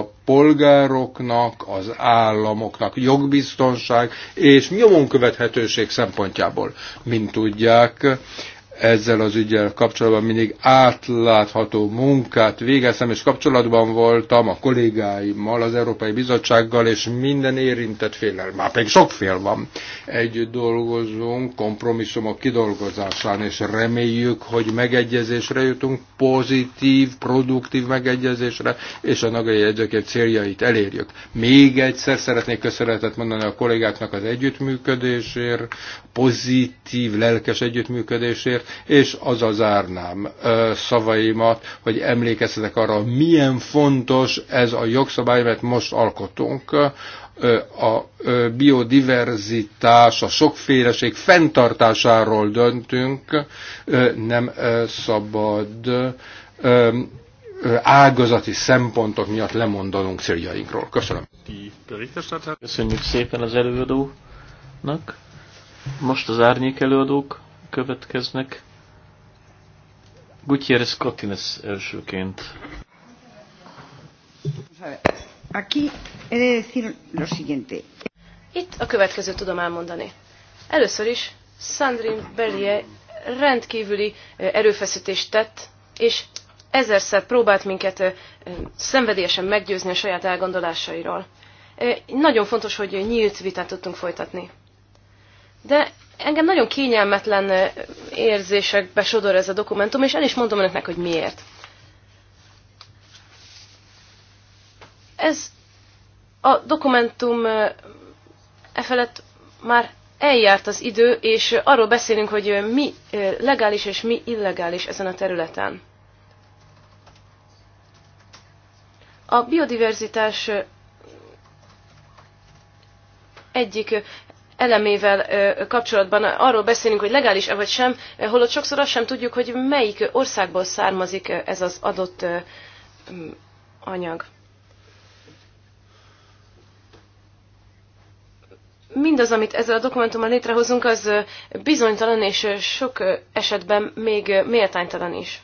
a polgároknak, az államoknak jogbiztonság és nyomon követhetőség szempontjából. Mint tudják, ezzel az ügyel kapcsolatban mindig átlátható munkát végeztem, és kapcsolatban voltam a kollégáimmal, az Európai Bizottsággal, és minden érintett félel, már pedig sok fél van. Együtt dolgozunk kompromisszumok kidolgozásán, és reméljük, hogy megegyezésre jutunk, pozitív, produktív megegyezésre, és a nagai jegyzőkép céljait elérjük. Még egyszer szeretnék köszönetet mondani a kollégáknak az együttműködésért, pozitív, lelkes együttműködésért, és az az zárnám szavaimat, hogy emlékeztetek arra, milyen fontos ez a jogszabály, mert most alkotunk, a biodiverzitás, a sokféleség fenntartásáról döntünk, nem szabad ágazati szempontok miatt lemondanunk céljainkról. Köszönöm. Köszönjük szépen az előadónak. Most az árnyék előadók következnek. Gutierrez Cotines elsőként. Itt a következő tudom elmondani. Először is Sandrine Berlier rendkívüli erőfeszítést tett, és ezerszer próbált minket szenvedélyesen meggyőzni a saját elgondolásairól. Nagyon fontos, hogy nyílt vitát tudtunk folytatni. De engem nagyon kényelmetlen érzésekbe sodor ez a dokumentum, és el is mondom önöknek, hogy miért. Ez a dokumentum efelett már eljárt az idő, és arról beszélünk, hogy mi legális és mi illegális ezen a területen. A biodiverzitás egyik elemével kapcsolatban arról beszélünk, hogy legális-e vagy sem, holott sokszor azt sem tudjuk, hogy melyik országból származik ez az adott mm, anyag. mindaz, amit ezzel a dokumentummal létrehozunk, az bizonytalan és sok esetben még méltánytalan is.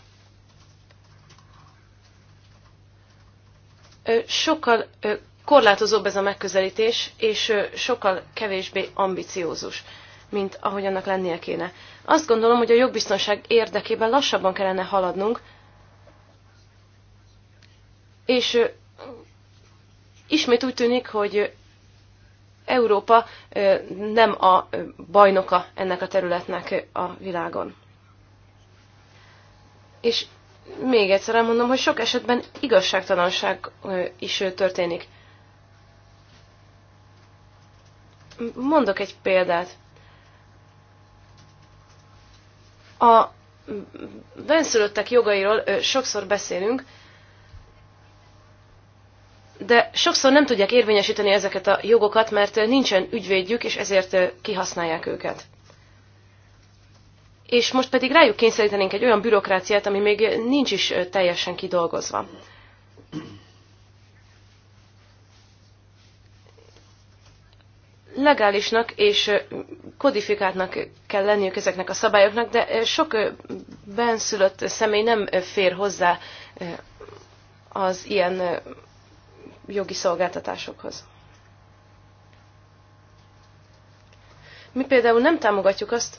Sokkal korlátozóbb ez a megközelítés, és sokkal kevésbé ambiciózus, mint ahogy annak lennie kéne. Azt gondolom, hogy a jogbiztonság érdekében lassabban kellene haladnunk, és ismét úgy tűnik, hogy Európa nem a bajnoka ennek a területnek a világon. És még egyszer elmondom, hogy sok esetben igazságtalanság is történik. Mondok egy példát. A benszülöttek jogairól sokszor beszélünk, de sokszor nem tudják érvényesíteni ezeket a jogokat, mert nincsen ügyvédjük, és ezért kihasználják őket. És most pedig rájuk kényszerítenénk egy olyan bürokráciát, ami még nincs is teljesen kidolgozva. legálisnak és kodifikáltnak kell lenniük ezeknek a szabályoknak, de sok benszülött személy nem fér hozzá az ilyen jogi szolgáltatásokhoz. Mi például nem támogatjuk azt,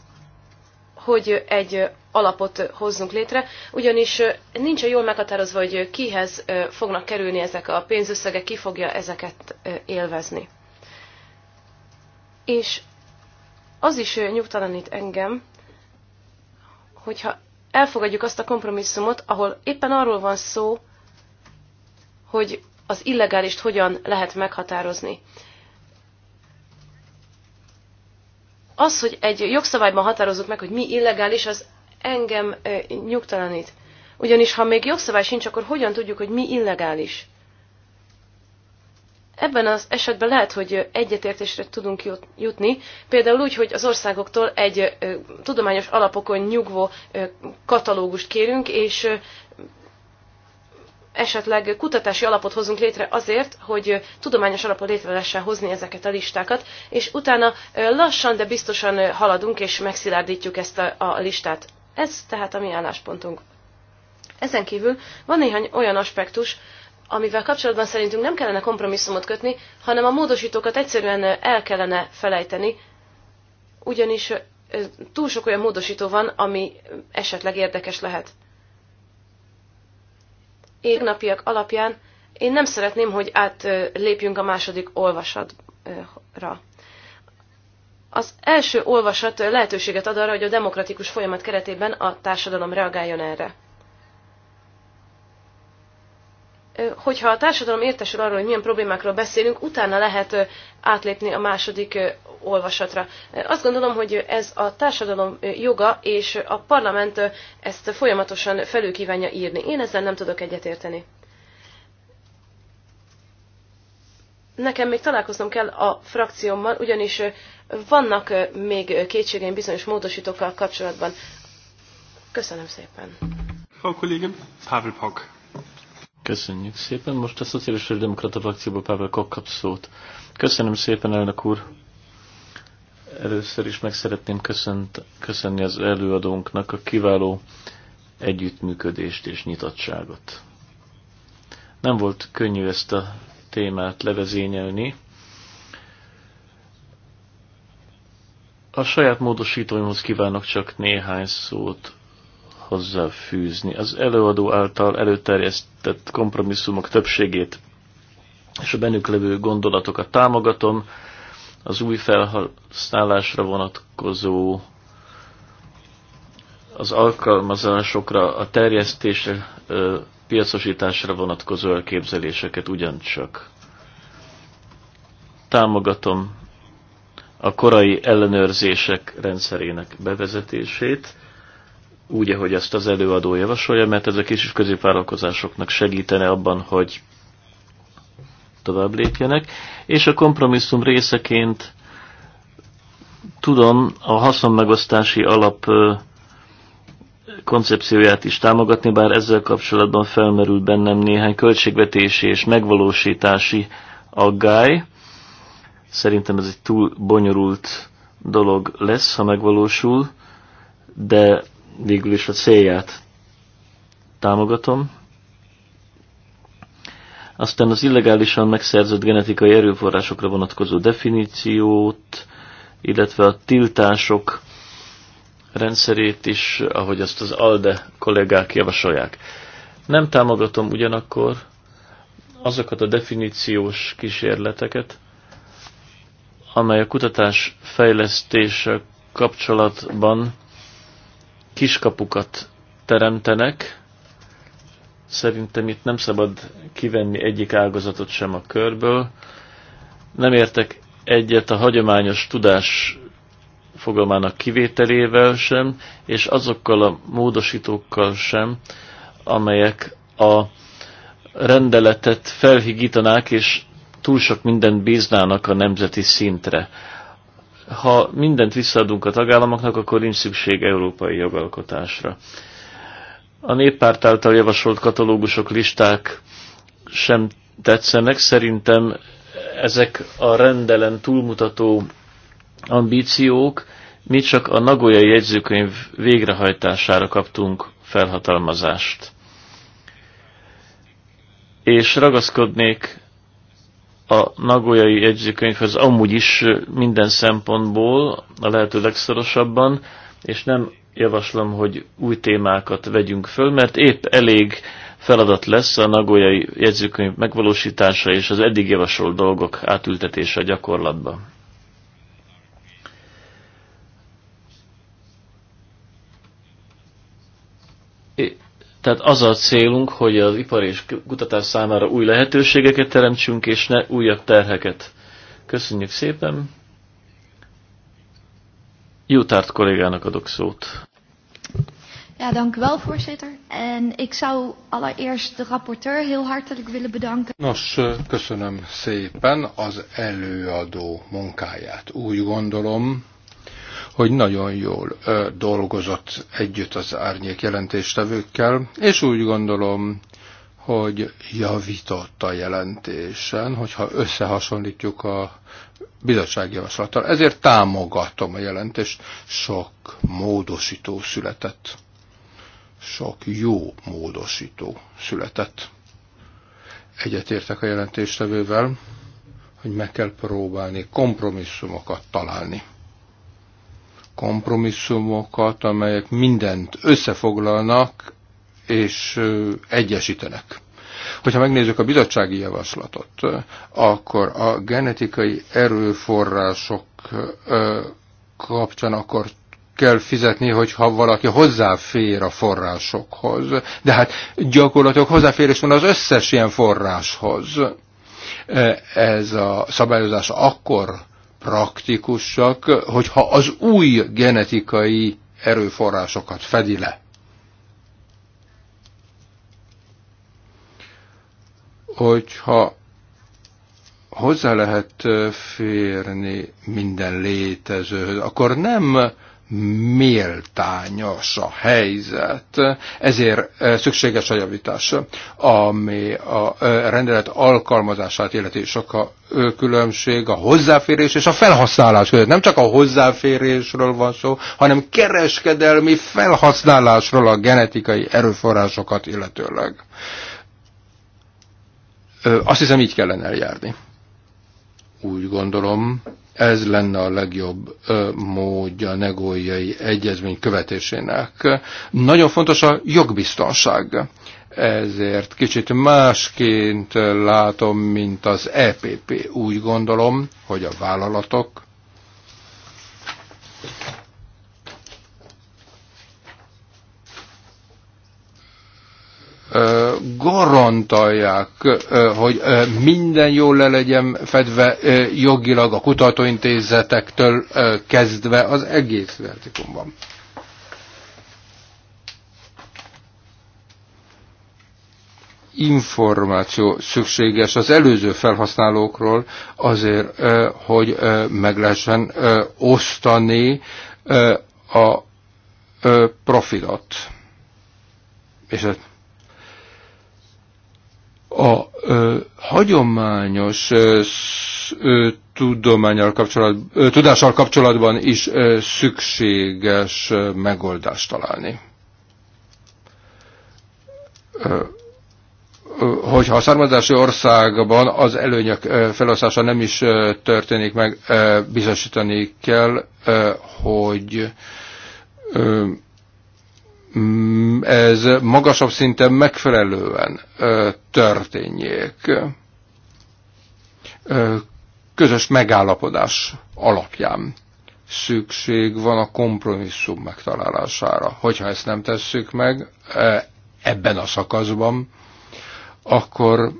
hogy egy alapot hozzunk létre, ugyanis nincs jól meghatározva, hogy kihez fognak kerülni ezek a pénzösszegek, ki fogja ezeket élvezni. És az is nyugtalanít engem, hogyha elfogadjuk azt a kompromisszumot, ahol éppen arról van szó, hogy az illegálist hogyan lehet meghatározni. Az, hogy egy jogszabályban határozzuk meg, hogy mi illegális, az engem nyugtalanít. Ugyanis ha még jogszabály sincs, akkor hogyan tudjuk, hogy mi illegális? Ebben az esetben lehet, hogy egyetértésre tudunk jutni, például úgy, hogy az országoktól egy tudományos alapokon nyugvó katalógust kérünk, és esetleg kutatási alapot hozunk létre azért, hogy tudományos alapot létre lehessen hozni ezeket a listákat, és utána lassan, de biztosan haladunk és megszilárdítjuk ezt a, a listát. Ez tehát a mi álláspontunk. Ezen kívül van néhány olyan aspektus, amivel kapcsolatban szerintünk nem kellene kompromisszumot kötni, hanem a módosítókat egyszerűen el kellene felejteni, ugyanis túl sok olyan módosító van, ami esetleg érdekes lehet. Égnapiak alapján én nem szeretném, hogy átlépjünk a második olvasatra. Az első olvasat lehetőséget ad arra, hogy a demokratikus folyamat keretében a társadalom reagáljon erre. hogyha a társadalom értesül arról, hogy milyen problémákról beszélünk, utána lehet átlépni a második olvasatra. Azt gondolom, hogy ez a társadalom joga, és a parlament ezt folyamatosan felül kívánja írni. Én ezzel nem tudok egyetérteni. Nekem még találkoznom kell a frakciómmal, ugyanis vannak még kétségeim bizonyos módosítókkal kapcsolatban. Köszönöm szépen. Frau Kollegin Pavel Pock. Köszönjük szépen. Most a Szociális és Demokrata frakcióból Pável Kok kap szót. Köszönöm szépen, elnök úr. Először is meg szeretném köszönt, köszönni az előadónknak a kiváló együttműködést és nyitottságot. Nem volt könnyű ezt a témát levezényelni. A saját módosítóimhoz kívánok csak néhány szót hozzáfűzni. Az előadó által előterjesztett kompromisszumok többségét és a bennük levő gondolatokat támogatom, az új felhasználásra vonatkozó, az alkalmazásokra, a terjesztésre, piacosításra vonatkozó elképzeléseket ugyancsak. Támogatom a korai ellenőrzések rendszerének bevezetését, úgy, ahogy ezt az előadó javasolja, mert ez a kis és középvállalkozásoknak segítene abban, hogy tovább lépjenek, és a kompromisszum részeként tudom a haszonmegosztási alap koncepcióját is támogatni, bár ezzel kapcsolatban felmerül bennem néhány költségvetési és megvalósítási aggály. Szerintem ez egy túl bonyolult dolog lesz, ha megvalósul, de végül is a célját támogatom. Aztán az illegálisan megszerzett genetikai erőforrásokra vonatkozó definíciót, illetve a tiltások rendszerét is, ahogy azt az ALDE kollégák javasolják. Nem támogatom ugyanakkor azokat a definíciós kísérleteket, amely a kutatás fejlesztése kapcsolatban kiskapukat teremtenek. Szerintem itt nem szabad kivenni egyik ágazatot sem a körből. Nem értek egyet a hagyományos tudás fogalmának kivételével sem, és azokkal a módosítókkal sem, amelyek a rendeletet felhigítanák, és túl sok mindent bíznának a nemzeti szintre. Ha mindent visszaadunk a tagállamoknak, akkor nincs szükség európai jogalkotásra. A néppárt által javasolt katalógusok listák sem tetszenek. Szerintem ezek a rendelen túlmutató ambíciók, mi csak a Nagoya jegyzőkönyv végrehajtására kaptunk felhatalmazást. És ragaszkodnék a nagolyai jegyzőkönyv amúgy is minden szempontból a lehető legszorosabban, és nem javaslom, hogy új témákat vegyünk föl, mert épp elég feladat lesz a nagolyai jegyzőkönyv megvalósítása és az eddig javasolt dolgok átültetése gyakorlatba. É tehát az a célunk, hogy az ipar és kutatás számára új lehetőségeket teremtsünk, és ne újabb terheket. Köszönjük szépen! Jutárt kollégának adok szót. Ja, dank u wel, voorzitter. En ik zou allereerst de rapporteur heel hartelijk willen bedanken. Nos, eh, köszönöm szépen az előadó munkáját. Úgy gondolom, hogy nagyon jól dolgozott együtt az árnyék jelentéstevőkkel, és úgy gondolom, hogy javított a jelentésen, hogyha összehasonlítjuk a bizottsági javaslattal. Ezért támogatom a jelentést. Sok módosító született. Sok jó módosító született. Egyetértek a jelentéstevővel, hogy meg kell próbálni kompromisszumokat találni kompromisszumokat, amelyek mindent összefoglalnak és egyesítenek. Hogyha megnézzük a bizottsági javaslatot, akkor a genetikai erőforrások kapcsán akkor kell fizetni, hogyha valaki hozzáfér a forrásokhoz. De hát gyakorlatilag hozzáférés van az összes ilyen forráshoz. Ez a szabályozás akkor praktikusak, hogyha az új genetikai erőforrásokat fedi le. Hogyha hozzá lehet férni minden létezőhöz, akkor nem méltányos a helyzet, ezért eh, szükséges a javítás, ami a eh, rendelet alkalmazását illeti sok a különbség a hozzáférés és a felhasználás között. Nem csak a hozzáférésről van szó, hanem kereskedelmi felhasználásról a genetikai erőforrásokat illetőleg. Azt hiszem, így kellene eljárni. Úgy gondolom, ez lenne a legjobb módja a negójai egyezmény követésének. Nagyon fontos a jogbiztonság. Ezért kicsit másként látom, mint az EPP. Úgy gondolom, hogy a vállalatok garantálják, hogy minden jól le legyen fedve jogilag a kutatóintézetektől kezdve az egész vertikumban. információ szükséges az előző felhasználókról azért, hogy meg lehessen osztani a profilat. És a ö, hagyományos ö, ö, tudományal kapcsolat, ö, tudással kapcsolatban is ö, szükséges ö, megoldást találni. Ö, hogyha a származási országban az előnyök felosztása nem is történik meg, bizonyítani kell, hogy Mm, ez magasabb szinten megfelelően történjék. Közös megállapodás alapján szükség van a kompromisszum megtalálására. Hogyha ezt nem tesszük meg ebben a szakaszban, akkor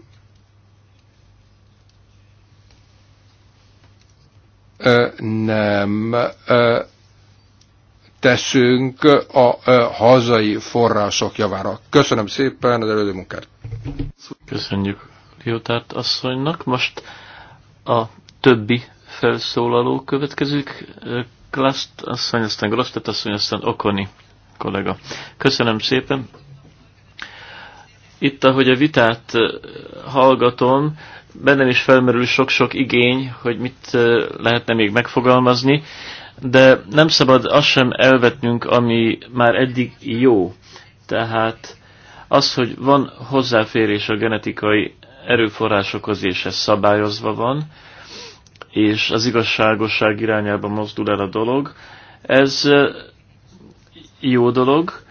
nem teszünk a hazai források javára. Köszönöm szépen az előző munkát. Köszönjük Liotárt asszonynak. Most a többi felszólaló következik. Klaszt asszony, aztán Grosztet asszony, aztán Okoni kollega. Köszönöm szépen. Itt, ahogy a vitát hallgatom, bennem is felmerül sok-sok igény, hogy mit lehetne még megfogalmazni de nem szabad azt sem elvetnünk, ami már eddig jó. Tehát az, hogy van hozzáférés a genetikai erőforrásokhoz, és ez szabályozva van, és az igazságosság irányába mozdul el a dolog, ez eh, jó dolog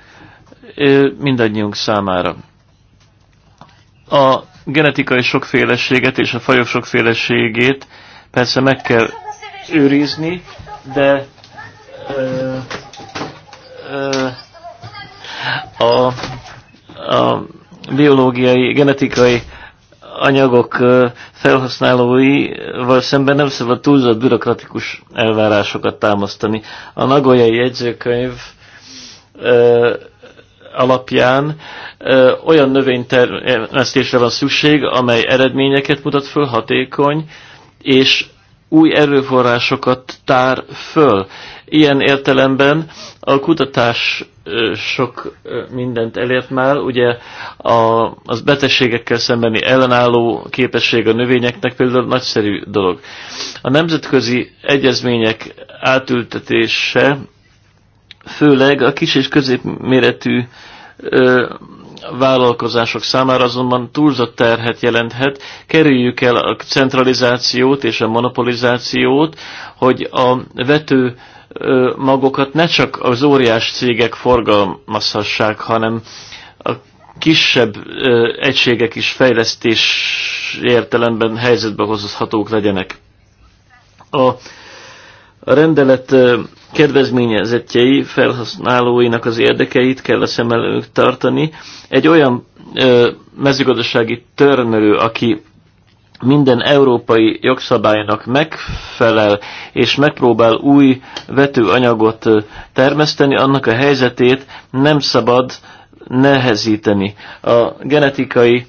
eh, mindannyiunk számára. A genetikai sokféleséget és a fajok sokféleségét persze meg kell őrizni, de a, a biológiai, genetikai anyagok felhasználóival szemben nem szabad túlzott bürokratikus elvárásokat támasztani. A Nagoyai jegyzőkönyv alapján olyan növénytermesztésre van szükség, amely eredményeket mutat föl, hatékony, és új erőforrásokat tár föl. Ilyen értelemben a kutatás sok mindent elért már, ugye a, az betegségekkel szembeni ellenálló képesség a növényeknek például nagyszerű dolog. A nemzetközi egyezmények átültetése főleg a kis és középméretű vállalkozások számára azonban túlzott terhet jelenthet. Kerüljük el a centralizációt és a monopolizációt, hogy a vető magokat ne csak az óriás cégek forgalmazhassák, hanem a kisebb egységek is fejlesztés értelemben helyzetbe hozhatók legyenek. A rendelet kedvezményezettjei, felhasználóinak az érdekeit kell a szem előtt tartani. Egy olyan ö, mezőgazdasági törnő, aki minden európai jogszabálynak megfelel, és megpróbál új vetőanyagot termeszteni, annak a helyzetét nem szabad nehezíteni. A genetikai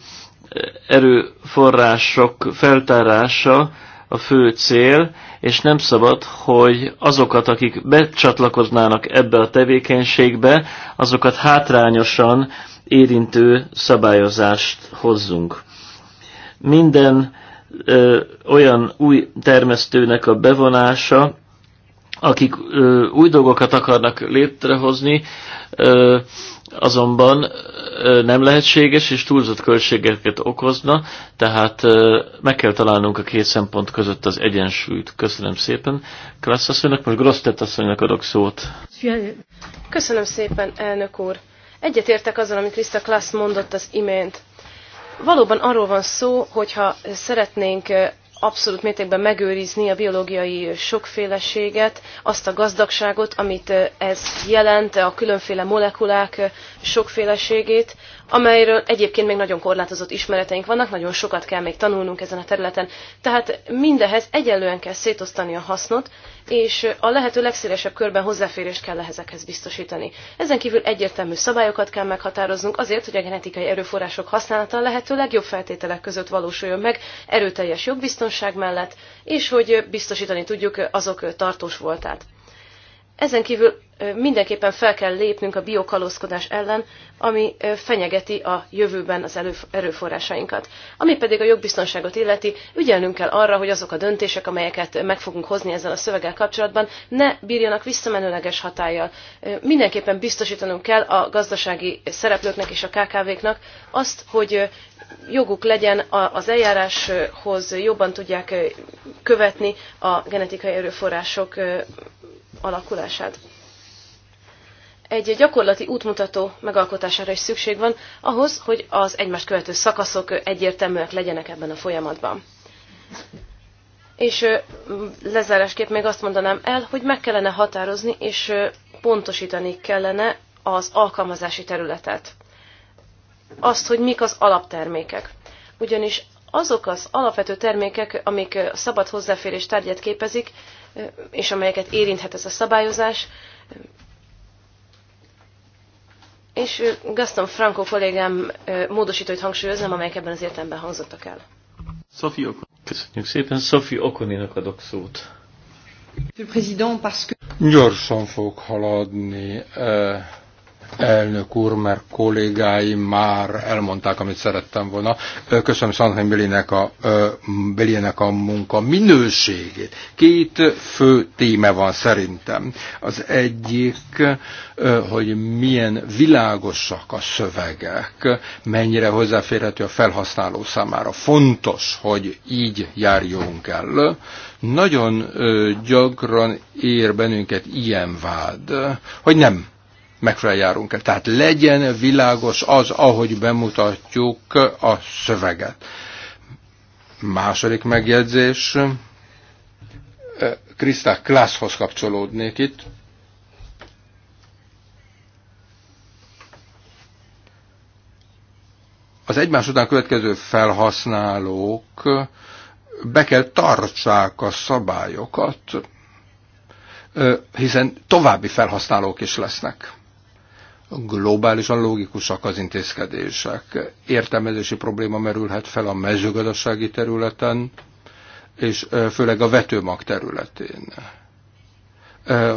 erőforrások feltárása a fő cél, és nem szabad, hogy azokat, akik becsatlakoznának ebbe a tevékenységbe, azokat hátrányosan érintő szabályozást hozzunk. Minden ö, olyan új termesztőnek a bevonása, akik ö, új dolgokat akarnak létrehozni, ö, azonban ö, nem lehetséges és túlzott költségeket okozna, tehát ö, meg kell találnunk a két szempont között az egyensúlyt. Köszönöm szépen. Klassz asszonynak, most Grosztett asszonynak adok szót. Köszönöm szépen, elnök úr. Egyetértek azzal, amit Krista Klassz mondott az imént. Valóban arról van szó, hogyha szeretnénk abszolút mértékben megőrizni a biológiai sokféleséget, azt a gazdagságot, amit eh, ez jelent, a különféle molekulák eh, sokféleségét, amelyről egyébként még nagyon korlátozott ismereteink vannak, nagyon sokat kell még tanulnunk ezen a területen. Tehát mindehez egyenlően kell szétosztani a hasznot, és a lehető legszélesebb körben hozzáférést kell ezekhez biztosítani. Ezen kívül egyértelmű szabályokat kell meghatároznunk azért, hogy a genetikai erőforrások használata a lehető legjobb feltételek között valósuljon meg, erőteljes jogbiztonság mellett, és hogy biztosítani tudjuk azok tartós voltát. Ezen kívül mindenképpen fel kell lépnünk a biokalózkodás ellen, ami fenyegeti a jövőben az erőforrásainkat. Ami pedig a jogbiztonságot illeti, ügyelnünk kell arra, hogy azok a döntések, amelyeket meg fogunk hozni ezzel a szöveggel kapcsolatban, ne bírjanak visszamenőleges hatállyal. Mindenképpen biztosítanunk kell a gazdasági szereplőknek és a KKV-knak azt, hogy joguk legyen az eljáráshoz, jobban tudják követni a genetikai erőforrások alakulását. Egy gyakorlati útmutató megalkotására is szükség van ahhoz, hogy az egymást követő szakaszok egyértelműek legyenek ebben a folyamatban. És lezárásképp még azt mondanám el, hogy meg kellene határozni és pontosítani kellene az alkalmazási területet. Azt, hogy mik az alaptermékek. Ugyanis azok az alapvető termékek, amik a szabad hozzáférés tárgyát képezik, és amelyeket érinthet ez a szabályozás. És Gaston Franco kollégám módosítóit hangsúlyozom, amelyek ebben az értelemben hangzottak el. Köszönjük szépen. Szofi Okoninak adok szót. Gyorsan fog haladni Elnök úr, mert kollégáim már elmondták, amit szerettem volna. Köszönöm Szantheim Billynek a, Billynek a munka minőségét. Két fő téme van szerintem. Az egyik, hogy milyen világosak a szövegek, mennyire hozzáférhető a felhasználó számára. Fontos, hogy így járjunk el. Nagyon gyakran ér bennünket ilyen vád, hogy nem megfelelően járunk el. Tehát legyen világos az, ahogy bemutatjuk a szöveget. Második megjegyzés. Krisztá Klászhoz kapcsolódnék itt. Az egymás után következő felhasználók be kell tartsák a szabályokat, hiszen további felhasználók is lesznek globálisan logikusak az intézkedések. Értelmezési probléma merülhet fel a mezőgazdasági területen, és főleg a vetőmag területén.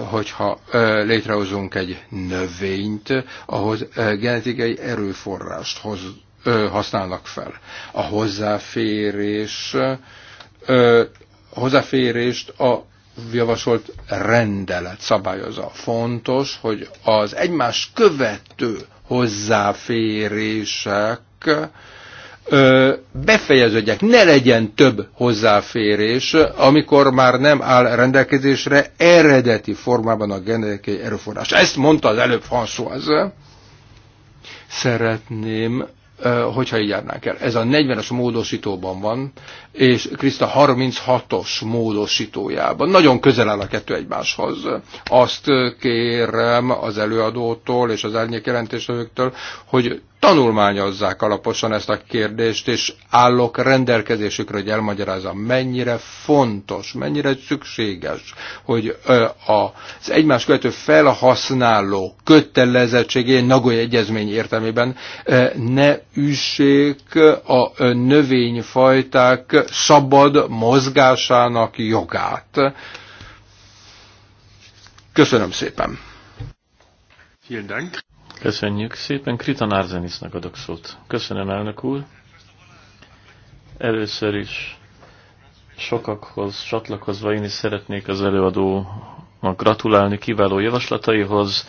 Hogyha létrehozunk egy növényt, ahhoz genetikai erőforrást hoz, használnak fel. A hozzáférés hozzáférést a javasolt rendelet szabályozza. Fontos, hogy az egymás követő hozzáférések befejeződjek, ne legyen több hozzáférés, amikor már nem áll rendelkezésre eredeti formában a genetikai erőforrás. Ezt mondta az előbb François. Szeretném, hogyha így járnánk el. Ez a 40-es módosítóban van, és Krista 36-os módosítójában. Nagyon közel áll a kettő egymáshoz. Azt kérem az előadótól és az árnyékjelentésőktől, hogy tanulmányozzák alaposan ezt a kérdést, és állok rendelkezésükre, hogy elmagyarázzam, mennyire fontos, mennyire szükséges, hogy az egymás követő felhasználó kötelezettségé Nagoly Egyezmény értelmében ne üssék a növényfajták szabad mozgásának jogát. Köszönöm szépen! Köszönjük szépen. Kritan Arzenisnak adok szót. Köszönöm, elnök úr. Először is sokakhoz csatlakozva én is szeretnék az előadónak gratulálni kiváló javaslataihoz,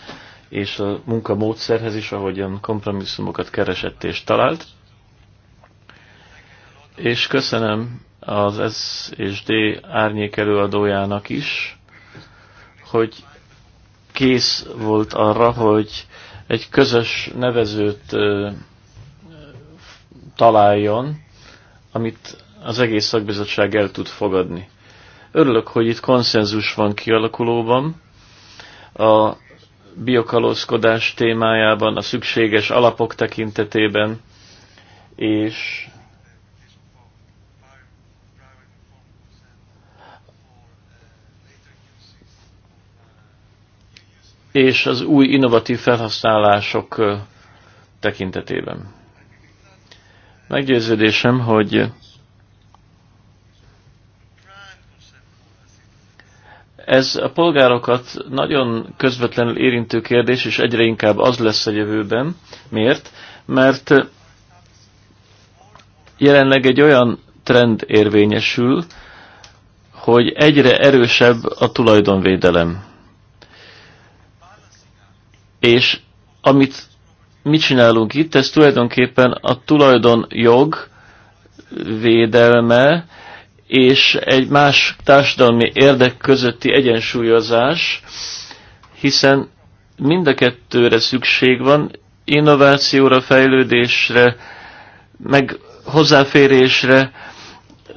és a munkamódszerhez is, ahogyan kompromisszumokat keresett és talált és köszönöm az S és D árnyék előadójának is, hogy kész volt arra, hogy egy közös nevezőt találjon, amit az egész szakbizottság el tud fogadni. Örülök, hogy itt konszenzus van kialakulóban. A biokalózkodás témájában, a szükséges alapok tekintetében, és és az új innovatív felhasználások tekintetében. Meggyőződésem, hogy ez a polgárokat nagyon közvetlenül érintő kérdés, és egyre inkább az lesz a jövőben. Miért? Mert jelenleg egy olyan trend érvényesül, hogy egyre erősebb a tulajdonvédelem. És amit mi csinálunk itt, ez tulajdonképpen a jog védelme és egy más társadalmi érdek közötti egyensúlyozás, hiszen mind a kettőre szükség van, innovációra, fejlődésre, meg hozzáférésre,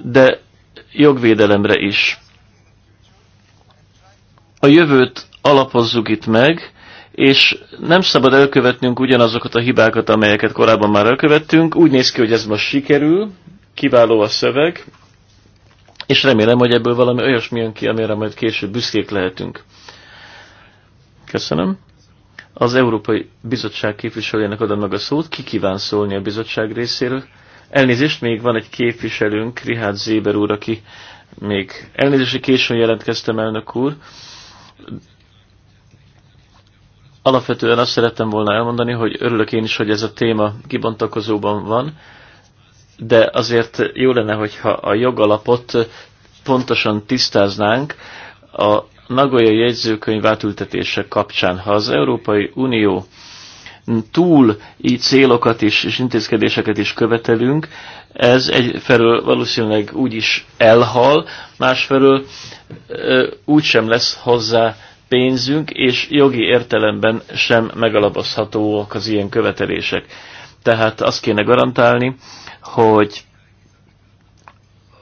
de jogvédelemre is. A jövőt alapozzuk itt meg, és nem szabad elkövetnünk ugyanazokat a hibákat, amelyeket korábban már elkövettünk. Úgy néz ki, hogy ez most sikerül, kiváló a szöveg, és remélem, hogy ebből valami olyasmi jön ki, amire majd később büszkék lehetünk. Köszönöm. Az Európai Bizottság képviselőjének adom meg a szót. Ki kíván szólni a bizottság részéről? Elnézést, még van egy képviselőnk, Rihád Zéber úr, aki még elnézési későn jelentkeztem, elnök úr. Alapvetően azt szerettem volna elmondani, hogy örülök én is, hogy ez a téma kibontakozóban van, de azért jó lenne, hogyha a jogalapot pontosan tisztáznánk a Nagoya jegyzőkönyv átültetése kapcsán. Ha az Európai Unió túl így célokat is, és intézkedéseket is követelünk, ez egyfelől valószínűleg úgy is elhal, másfelől úgy sem lesz hozzá pénzünk, és jogi értelemben sem megalapozhatóak az ilyen követelések. Tehát azt kéne garantálni, hogy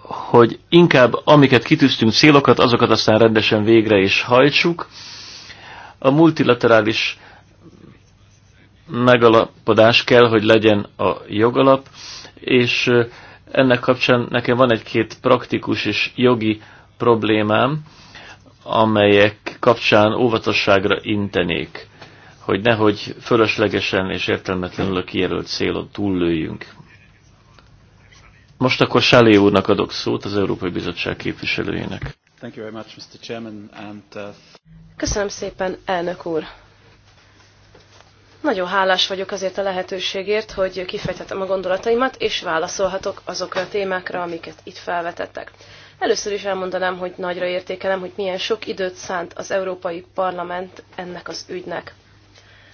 hogy inkább amiket kitűztünk célokat, azokat aztán rendesen végre is hajtsuk. A multilaterális megalapodás kell, hogy legyen a jogalap, és ennek kapcsán nekem van egy-két praktikus és jogi problémám amelyek kapcsán óvatosságra intenék, hogy nehogy fölöslegesen és értelmetlenül a kijelölt célon túllőjünk. Most akkor Sáli úrnak adok szót, az Európai Bizottság képviselőjének. Uh, Köszönöm szépen, elnök úr! Nagyon hálás vagyok azért a lehetőségért, hogy kifejthetem a gondolataimat, és válaszolhatok azokra a témákra, amiket itt felvetettek. Először is elmondanám, hogy nagyra értékelem, hogy milyen sok időt szánt az Európai Parlament ennek az ügynek.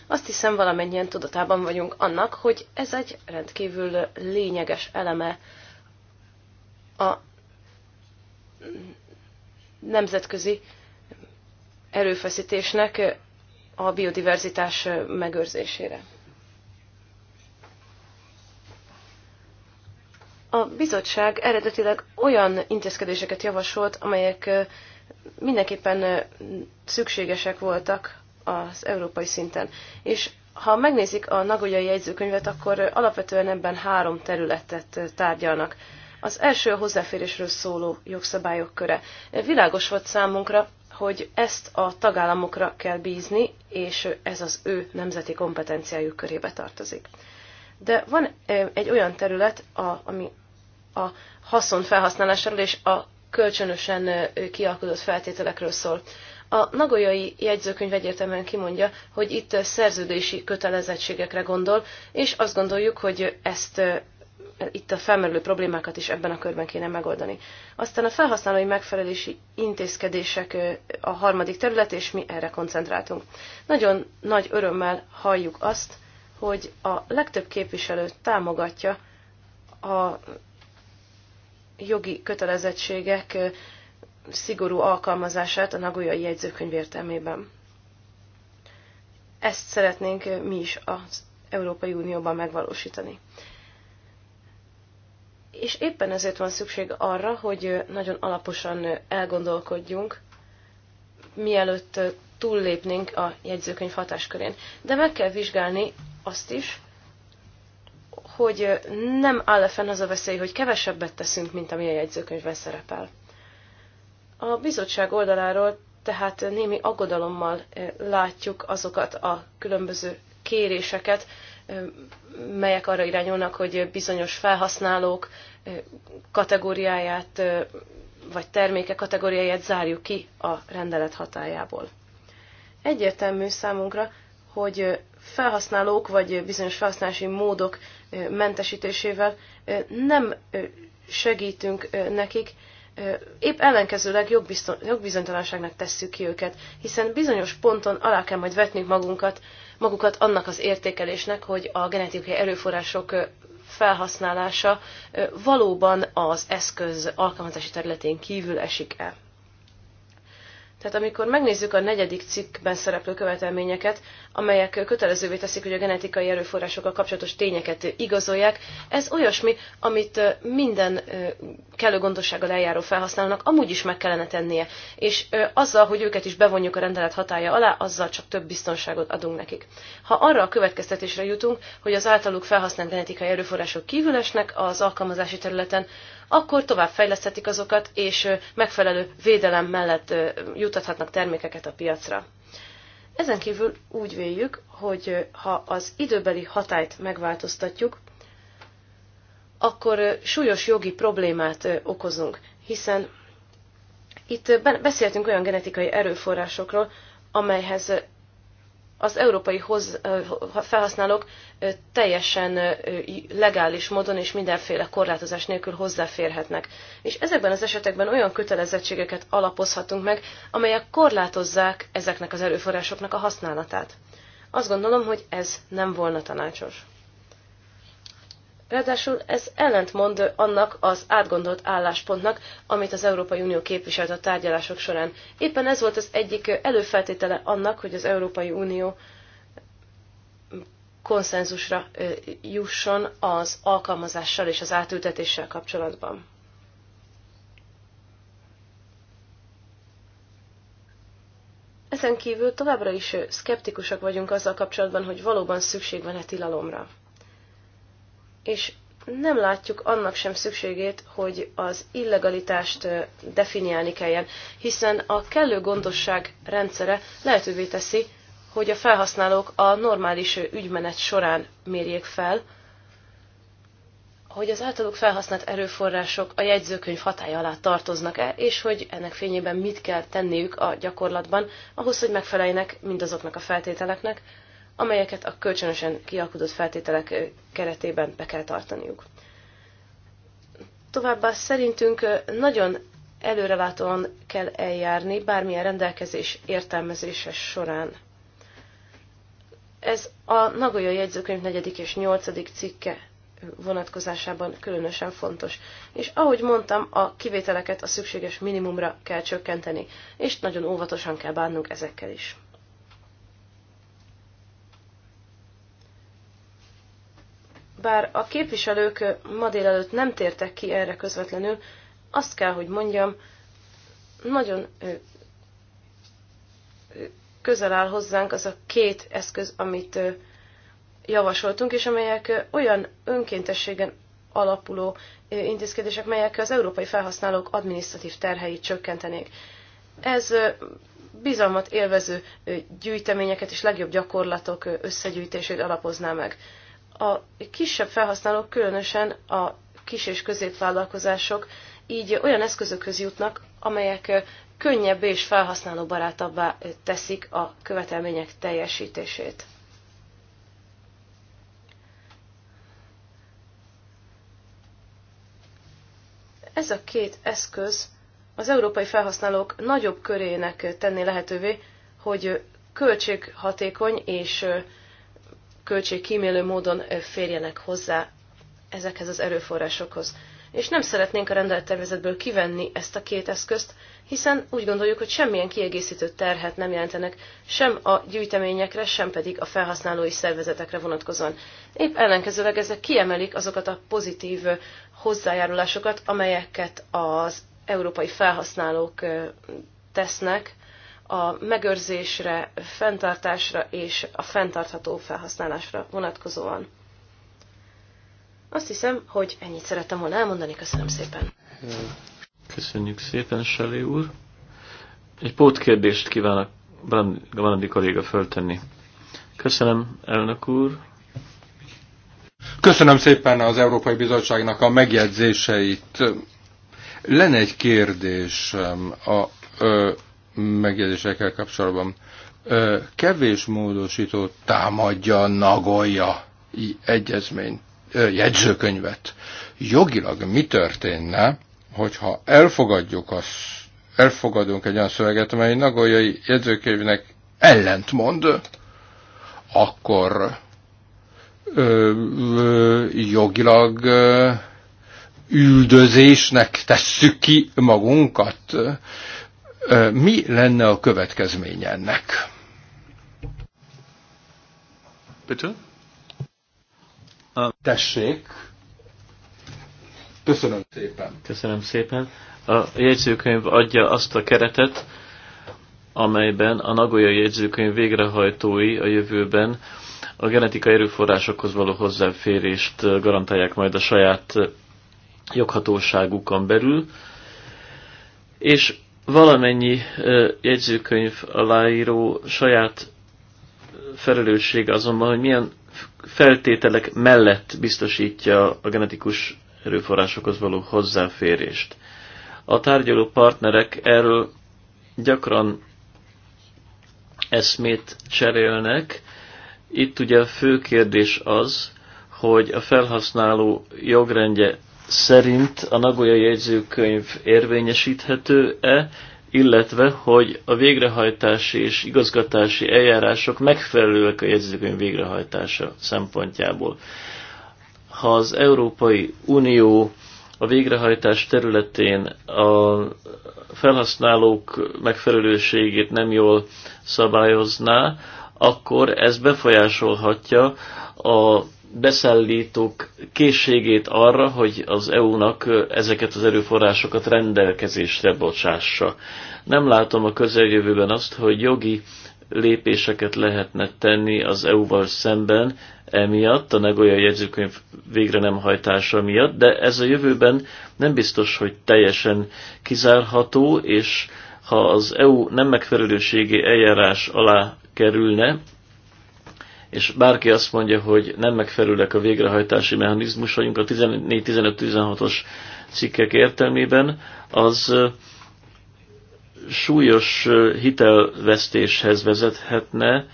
Azt hiszem valamennyien tudatában vagyunk annak, hogy ez egy rendkívül lényeges eleme a nemzetközi erőfeszítésnek a biodiverzitás megőrzésére. A bizottság eredetileg olyan intézkedéseket javasolt, amelyek mindenképpen szükségesek voltak az európai szinten. És ha megnézik a Nagoyai jegyzőkönyvet, akkor alapvetően ebben három területet tárgyalnak. Az első a hozzáférésről szóló jogszabályok köre. Világos volt számunkra, hogy ezt a tagállamokra kell bízni, és ez az ő nemzeti kompetenciájuk körébe tartozik de van egy olyan terület, a, ami a haszon felhasználásról és a kölcsönösen kialkodott feltételekről szól. A nagoyai jegyzőkönyv egyértelműen kimondja, hogy itt szerződési kötelezettségekre gondol, és azt gondoljuk, hogy ezt itt a felmerülő problémákat is ebben a körben kéne megoldani. Aztán a felhasználói megfelelési intézkedések a harmadik terület, és mi erre koncentráltunk. Nagyon nagy örömmel halljuk azt, hogy a legtöbb képviselő támogatja a jogi kötelezettségek szigorú alkalmazását a Nagoyai jegyzőkönyv értelmében. Ezt szeretnénk mi is az Európai Unióban megvalósítani. És éppen ezért van szükség arra, hogy nagyon alaposan elgondolkodjunk, mielőtt túllépnénk a jegyzőkönyv hatáskörén. De meg kell vizsgálni azt is, hogy nem áll fenn az a veszély, hogy kevesebbet teszünk, mint ami a jegyzőkönyvben szerepel. A bizottság oldaláról tehát némi aggodalommal látjuk azokat a különböző kéréseket, melyek arra irányulnak, hogy bizonyos felhasználók kategóriáját vagy terméke kategóriáját zárjuk ki a rendelet hatájából. Egyértelmű számunkra, hogy felhasználók vagy bizonyos felhasználási módok mentesítésével nem segítünk nekik, épp ellenkezőleg jogbizonytalanságnak tesszük ki őket, hiszen bizonyos ponton alá kell majd vetnünk magunkat, magukat annak az értékelésnek, hogy a genetikai erőforrások felhasználása valóban az eszköz alkalmazási területén kívül esik-e. Tehát amikor megnézzük a negyedik cikkben szereplő követelményeket, amelyek kötelezővé teszik, hogy a genetikai erőforrásokkal kapcsolatos tényeket igazolják, ez olyasmi, amit minden kellő gondossággal eljáró felhasználónak amúgy is meg kellene tennie. És azzal, hogy őket is bevonjuk a rendelet hatája alá, azzal csak több biztonságot adunk nekik. Ha arra a következtetésre jutunk, hogy az általuk felhasznált genetikai erőforrások kívülesnek az alkalmazási területen, akkor tovább fejleszthetik azokat, és megfelelő védelem mellett jutathatnak termékeket a piacra. Ezen kívül úgy véljük, hogy ha az időbeli hatályt megváltoztatjuk, akkor súlyos jogi problémát okozunk, hiszen itt beszéltünk olyan genetikai erőforrásokról, amelyhez az európai hoz, felhasználók teljesen legális módon és mindenféle korlátozás nélkül hozzáférhetnek. És ezekben az esetekben olyan kötelezettségeket alapozhatunk meg, amelyek korlátozzák ezeknek az erőforrásoknak a használatát. Azt gondolom, hogy ez nem volna tanácsos. Ráadásul ez ellentmond annak az átgondolt álláspontnak, amit az Európai Unió képviselt a tárgyalások során. Éppen ez volt az egyik előfeltétele annak, hogy az Európai Unió konszenzusra jusson az alkalmazással és az átültetéssel kapcsolatban. Ezen kívül továbbra is szkeptikusak vagyunk azzal kapcsolatban, hogy valóban szükség van-e tilalomra és nem látjuk annak sem szükségét, hogy az illegalitást definiálni kelljen, hiszen a kellő gondosság rendszere lehetővé teszi, hogy a felhasználók a normális ügymenet során mérjék fel, hogy az általuk felhasznált erőforrások a jegyzőkönyv hatája alá tartoznak-e, és hogy ennek fényében mit kell tenniük a gyakorlatban, ahhoz, hogy megfeleljenek mindazoknak a feltételeknek, amelyeket a kölcsönösen kialkodott feltételek keretében be kell tartaniuk. Továbbá szerintünk nagyon előrelátóan kell eljárni bármilyen rendelkezés értelmezése során. Ez a Nagoya jegyzőkönyv 4. és 8. cikke vonatkozásában különösen fontos. És ahogy mondtam, a kivételeket a szükséges minimumra kell csökkenteni, és nagyon óvatosan kell bánnunk ezekkel is. bár a képviselők ma délelőtt nem tértek ki erre közvetlenül, azt kell, hogy mondjam, nagyon közel áll hozzánk az a két eszköz, amit javasoltunk, és amelyek olyan önkéntességen alapuló intézkedések, melyek az európai felhasználók adminisztratív terheit csökkentenék. Ez bizalmat élvező gyűjteményeket és legjobb gyakorlatok összegyűjtését alapozná meg. A kisebb felhasználók, különösen a kis és középvállalkozások így olyan eszközökhöz jutnak, amelyek könnyebb és felhasználóbarátabbá teszik a követelmények teljesítését. Ez a két eszköz az európai felhasználók nagyobb körének tenni lehetővé, hogy költséghatékony és költségkímélő módon férjenek hozzá ezekhez az erőforrásokhoz. És nem szeretnénk a rendelettervezetből kivenni ezt a két eszközt, hiszen úgy gondoljuk, hogy semmilyen kiegészítő terhet nem jelentenek sem a gyűjteményekre, sem pedig a felhasználói szervezetekre vonatkozóan. Épp ellenkezőleg ezek kiemelik azokat a pozitív hozzájárulásokat, amelyeket az európai felhasználók tesznek a megőrzésre, fenntartásra és a fenntartható felhasználásra vonatkozóan. Azt hiszem, hogy ennyit szerettem volna elmondani. Köszönöm szépen. Köszönjük szépen, Selé úr. Egy pótkérdést kívánok Brandi kolléga föltenni. Köszönöm, elnök úr. Köszönöm szépen az Európai Bizottságnak a megjegyzéseit. Lenne egy kérdés a a, megjegyzésekkel kapcsolatban. Kevés módosító támadja Nagoya egyezmény jegyzőkönyvet. Jogilag mi történne, hogyha elfogadjuk azt, elfogadunk egy olyan szöveget, amely Nagoyai jegyzőkönyvnek ellentmond, akkor ö, ö, jogilag ö, üldözésnek tesszük ki magunkat mi lenne a következmény ennek? Bitte? Tessék. Köszönöm szépen. Köszönöm szépen. A jegyzőkönyv adja azt a keretet, amelyben a Nagoya jegyzőkönyv végrehajtói a jövőben a genetikai erőforrásokhoz való hozzáférést garantálják majd a saját joghatóságukon belül, és valamennyi jegyzőkönyv aláíró saját felelőssége azonban, hogy milyen feltételek mellett biztosítja a genetikus erőforrásokhoz való hozzáférést. A tárgyaló partnerek erről gyakran eszmét cserélnek. Itt ugye a fő kérdés az, hogy a felhasználó jogrendje szerint a Nagoya jegyzőkönyv érvényesíthető-e, illetve hogy a végrehajtási és igazgatási eljárások megfelelőek a jegyzőkönyv végrehajtása szempontjából. Ha az Európai Unió a végrehajtás területén a felhasználók megfelelőségét nem jól szabályozná, akkor ez befolyásolhatja a beszállítók készségét arra, hogy az EU-nak ezeket az erőforrásokat rendelkezésre bocsássa. Nem látom a közeljövőben azt, hogy jogi lépéseket lehetne tenni az EU-val szemben emiatt, a Nagoya jegyzőkönyv végre nem hajtása miatt, de ez a jövőben nem biztos, hogy teljesen kizárható, és ha az EU nem megfelelőségi eljárás alá kerülne, és bárki azt mondja, hogy nem megfelelőek a végrehajtási mechanizmusaink a 14-15-16-os cikkek értelmében, az súlyos hitelvesztéshez vezethetne,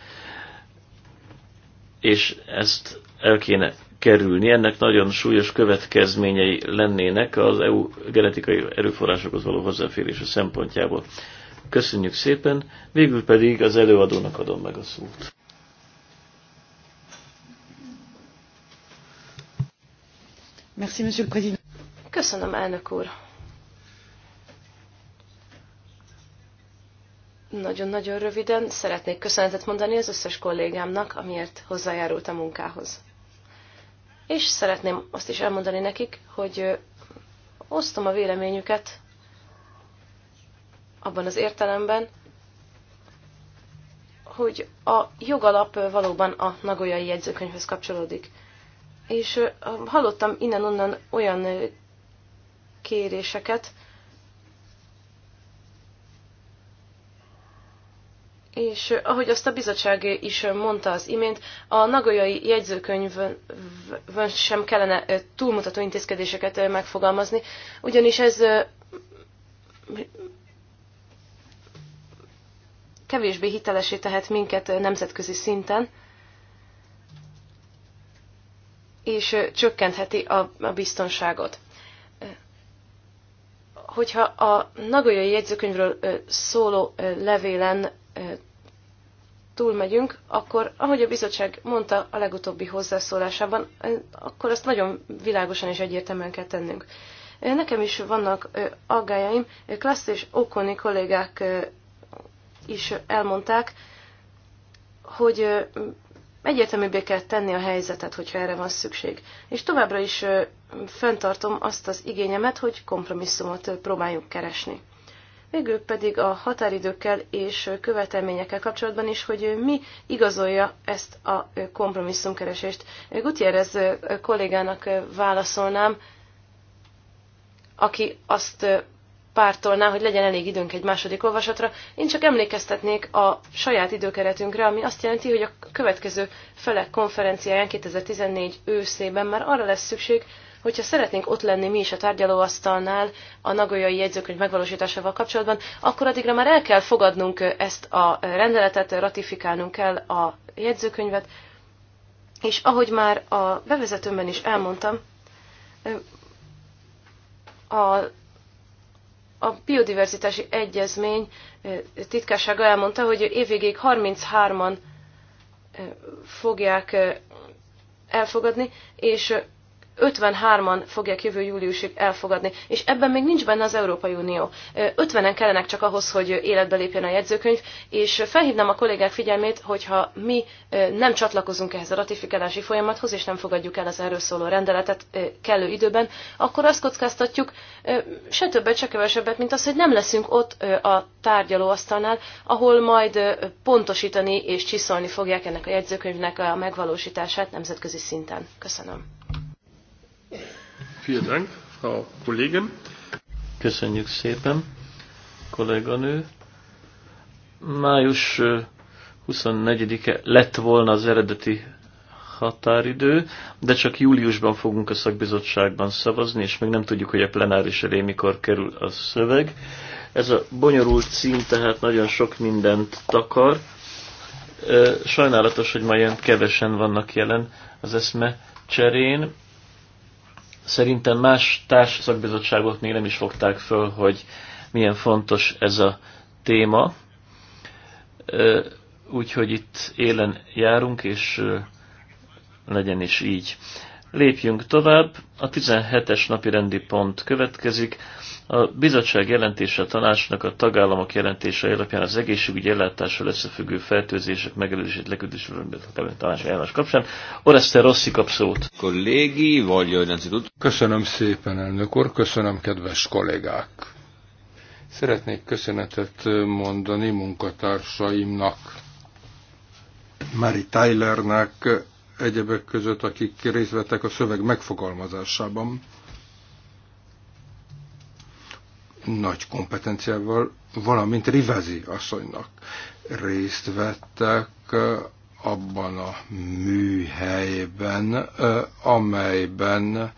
és ezt el kéne kerülni. Ennek nagyon súlyos következményei lennének az EU genetikai erőforrásokhoz való hozzáférése szempontjából. Köszönjük szépen, végül pedig az előadónak adom meg a szót. Köszönöm, elnök úr. Nagyon-nagyon röviden szeretnék köszönetet mondani az összes kollégámnak, amiért hozzájárult a munkához. És szeretném azt is elmondani nekik, hogy osztom a véleményüket abban az értelemben, hogy a jogalap valóban a Nagoyai jegyzőkönyvhöz kapcsolódik és hallottam innen-onnan olyan kéréseket, És ahogy azt a bizottság is mondta az imént, a nagolyai jegyzőkönyvön sem kellene túlmutató intézkedéseket megfogalmazni, ugyanis ez kevésbé hitelesé tehet minket nemzetközi szinten, és csökkentheti a, a biztonságot. Hogyha a Nagoyai jegyzőkönyvről szóló levélen túlmegyünk, akkor, ahogy a bizottság mondta a legutóbbi hozzászólásában, akkor azt nagyon világosan és egyértelműen kell tennünk. Nekem is vannak aggájaim, Klassz és Okoni kollégák is elmondták, hogy Egyértelműbbé kell tenni a helyzetet, hogyha erre van szükség. És továbbra is fenntartom azt az igényemet, hogy kompromisszumot próbáljuk keresni. Végül pedig a határidőkkel és követelményekkel kapcsolatban is, hogy mi igazolja ezt a kompromisszumkeresést. Gutierrez kollégának válaszolnám, aki azt pártolná, hogy legyen elég időnk egy második olvasatra. Én csak emlékeztetnék a saját időkeretünkre, ami azt jelenti, hogy a következő felek konferenciáján 2014 őszében már arra lesz szükség, hogyha szeretnénk ott lenni mi is a tárgyalóasztalnál a nagolyai jegyzőkönyv megvalósításával kapcsolatban, akkor addigra már el kell fogadnunk ezt a rendeletet, ratifikálnunk kell a jegyzőkönyvet, és ahogy már a bevezetőmben is elmondtam, a a biodiverzitási egyezmény titkársága elmondta, hogy évvégéig 33-an fogják elfogadni, és 53-an fogják jövő júliusig elfogadni, és ebben még nincs benne az Európai Unió. 50-en kellenek csak ahhoz, hogy életbe lépjen a jegyzőkönyv, és felhívnám a kollégák figyelmét, hogyha mi nem csatlakozunk ehhez a ratifikálási folyamathoz, és nem fogadjuk el az erről szóló rendeletet kellő időben, akkor azt kockáztatjuk, se többet, se kevesebbet, mint az, hogy nem leszünk ott a tárgyalóasztalnál, ahol majd pontosítani és csiszolni fogják ennek a jegyzőkönyvnek a megvalósítását nemzetközi szinten. Köszönöm. Vielen Dank, Frau Kollegin. Köszönjük szépen, kolléganő. Május 24-e lett volna az eredeti határidő, de csak júliusban fogunk a szakbizottságban szavazni, és még nem tudjuk, hogy a plenáris elé mikor kerül a szöveg. Ez a bonyolult cím tehát nagyon sok mindent takar. Sajnálatos, hogy ma ilyen kevesen vannak jelen az eszme cserén. Szerintem más társ még nem is fogták föl, hogy milyen fontos ez a téma. Úgyhogy itt élen járunk, és legyen is így. Lépjünk tovább, a 17-es napi rendi pont következik. A bizottság jelentése a tanácsnak a tagállamok jelentése alapján az egészségügyi ellátással összefüggő fertőzések megelőzését a tanács ajánlás kapcsán. Oreszter Rossi kap szót. Kollégi, vagy Köszönöm szépen, elnök úr, köszönöm, kedves kollégák. Szeretnék köszönetet mondani munkatársaimnak, Mary Tylernek, egyebek között, akik részt vettek a szöveg megfogalmazásában. Nagy kompetenciával, valamint Rivezi asszonynak részt vettek abban a műhelyben, amelyben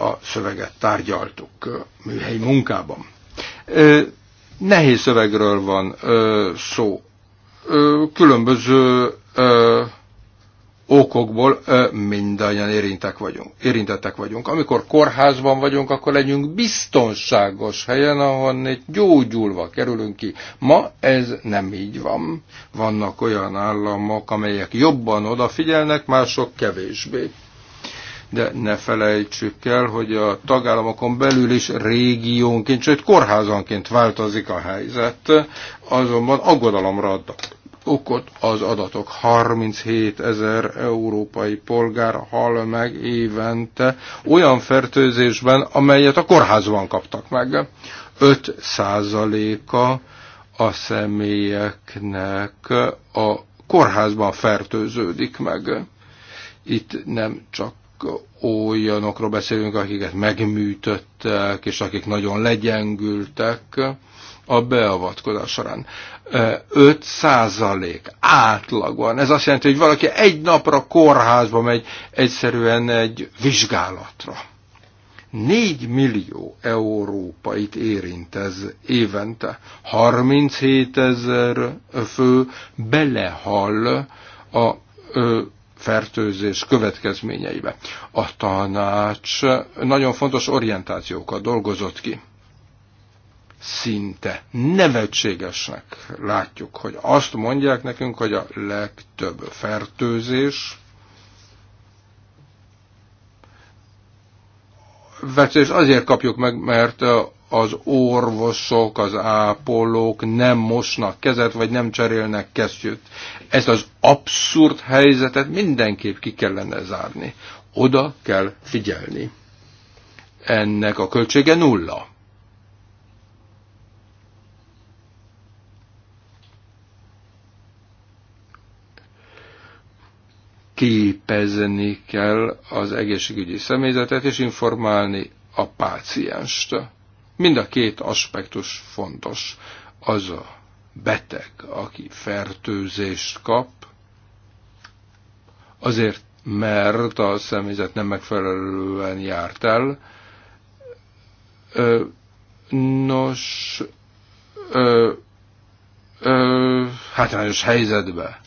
a szöveget tárgyaltuk műhely munkában. Nehéz szövegről van szó. Különböző okokból mindannyian érintek vagyunk, érintettek vagyunk. Amikor kórházban vagyunk, akkor legyünk biztonságos helyen, ahonnan gyógyulva kerülünk ki. Ma ez nem így van. Vannak olyan államok, amelyek jobban odafigyelnek, mások kevésbé. De ne felejtsük el, hogy a tagállamokon belül is régiónként, sőt kórházanként változik a helyzet, azonban aggodalomra adnak okot az adatok. 37 ezer európai polgár hal meg évente olyan fertőzésben, amelyet a kórházban kaptak meg. 5 százaléka a személyeknek a kórházban fertőződik meg. Itt nem csak olyanokról beszélünk, akiket megműtöttek, és akik nagyon legyengültek, a beavatkozás során. 5 százalék átlagban. Ez azt jelenti, hogy valaki egy napra kórházba megy egyszerűen egy vizsgálatra. 4 millió európait érint ez évente. 37 ezer fő belehal a fertőzés következményeibe. A tanács nagyon fontos orientációkat dolgozott ki szinte nevetségesnek látjuk, hogy azt mondják nekünk, hogy a legtöbb fertőzés és azért kapjuk meg, mert az orvosok, az ápolók nem mosnak kezet, vagy nem cserélnek kesztyűt. Ezt az abszurd helyzetet mindenképp ki kellene zárni. Oda kell figyelni. Ennek a költsége nulla képezni kell az egészségügyi személyzetet, és informálni a pácienst. Mind a két aspektus fontos. Az a beteg, aki fertőzést kap, azért, mert a személyzet nem megfelelően járt el. nos, hátrányos helyzetbe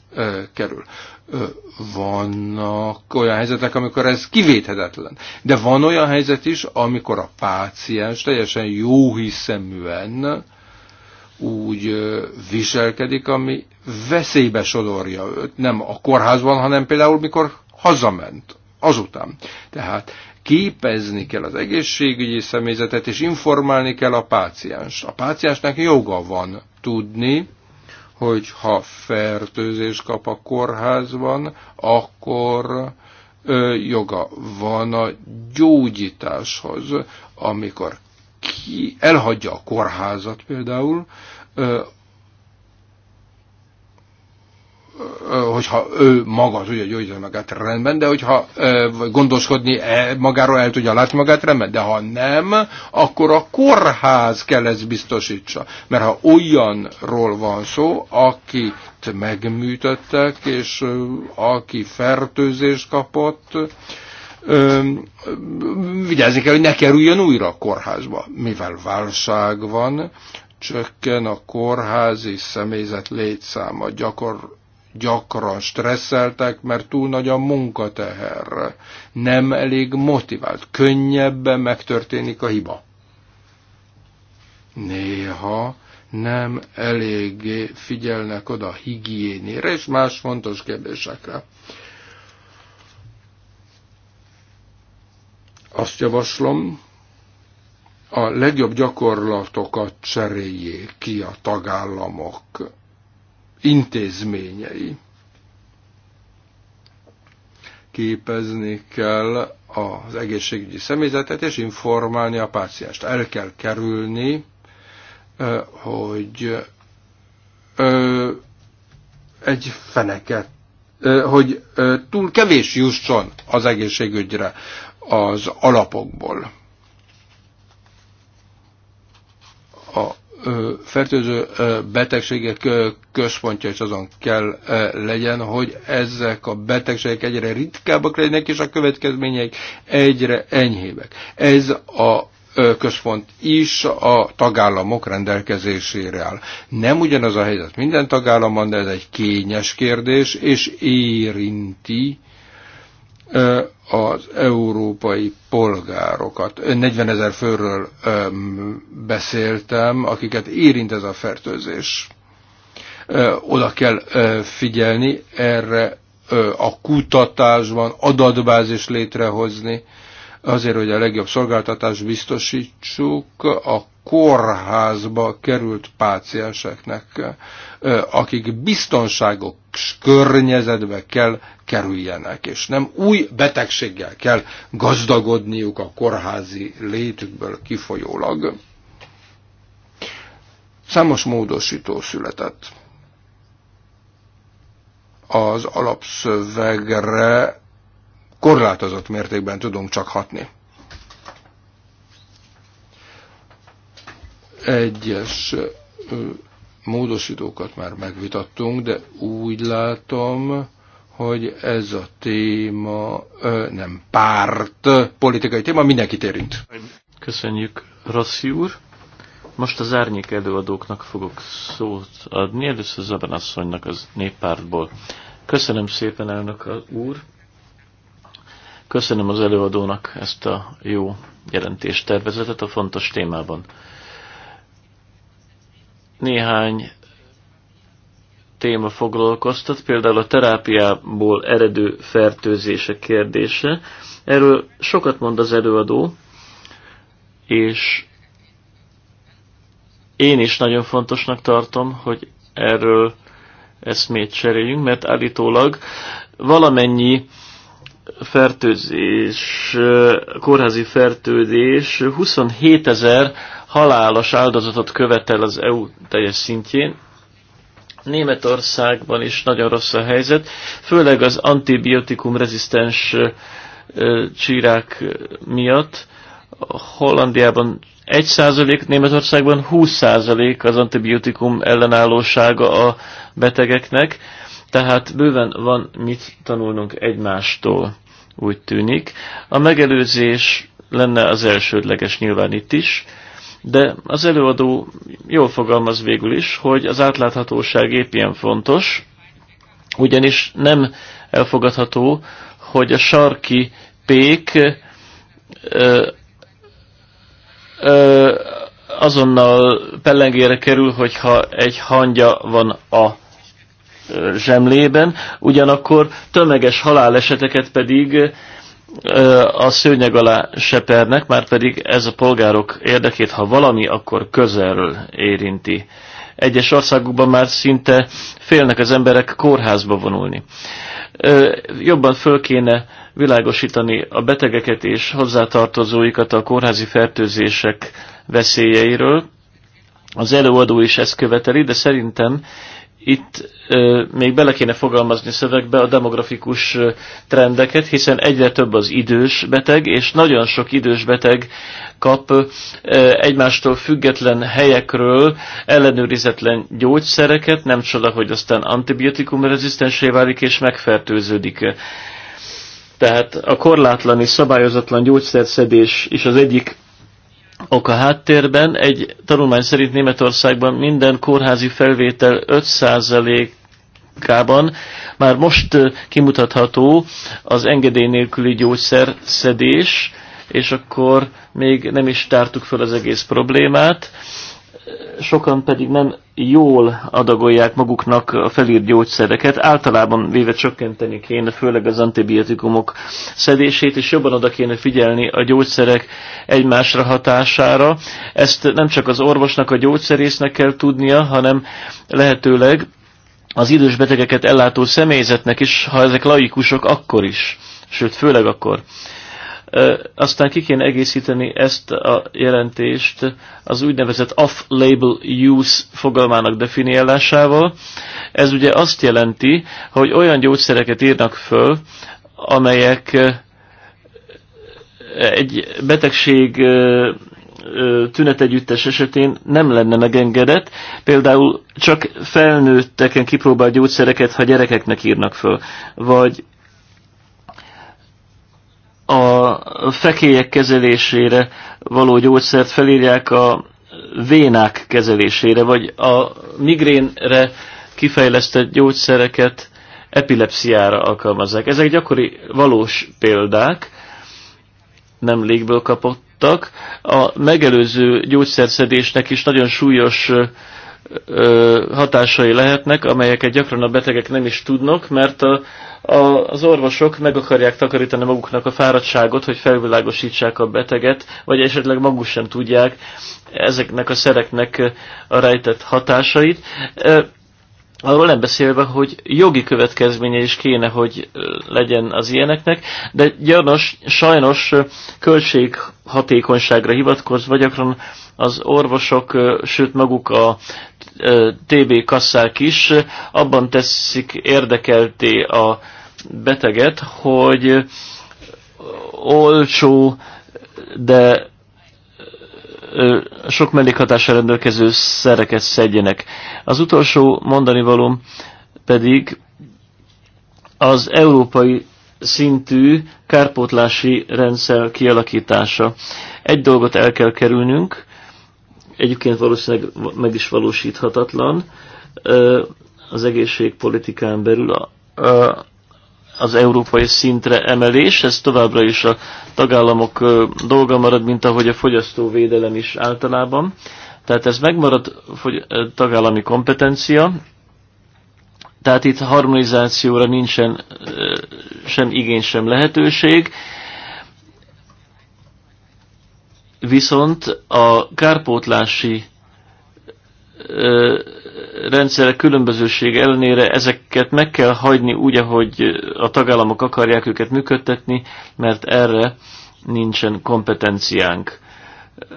kerül vannak olyan helyzetek, amikor ez kivéthetetlen. De van olyan helyzet is, amikor a páciens teljesen jó hiszeműen úgy viselkedik, ami veszélybe sodorja őt. Nem a kórházban, hanem például mikor hazament azután. Tehát képezni kell az egészségügyi személyzetet, és informálni kell a pácienst. A páciensnek joga van tudni, hogy ha fertőzés kap a kórházban, akkor joga van a gyógyításhoz, amikor ki elhagyja a kórházat például, hogyha ő maga tudja gyógyítani magát rendben, de hogyha gondoskodni e magáról el tudja látni magát rendben, de ha nem, akkor a kórház kell ezt biztosítsa. Mert ha olyanról van szó, akit megműtöttek, és aki fertőzést kapott, vigyázni kell, hogy ne kerüljön újra a kórházba. Mivel válság van, csökken a kórházi személyzet létszáma, gyakor, gyakran stresszeltek, mert túl nagy a munkateher, nem elég motivált, könnyebben megtörténik a hiba. Néha nem eléggé figyelnek oda a higiénére és más fontos kérdésekre. Azt javaslom, a legjobb gyakorlatokat cseréljék ki a tagállamok intézményei. Képezni kell az egészségügyi személyzetet, és informálni a pácienst. El kell kerülni, hogy egy feneket, hogy túl kevés jusson az egészségügyre az alapokból. A fertőző betegségek központja is azon kell legyen, hogy ezek a betegségek egyre ritkábbak legyenek, és a következményeik egyre enyhébbek. Ez a központ is a tagállamok rendelkezésére áll. Nem ugyanaz a helyzet minden tagállamban, de ez egy kényes kérdés, és érinti az európai polgárokat. 40 ezer főről öm, beszéltem, akiket érint ez a fertőzés. Ö, oda kell ö, figyelni erre ö, a kutatásban, adatbázis létrehozni, azért, hogy a legjobb szolgáltatást biztosítsuk, a kórházba került pácienseknek, akik biztonságos környezetbe kell kerüljenek, és nem új betegséggel kell gazdagodniuk a kórházi létükből kifolyólag. Számos módosító született. Az alapszövegre korlátozott mértékben tudunk csak hatni. Egyes módosítókat már megvitattunk, de úgy látom, hogy ez a téma nem párt politikai téma, mindenkit érint. Köszönjük, Rossi úr. Most az árnyék előadóknak fogok szót adni, először Zaben asszonynak az néppártból. Köszönöm szépen, elnök úr. Köszönöm az előadónak ezt a jó jelentéstervezetet a fontos témában néhány téma foglalkoztat, például a terápiából eredő fertőzések kérdése. Erről sokat mond az előadó, és én is nagyon fontosnak tartom, hogy erről eszmét cseréljünk, mert állítólag valamennyi fertőzés, kórházi fertőzés 27 ezer halálos áldozatot követel az EU teljes szintjén. Németországban is nagyon rossz a helyzet, főleg az antibiotikum rezisztens csírák miatt. Hollandiában 1%, Németországban 20% az antibiotikum ellenállósága a betegeknek, tehát bőven van mit tanulnunk egymástól, úgy tűnik. A megelőzés lenne az elsődleges nyilván itt is de az előadó jól fogalmaz végül is, hogy az átláthatóság épp ilyen fontos, ugyanis nem elfogadható, hogy a sarki pék ö, ö, azonnal pellengére kerül, hogyha egy hangya van a zsemlében, ugyanakkor tömeges haláleseteket pedig a szőnyeg alá sepernek, már pedig ez a polgárok érdekét, ha valami, akkor közelről érinti. Egyes országokban már szinte félnek az emberek kórházba vonulni. Jobban föl kéne világosítani a betegeket és hozzátartozóikat a kórházi fertőzések veszélyeiről. Az előadó is ezt követeli, de szerintem itt ö, még bele kéne fogalmazni szövegbe a demografikus trendeket, hiszen egyre több az idős beteg, és nagyon sok idős beteg kap ö, egymástól független helyekről ellenőrizetlen gyógyszereket, nem csoda, hogy aztán antibiotikum rezisztensé válik és megfertőződik. Tehát a korlátlan és szabályozatlan gyógyszerszedés is az egyik ok a háttérben. Egy tanulmány szerint Németországban minden kórházi felvétel 5%-ában már most kimutatható az engedély nélküli gyógyszer szedés, és akkor még nem is tártuk fel az egész problémát sokan pedig nem jól adagolják maguknak a felírt gyógyszereket. Általában véve csökkenteni kéne, főleg az antibiotikumok szedését, és jobban oda kéne figyelni a gyógyszerek egymásra hatására. Ezt nem csak az orvosnak, a gyógyszerésznek kell tudnia, hanem lehetőleg az idős betegeket ellátó személyzetnek is, ha ezek laikusok, akkor is. Sőt, főleg akkor. Aztán ki kéne egészíteni ezt a jelentést az úgynevezett off-label use fogalmának definiálásával. Ez ugye azt jelenti, hogy olyan gyógyszereket írnak föl, amelyek egy betegség tünetegyüttes esetén nem lenne megengedett, például csak felnőtteken kipróbált gyógyszereket, ha gyerekeknek írnak föl, vagy a fekélyek kezelésére való gyógyszert felírják a vénák kezelésére, vagy a migrénre kifejlesztett gyógyszereket epilepsziára alkalmazzák. Ezek gyakori valós példák, nem légből kapottak. A megelőző gyógyszerszedésnek is nagyon súlyos hatásai lehetnek, amelyeket gyakran a betegek nem is tudnak, mert a, a, az orvosok meg akarják takarítani maguknak a fáradtságot, hogy felvilágosítsák a beteget, vagy esetleg maguk sem tudják ezeknek a szereknek a rejtett hatásait. Arról nem beszélve, hogy jogi következménye is kéne, hogy legyen az ilyeneknek, de gyanos, sajnos költséghatékonyságra hivatkozva gyakran az orvosok, sőt maguk a TB kasszák is abban teszik érdekelté a beteget, hogy olcsó, de sok mellékhatásra rendelkező szereket szedjenek. Az utolsó mondani valóm pedig az európai szintű kárpótlási rendszer kialakítása. Egy dolgot el kell kerülnünk, egyébként valószínűleg meg is valósíthatatlan az egészségpolitikán belül a, a, az európai szintre emelés, ez továbbra is a tagállamok dolga marad, mint ahogy a fogyasztóvédelem is általában. Tehát ez megmarad fogy, tagállami kompetencia, tehát itt harmonizációra nincsen sem igény, sem lehetőség, Viszont a kárpótlási rendszerek különbözőség ellenére ezeket meg kell hagyni úgy, ahogy a tagállamok akarják őket működtetni, mert erre nincsen kompetenciánk.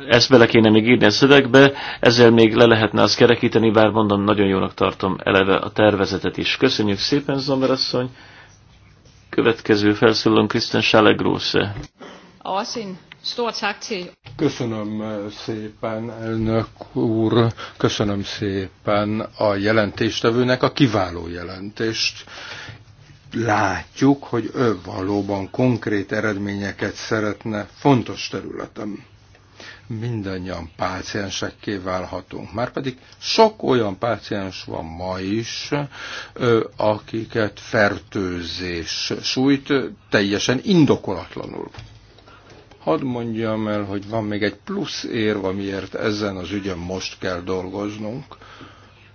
Ezt bele kéne még írni a szövegbe, ezzel még le lehetne azt kerekíteni, bár mondom, nagyon jónak tartom eleve a tervezetet is. Köszönjük szépen, Zomer asszony! Következő felszólalom Kristen Schalegrósze. Også en tak til Köszönöm szépen, elnök úr, köszönöm szépen a jelentéstevőnek a kiváló jelentést. Látjuk, hogy ő valóban konkrét eredményeket szeretne fontos területen. Mindannyian páciensekké válhatunk. Márpedig sok olyan páciens van ma is, akiket fertőzés sújt teljesen indokolatlanul Hadd mondjam el, hogy van még egy plusz érv, amiért ezen az ügyen most kell dolgoznunk.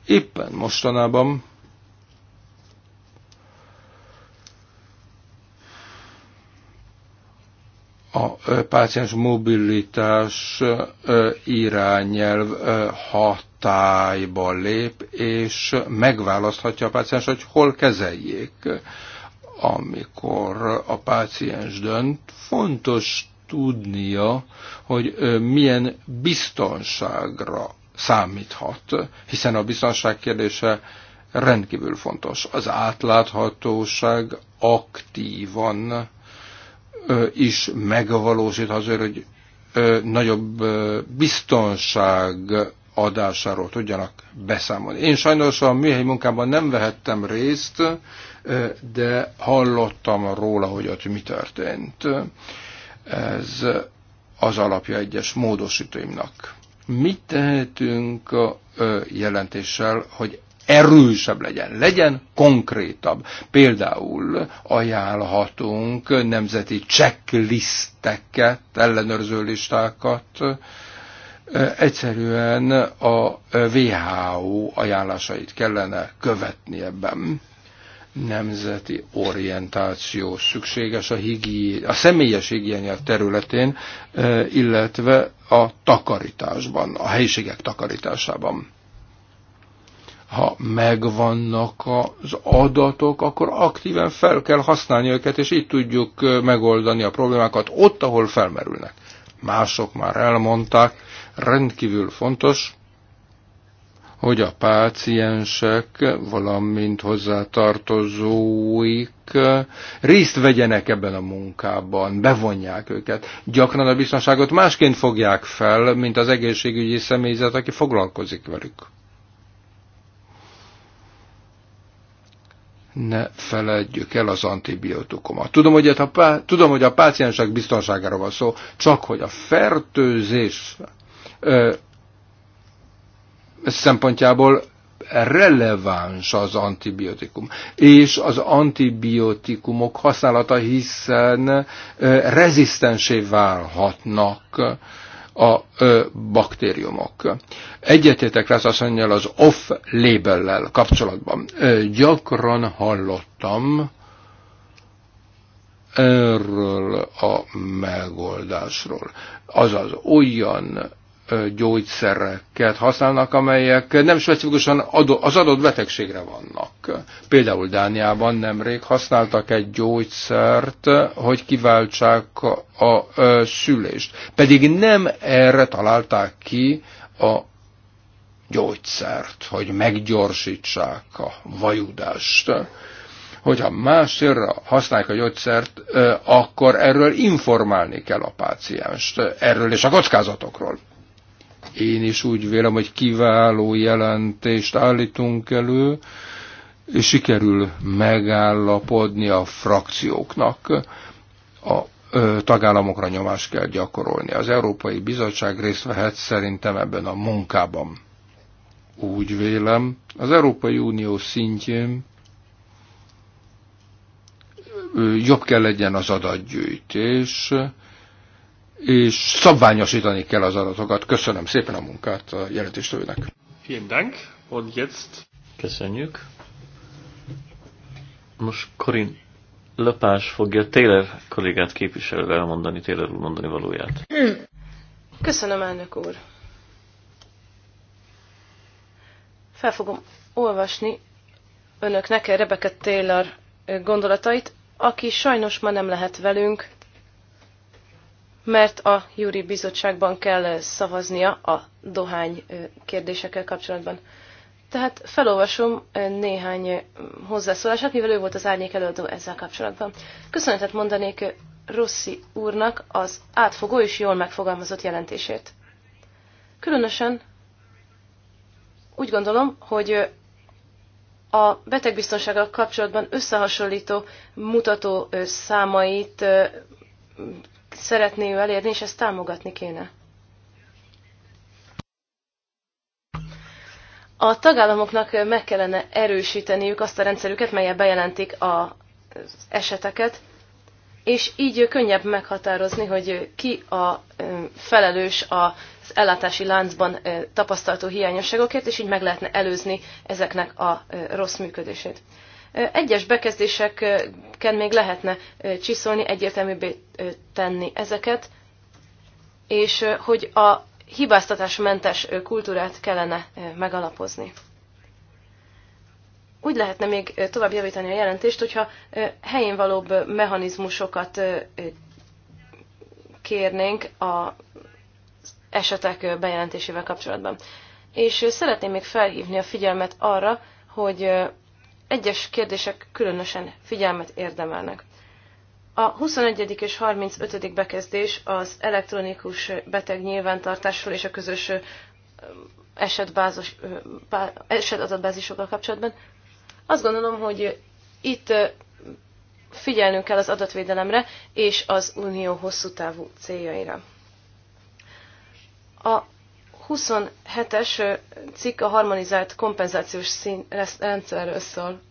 Éppen mostanában a páciens mobilitás irányelv hatályba lép, és megválaszthatja a páciens, hogy hol kezeljék. Amikor a páciens dönt, fontos tudnia, hogy milyen biztonságra számíthat, hiszen a biztonság kérdése rendkívül fontos. Az átláthatóság aktívan is megvalósít azért, hogy nagyobb biztonság adásáról tudjanak beszámolni. Én sajnos a műhelyi munkában nem vehettem részt, de hallottam róla, hogy ott mi történt. Ez az alapja egyes módosítóimnak. Mit tehetünk a jelentéssel, hogy erősebb legyen, legyen konkrétabb. Például ajánlhatunk nemzeti checklisteket, ellenőrző listákat, egyszerűen a WHO ajánlásait kellene követni ebben nemzeti orientáció szükséges a, higi, a személyes higiénia területén, eh, illetve a takarításban, a helyiségek takarításában. Ha megvannak az adatok, akkor aktíven fel kell használni őket, és így tudjuk eh, megoldani a problémákat ott, ahol felmerülnek. Mások már elmondták, rendkívül fontos, hogy a páciensek, valamint hozzátartozóik részt vegyenek ebben a munkában, bevonják őket. Gyakran a biztonságot másként fogják fel, mint az egészségügyi személyzet, aki foglalkozik velük. ne feledjük el az antibiotikumot. Tudom, hogy a, pá- tudom, hogy a páciensek biztonságára van szó, csak hogy a fertőzés ö, szempontjából releváns az antibiotikum. És az antibiotikumok használata, hiszen rezisztensé válhatnak a baktériumok. Egyetétek rá azt mondja, az off label kapcsolatban. gyakran hallottam erről a megoldásról. Azaz olyan gyógyszereket használnak, amelyek nem specifikusan az adott betegségre vannak. Például Dániában nemrég használtak egy gyógyszert, hogy kiváltsák a szülést. Pedig nem erre találták ki a gyógyszert, hogy meggyorsítsák a vajudást. Hogyha másra használják a gyógyszert, akkor erről informálni kell a pácienst, erről és a kockázatokról. Én is úgy vélem, hogy kiváló jelentést állítunk elő, és sikerül megállapodni a frakcióknak. A tagállamokra nyomást kell gyakorolni. Az Európai Bizottság részt vehet szerintem ebben a munkában. Úgy vélem, az Európai Unió szintjén jobb kell legyen az adatgyűjtés, és szabványosítani kell az adatokat. Köszönöm szépen a munkát a jelentéstőnek. Vielen Dank, und jetzt... Köszönjük. Most Korin Löpás fogja Taylor kollégát képviselve elmondani, Taylor úr mondani valóját. Köszönöm, elnök úr. Fel fogom olvasni önöknek Rebecca Taylor gondolatait, aki sajnos ma nem lehet velünk, mert a Júri Bizottságban kell eh, szavaznia a dohány eh, kérdésekkel kapcsolatban. Tehát felolvasom eh, néhány hozzászólását, mivel ő volt az árnyék előadó ezzel kapcsolatban. Köszönetet mondanék Rossi úrnak az átfogó és jól megfogalmazott jelentését. Különösen úgy gondolom, hogy a betegbiztonsággal kapcsolatban összehasonlító mutató számait szeretné ő elérni, és ezt támogatni kéne. A tagállamoknak meg kellene erősíteniük azt a rendszerüket, melyel bejelentik az eseteket, és így könnyebb meghatározni, hogy ki a felelős az ellátási láncban tapasztalt hiányosságokért, és így meg lehetne előzni ezeknek a rossz működését. Egyes bekezdéseken még lehetne csiszolni, egyértelműbbé tenni ezeket, és hogy a hibáztatásmentes kultúrát kellene megalapozni. Úgy lehetne még tovább javítani a jelentést, hogyha helyén valóbb mechanizmusokat kérnénk az esetek bejelentésével kapcsolatban. És szeretném még felhívni a figyelmet arra, hogy egyes kérdések különösen figyelmet érdemelnek. A 21. és 35. bekezdés az elektronikus beteg nyilvántartásról és a közös esetbázos, esetadatbázisokkal kapcsolatban. Azt gondolom, hogy itt figyelnünk kell az adatvédelemre és az unió hosszú távú céljaira. A 27-es cikk a harmonizált kompenzációs szín, rendszerről szól.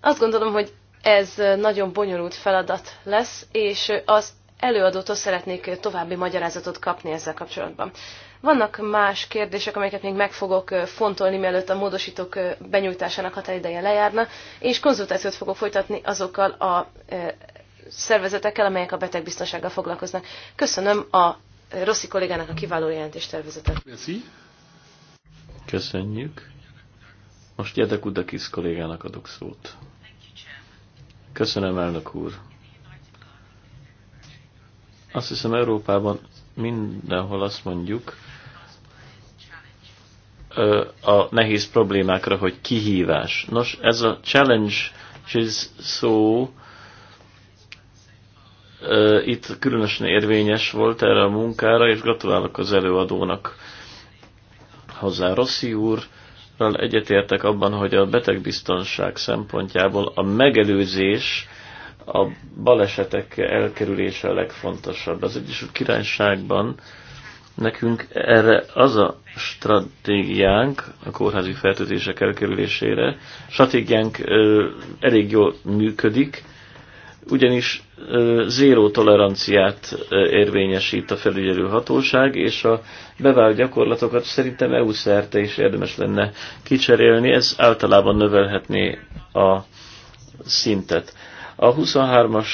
Azt gondolom, hogy ez nagyon bonyolult feladat lesz, és az előadótól szeretnék további magyarázatot kapni ezzel kapcsolatban. Vannak más kérdések, amelyeket még meg fogok fontolni, mielőtt a módosítók benyújtásának határideje lejárna, és konzultációt fogok folytatni azokkal a szervezetekkel, amelyek a betegbiztonsággal foglalkoznak. Köszönöm a Rossi kollégának a kiváló jelentéstervezetet. Köszönjük. Most Jedek Udakis kollégának adok szót. Köszönöm, elnök úr. Azt hiszem Európában mindenhol azt mondjuk a nehéz problémákra, hogy kihívás. Nos, ez a challenge szó itt különösen érvényes volt erre a munkára, és gratulálok az előadónak hozzá. Rossi úrral egyetértek abban, hogy a betegbiztonság szempontjából a megelőzés, a balesetek elkerülése a legfontosabb. Az Egyesült Királyságban nekünk erre az a stratégiánk a kórházi fertőzések elkerülésére, stratégiánk ö, elég jól működik, ugyanis zéró toleranciát érvényesít a felügyelő hatóság, és a bevált gyakorlatokat szerintem EU szerte is érdemes lenne kicserélni, ez általában növelhetné a szintet. A 23-as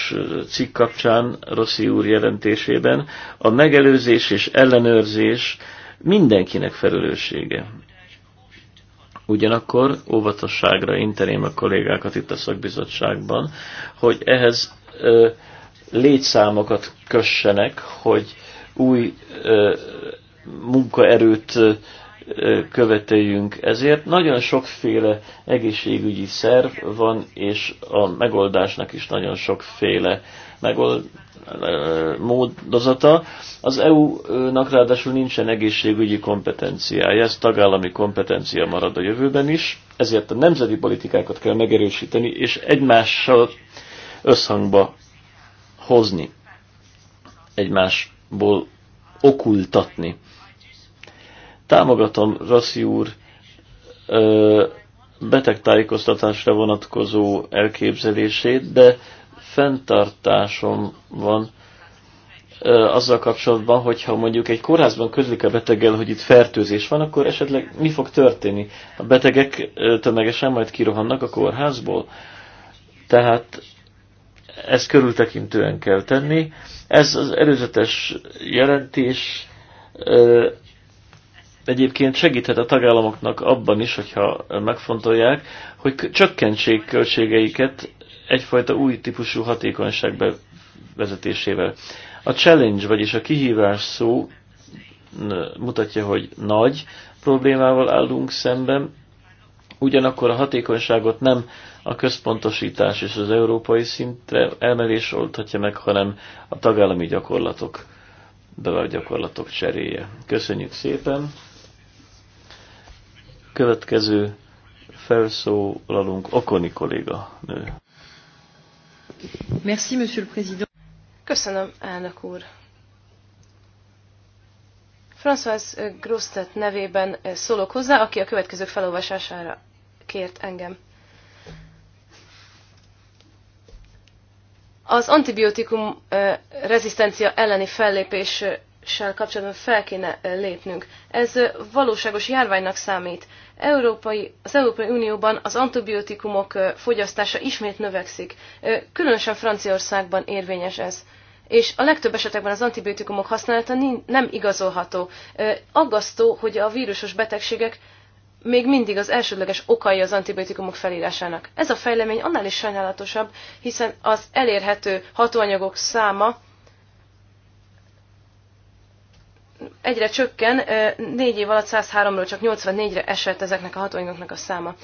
cikk kapcsán Rossi úr jelentésében a megelőzés és ellenőrzés mindenkinek felelőssége. Ugyanakkor óvatosságra interém a kollégákat itt a szakbizottságban, hogy ehhez ö, létszámokat kössenek, hogy új ö, munkaerőt ö, követeljünk. Ezért nagyon sokféle egészségügyi szerv van, és a megoldásnak is nagyon sokféle megold, módozata. Az EU-nak ráadásul nincsen egészségügyi kompetenciája, ez tagállami kompetencia marad a jövőben is, ezért a nemzeti politikákat kell megerősíteni, és egymással összhangba hozni, egymásból okultatni. Támogatom Rassi úr betegtájékoztatásra vonatkozó elképzelését, de fenntartásom van ö, azzal kapcsolatban, hogyha mondjuk egy kórházban közlik a beteggel, hogy itt fertőzés van, akkor esetleg mi fog történni? A betegek ö, tömegesen majd kirohannak a kórházból. Tehát ezt körültekintően kell tenni. Ez az előzetes jelentés egyébként segíthet a tagállamoknak abban is, hogyha megfontolják, hogy csökkentsék költségeiket egyfajta új típusú hatékonyság bevezetésével. A challenge, vagyis a kihívás szó mutatja, hogy nagy problémával állunk szemben, Ugyanakkor a hatékonyságot nem a központosítás és az európai szintre emelés oldhatja meg, hanem a tagállami gyakorlatok, bevált gyakorlatok cseréje. Köszönjük szépen! Következő felszólalunk Okoni kolléga nő. Merci, monsieur le président. Köszönöm, elnök úr. François Grosztet nevében szólok hozzá, aki a következők felolvasására kért engem. Az antibiotikum rezisztencia elleni fellépéssel kapcsolatban fel kéne lépnünk. Ez valóságos járványnak számít. Európai, az Európai Unióban az antibiotikumok fogyasztása ismét növekszik. Különösen Franciaországban érvényes ez és a legtöbb esetekben az antibiotikumok használata nem igazolható. Aggasztó, hogy a vírusos betegségek még mindig az elsődleges okai az antibiotikumok felírásának. Ez a fejlemény annál is sajnálatosabb, hiszen az elérhető hatóanyagok száma egyre csökken, négy év alatt 103-ról csak 84-re esett ezeknek a hatóanyagoknak a száma.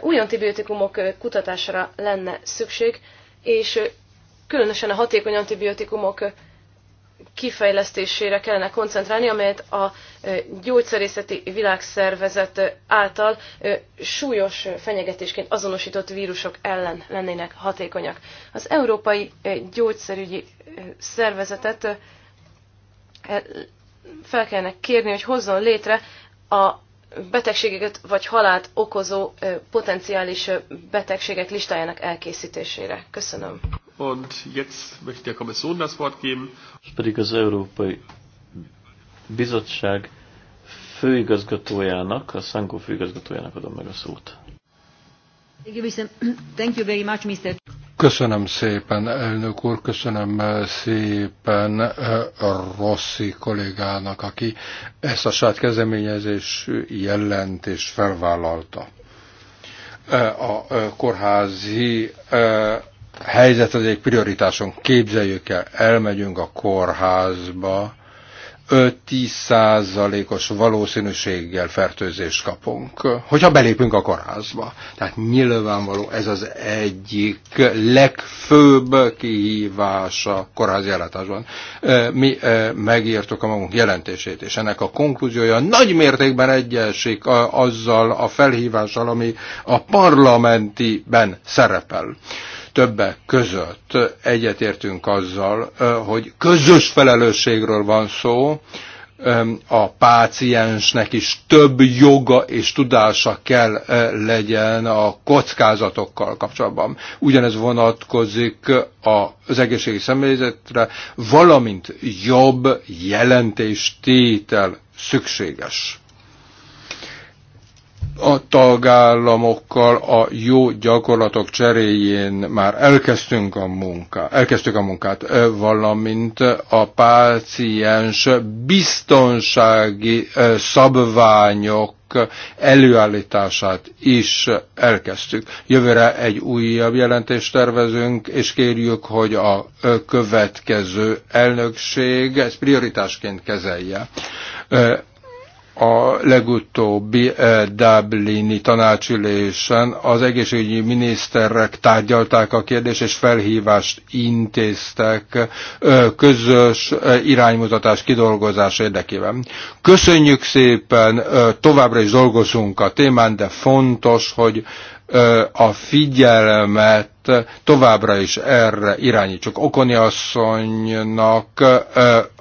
Új antibiotikumok kutatására lenne szükség, és különösen a hatékony antibiotikumok kifejlesztésére kellene koncentrálni, amelyet a gyógyszerészeti világszervezet által súlyos fenyegetésként azonosított vírusok ellen lennének hatékonyak. Az Európai Gyógyszerügyi Szervezetet fel kellene kérni, hogy hozzon létre a betegségeket vagy halált okozó potenciális betegségek listájának elkészítésére. Köszönöm. Und jetzt möchte der Kommission das Wort geben. És pedig az Európai Bizottság főigazgatójának, a Szankó főigazgatójának adom meg a szót. Thank you very much, Mr. Köszönöm szépen, elnök úr, köszönöm szépen eh, Rossi kollégának, aki ezt a saját kezdeményezés és felvállalta. Eh, a eh, kórházi helyzet az egy prioritáson. Képzeljük el, elmegyünk a kórházba, 5-10 százalékos valószínűséggel fertőzést kapunk, hogyha belépünk a kórházba. Tehát nyilvánvaló ez az egyik legfőbb kihívása kórházi ellátásban. Mi megírtuk a magunk jelentését, és ennek a konklúziója nagy mértékben egyesik azzal a felhívással, ami a parlamentiben szerepel többek között egyetértünk azzal, hogy közös felelősségről van szó, a páciensnek is több joga és tudása kell legyen a kockázatokkal kapcsolatban. Ugyanez vonatkozik az egészségi személyzetre, valamint jobb jelentéstétel szükséges a tagállamokkal a jó gyakorlatok cseréjén már elkezdtünk a munkát, elkezdtük a munkát, valamint a páciens biztonsági szabványok előállítását is elkezdtük. Jövőre egy újabb jelentést tervezünk, és kérjük, hogy a következő elnökség ezt prioritásként kezelje a legutóbbi eh, Dublini tanácsülésen az egészségügyi miniszterek tárgyalták a kérdést, és felhívást intéztek eh, közös eh, iránymutatás kidolgozás érdekében. Köszönjük szépen, továbbra is dolgozunk a témán, de fontos, hogy a figyelmet továbbra is erre irányítsuk. Okoni asszonynak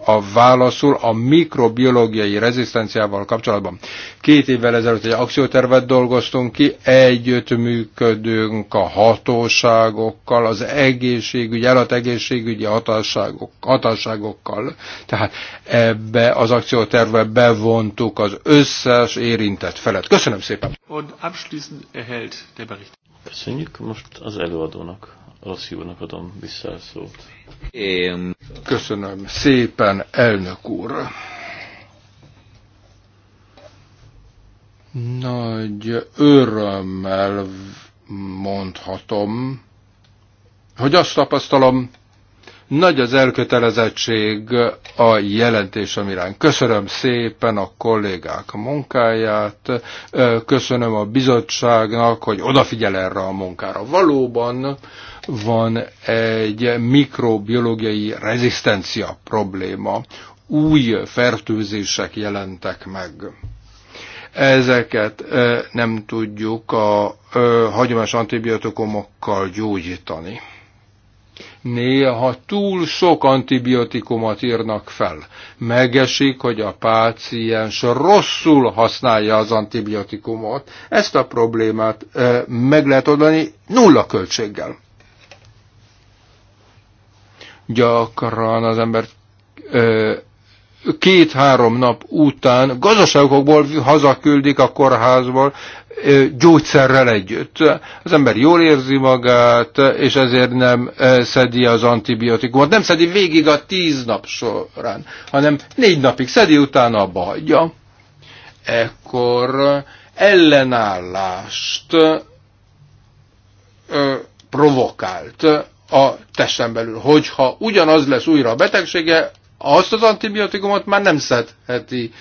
a válaszul a mikrobiológiai rezisztenciával kapcsolatban. Két évvel ezelőtt egy akciótervet dolgoztunk ki, együtt működünk a hatóságokkal, az egészségügyi, egészségügyi hatóságok, hatóságokkal. Tehát ebbe az akciótervbe bevontuk az összes érintett felet. Köszönöm szépen! Und abschließend erhält der Bericht. Köszönjük, most az előadónak, Rossz úrnak adom vissza a szót. Én köszönöm szépen, elnök úr. Nagy örömmel mondhatom, hogy azt tapasztalom, nagy az elkötelezettség a jelentés amirán. Köszönöm szépen a kollégák munkáját, köszönöm a bizottságnak, hogy odafigyel erre a munkára. Valóban van egy mikrobiológiai rezisztencia probléma. Új fertőzések jelentek meg ezeket nem tudjuk a hagyományos antibiotikumokkal gyógyítani néha túl sok antibiotikumot írnak fel. Megesik, hogy a páciens rosszul használja az antibiotikumot. Ezt a problémát meg lehet oldani nulla költséggel. Gyakran az ember két-három nap után gazdaságokból hazaküldik a kórházból, gyógyszerrel együtt. Az ember jól érzi magát, és ezért nem szedi az antibiotikumot. Nem szedi végig a tíz nap során, hanem négy napig szedi, utána abba hagyja. Ekkor ellenállást provokált a testen belül, hogyha ugyanaz lesz újra a betegsége, azt az antibiotikumot már nem szedheti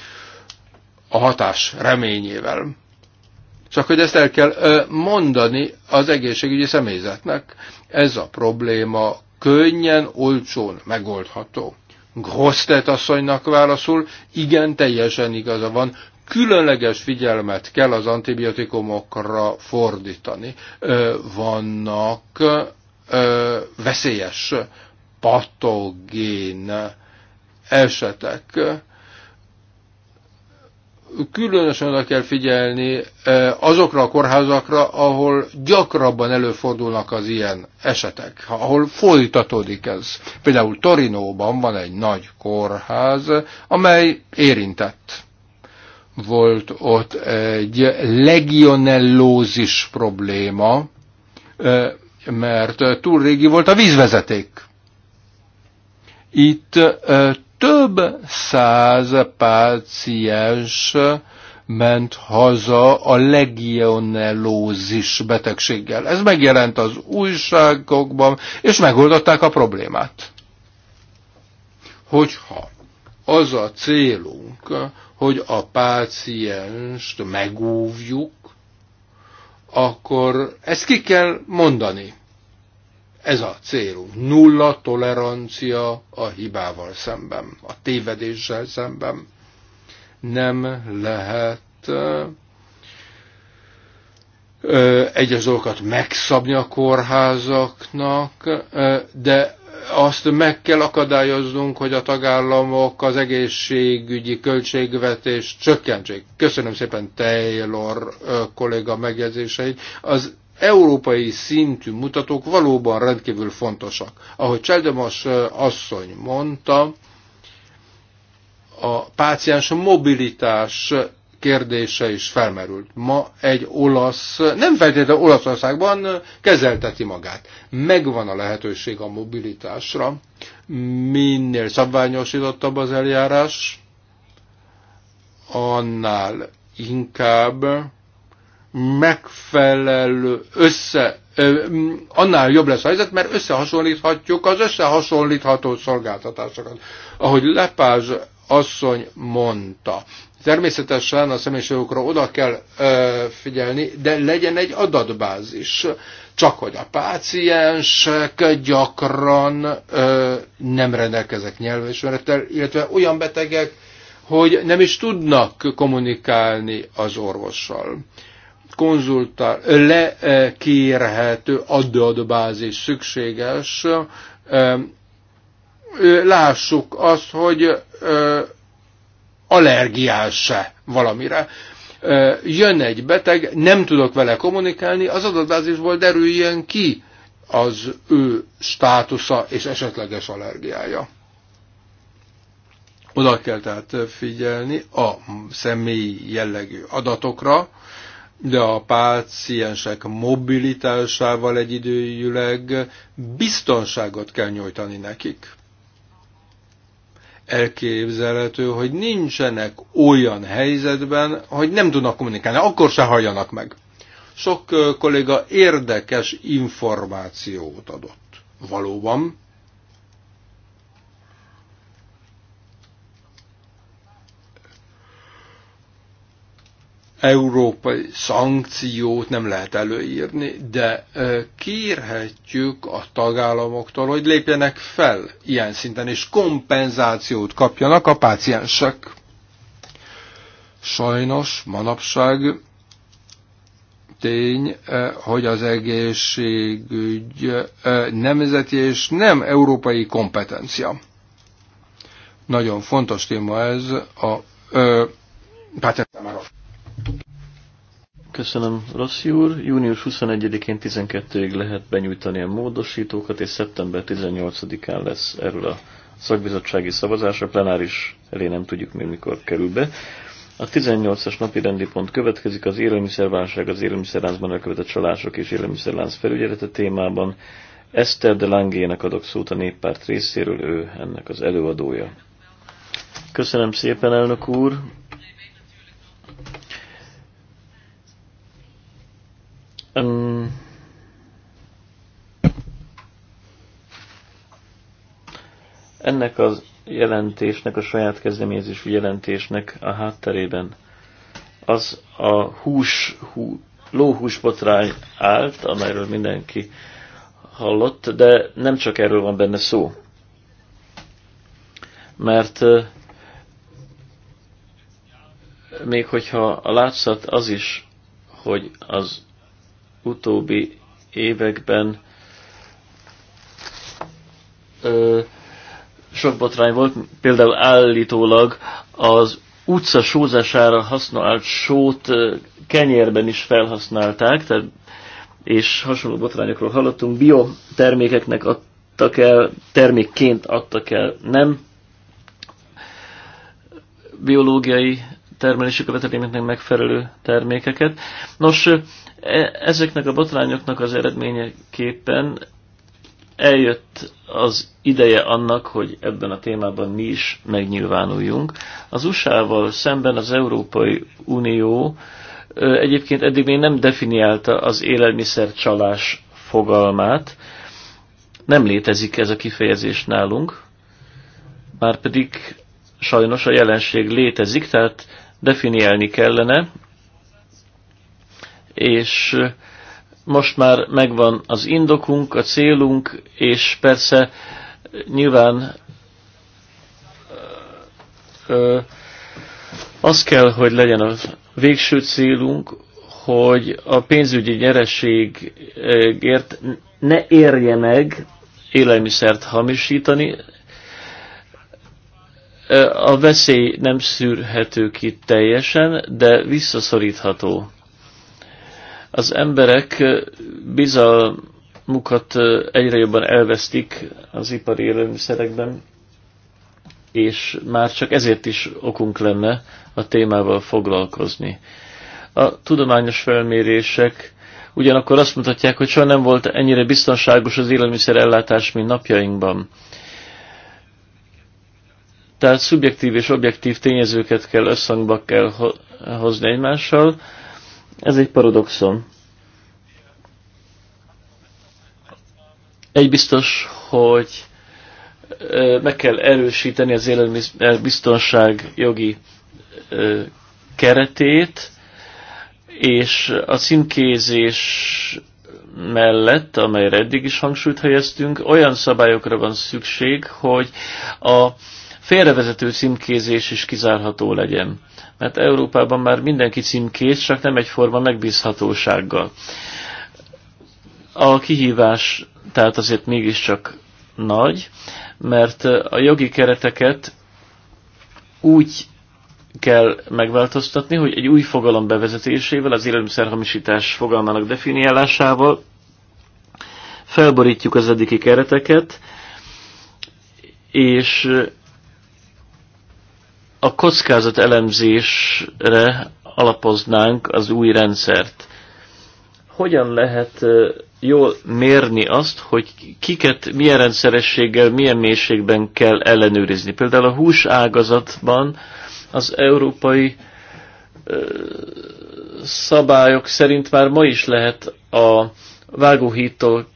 a hatás reményével csak hogy ezt el kell mondani az egészségügyi személyzetnek. Ez a probléma könnyen, olcsón megoldható. Grosztet asszonynak válaszul, igen, teljesen igaza van, különleges figyelmet kell az antibiotikumokra fordítani. Vannak veszélyes patogén esetek, különösen oda kell figyelni eh, azokra a kórházakra, ahol gyakrabban előfordulnak az ilyen esetek, ahol folytatódik ez. Például Torinóban van egy nagy kórház, amely érintett. Volt ott egy legionellózis probléma, eh, mert túl régi volt a vízvezeték. Itt eh, több száz páciens ment haza a legionellózis betegséggel. Ez megjelent az újságokban, és megoldották a problémát. Hogyha az a célunk, hogy a pácienst megúvjuk, akkor ezt ki kell mondani. Ez a célunk. Nulla tolerancia a hibával szemben, a tévedéssel szemben. Nem lehet egyazókat megszabni a kórházaknak, de azt meg kell akadályoznunk, hogy a tagállamok az egészségügyi költségvetés csökkentsék. Köszönöm szépen Taylor kolléga megjegyzéseit. Az európai szintű mutatók valóban rendkívül fontosak. Ahogy Cseldemas asszony mondta, a páciens mobilitás kérdése is felmerült. Ma egy olasz, nem feltétlenül Olaszországban kezelteti magát. Megvan a lehetőség a mobilitásra, minél szabványosítottabb az eljárás, annál inkább megfelelő össze, annál jobb lesz a helyzet, mert összehasonlíthatjuk az összehasonlítható szolgáltatásokat. Ahogy Lepázs asszony mondta, természetesen a személyiségokra oda kell ö, figyelni, de legyen egy adatbázis, csak hogy a páciensek gyakran ö, nem rendelkezek nyelvésmerettel, illetve olyan betegek, hogy nem is tudnak kommunikálni az orvossal. Ö, konzultál, lekérhető adatbázis szükséges. Lássuk azt, hogy allergiás-e valamire. Jön egy beteg, nem tudok vele kommunikálni, az adatbázisból derüljön ki az ő státusza és esetleges allergiája. Oda kell tehát figyelni a személyi jellegű adatokra, de a páciensek mobilitásával egyidőjüleg biztonságot kell nyújtani nekik. Elképzelhető, hogy nincsenek olyan helyzetben, hogy nem tudnak kommunikálni, akkor se halljanak meg. Sok kolléga érdekes információt adott. Valóban, európai szankciót nem lehet előírni, de kérhetjük a tagállamoktól, hogy lépjenek fel ilyen szinten, és kompenzációt kapjanak a páciensek. Sajnos manapság tény, hogy az egészségügy nemzeti és nem európai kompetencia. Nagyon fontos téma ez a páciens számára. Köszönöm, Rossi úr. Június 21-én 12-ig lehet benyújtani a módosítókat, és szeptember 18-án lesz erről a szakbizottsági szavazás. A plenáris elé nem tudjuk még mikor kerül be. A 18-as napi rendi pont következik az élelmiszerválság, az élelmiszerláncban elkövetett csalások és élelmiszerlánc felügyelete témában. Eszter de Langének adok szót a néppárt részéről, ő ennek az előadója. Köszönöm szépen, elnök úr! Um, ennek az jelentésnek, a saját kezdeményezésű jelentésnek a hátterében az a hús, hú, botrány állt, amelyről mindenki hallott, de nem csak erről van benne szó. Mert még hogyha a látszat az is, hogy az utóbbi években ö, sok botrány volt, például állítólag az utca sózására használt sót kenyérben is felhasználták, tehát, és hasonló botrányokról hallottunk, biotermékeknek adtak el, termékként adtak el, nem biológiai termelési követelményeknek megfelelő termékeket. Nos, E, ezeknek a botrányoknak az eredményeképpen eljött az ideje annak, hogy ebben a témában mi is megnyilvánuljunk. Az USA-val szemben az Európai Unió e, egyébként eddig még nem definiálta az élelmiszer csalás fogalmát. Nem létezik ez a kifejezés nálunk, márpedig sajnos a jelenség létezik, tehát definiálni kellene, és most már megvan az indokunk, a célunk, és persze nyilván ö, az kell, hogy legyen a végső célunk, hogy a pénzügyi nyereségért ne érje meg élelmiszert hamisítani. A veszély nem szűrhető ki teljesen, de visszaszorítható az emberek bizalmukat egyre jobban elvesztik az ipari élelmiszerekben, és már csak ezért is okunk lenne a témával foglalkozni. A tudományos felmérések ugyanakkor azt mutatják, hogy soha nem volt ennyire biztonságos az élelmiszer ellátás, mint napjainkban. Tehát szubjektív és objektív tényezőket kell összhangba kell hozni egymással, ez egy paradoxon. Egy biztos, hogy meg kell erősíteni az élelmiszerbiztonság jogi keretét, és a színkézés mellett, amelyre eddig is hangsúlyt helyeztünk, olyan szabályokra van szükség, hogy a félrevezető címkézés is kizárható legyen mert hát Európában már mindenki címkész, csak nem egyforma megbízhatósággal. A kihívás tehát azért mégiscsak nagy, mert a jogi kereteket úgy kell megváltoztatni, hogy egy új fogalom bevezetésével, az élelmiszerhamisítás fogalmának definiálásával felborítjuk az eddigi kereteket, és a kockázat elemzésre alapoznánk az új rendszert. Hogyan lehet jól mérni azt, hogy kiket milyen rendszerességgel, milyen mélységben kell ellenőrizni. Például a hús ágazatban az európai szabályok szerint már ma is lehet a vágóhítól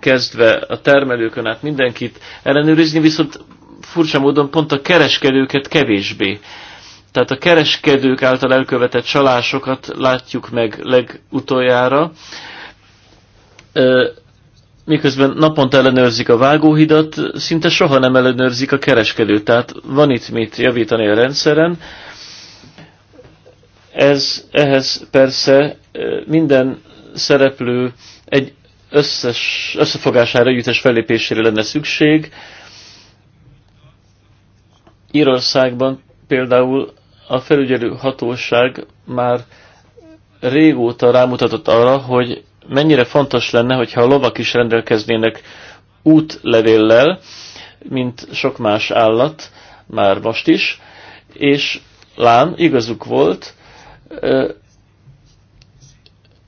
kezdve a termelőkön át mindenkit ellenőrizni, viszont furcsa módon pont a kereskedőket kevésbé. Tehát a kereskedők által elkövetett csalásokat látjuk meg legutoljára, miközben naponta ellenőrzik a vágóhidat, szinte soha nem ellenőrzik a kereskedőt. Tehát van itt mit javítani a rendszeren. Ez, ehhez persze minden szereplő egy összes, összefogására, együttes fellépésére lenne szükség, Írországban például a felügyelő hatóság már régóta rámutatott arra, hogy mennyire fontos lenne, hogyha a lovak is rendelkeznének útlevéllel, mint sok más állat, már most is, és lám, igazuk volt,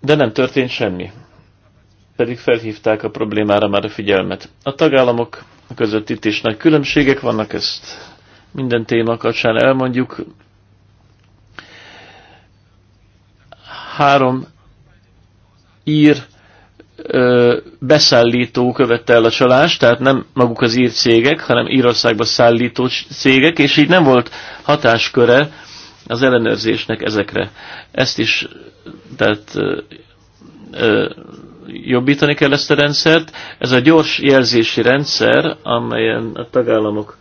de nem történt semmi. Pedig felhívták a problémára már a figyelmet. A tagállamok között itt is nagy különbségek vannak, ezt minden téma kapcsán elmondjuk. Három ír ö, beszállító követte el a csalást, tehát nem maguk az ír cégek, hanem Írországba szállító cégek, és így nem volt hatásköre az ellenőrzésnek ezekre. Ezt is, tehát ö, ö, jobbítani kell ezt a rendszert. Ez a gyors jelzési rendszer, amelyen a tagállamok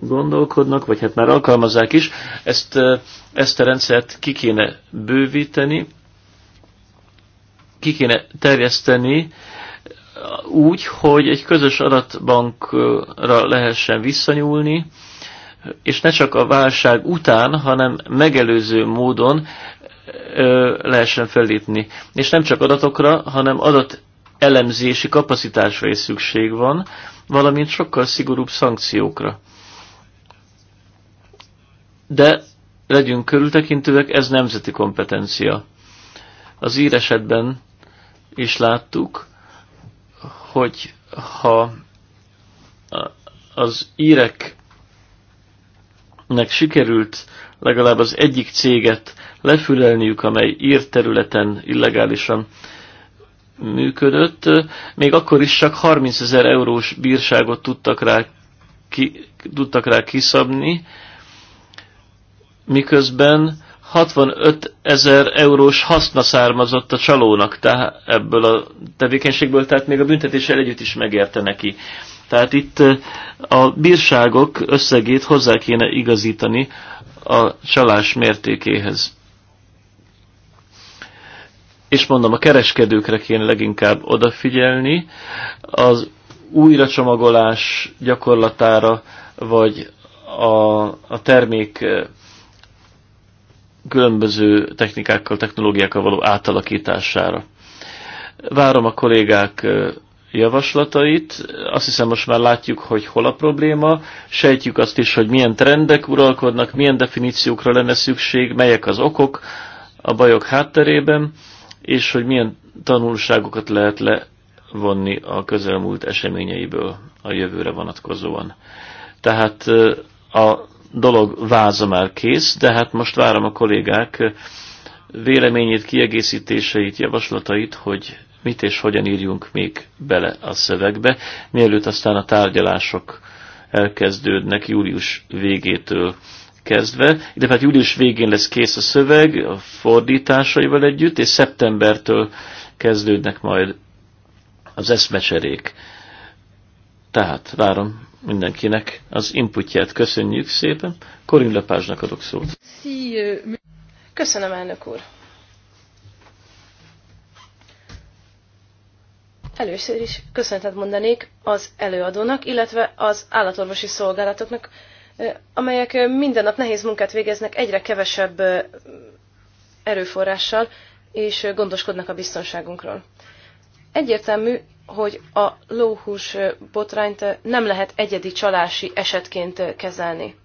gondolkodnak, vagy hát már alkalmazzák is, ezt, ezt a rendszert ki kéne bővíteni, ki kéne terjeszteni úgy, hogy egy közös adatbankra lehessen visszanyúlni, és ne csak a válság után, hanem megelőző módon lehessen fellépni. És nem csak adatokra, hanem adat elemzési kapacitásra is szükség van, valamint sokkal szigorúbb szankciókra de legyünk körültekintőek, ez nemzeti kompetencia. Az ír esetben is láttuk, hogy ha az íreknek sikerült legalább az egyik céget lefülelniük, amely ír területen illegálisan működött, még akkor is csak 30 ezer eurós bírságot tudtak rá, ki, tudtak rá kiszabni, miközben 65 ezer eurós haszna származott a csalónak tehát ebből a tevékenységből, tehát még a büntetéssel együtt is megérte neki. Tehát itt a bírságok összegét hozzá kéne igazítani a csalás mértékéhez. És mondom, a kereskedőkre kéne leginkább odafigyelni, az újracsomagolás gyakorlatára, vagy a, a termék különböző technikákkal, technológiákkal való átalakítására. Várom a kollégák javaslatait. Azt hiszem most már látjuk, hogy hol a probléma, sejtjük azt is, hogy milyen trendek uralkodnak, milyen definíciókra lenne szükség, melyek az okok a bajok hátterében, és hogy milyen tanulságokat lehet levonni a közelmúlt eseményeiből a jövőre vonatkozóan. Tehát a dolog váza már kész, de hát most várom a kollégák véleményét, kiegészítéseit, javaslatait, hogy mit és hogyan írjunk még bele a szövegbe, mielőtt aztán a tárgyalások elkezdődnek július végétől kezdve. De hát július végén lesz kész a szöveg a fordításaival együtt, és szeptembertől kezdődnek majd az eszmecserék. Tehát várom mindenkinek az inputját. Köszönjük szépen. Korin Lepázsnak adok szót. Euh, Köszönöm, elnök úr. Először is köszönetet mondanék az előadónak, illetve az állatorvosi szolgálatoknak, amelyek minden nap nehéz munkát végeznek egyre kevesebb erőforrással, és gondoskodnak a biztonságunkról. Egyértelmű, hogy a lóhús botrányt nem lehet egyedi csalási esetként kezelni.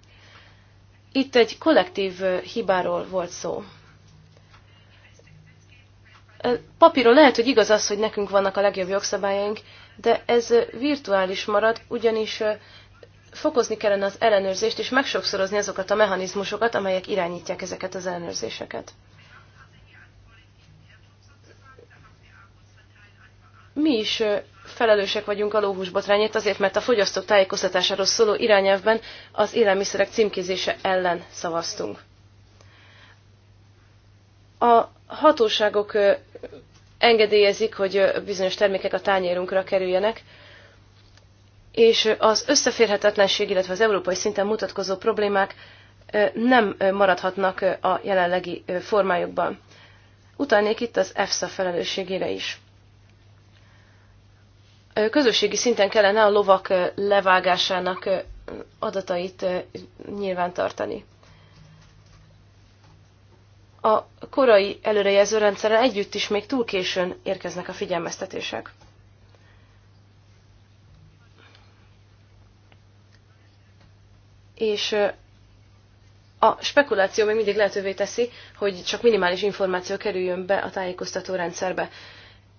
Itt egy kollektív hibáról volt szó. Papíron lehet, hogy igaz az, hogy nekünk vannak a legjobb jogszabályaink, de ez virtuális marad, ugyanis fokozni kellene az ellenőrzést, és megsokszorozni azokat a mechanizmusokat, amelyek irányítják ezeket az ellenőrzéseket. mi is felelősek vagyunk a lóhús botrányért azért, mert a fogyasztók tájékoztatásáról szóló irányelvben az élelmiszerek címkézése ellen szavaztunk. A hatóságok engedélyezik, hogy bizonyos termékek a tányérunkra kerüljenek, és az összeférhetetlenség, illetve az európai szinten mutatkozó problémák nem maradhatnak a jelenlegi formájukban. Utalnék itt az EFSA felelősségére is közösségi szinten kellene a lovak levágásának adatait nyilvántartani. A korai előrejelző rendszeren együtt is még túl későn érkeznek a figyelmeztetések. És a spekuláció még mindig lehetővé teszi, hogy csak minimális információ kerüljön be a tájékoztató rendszerbe.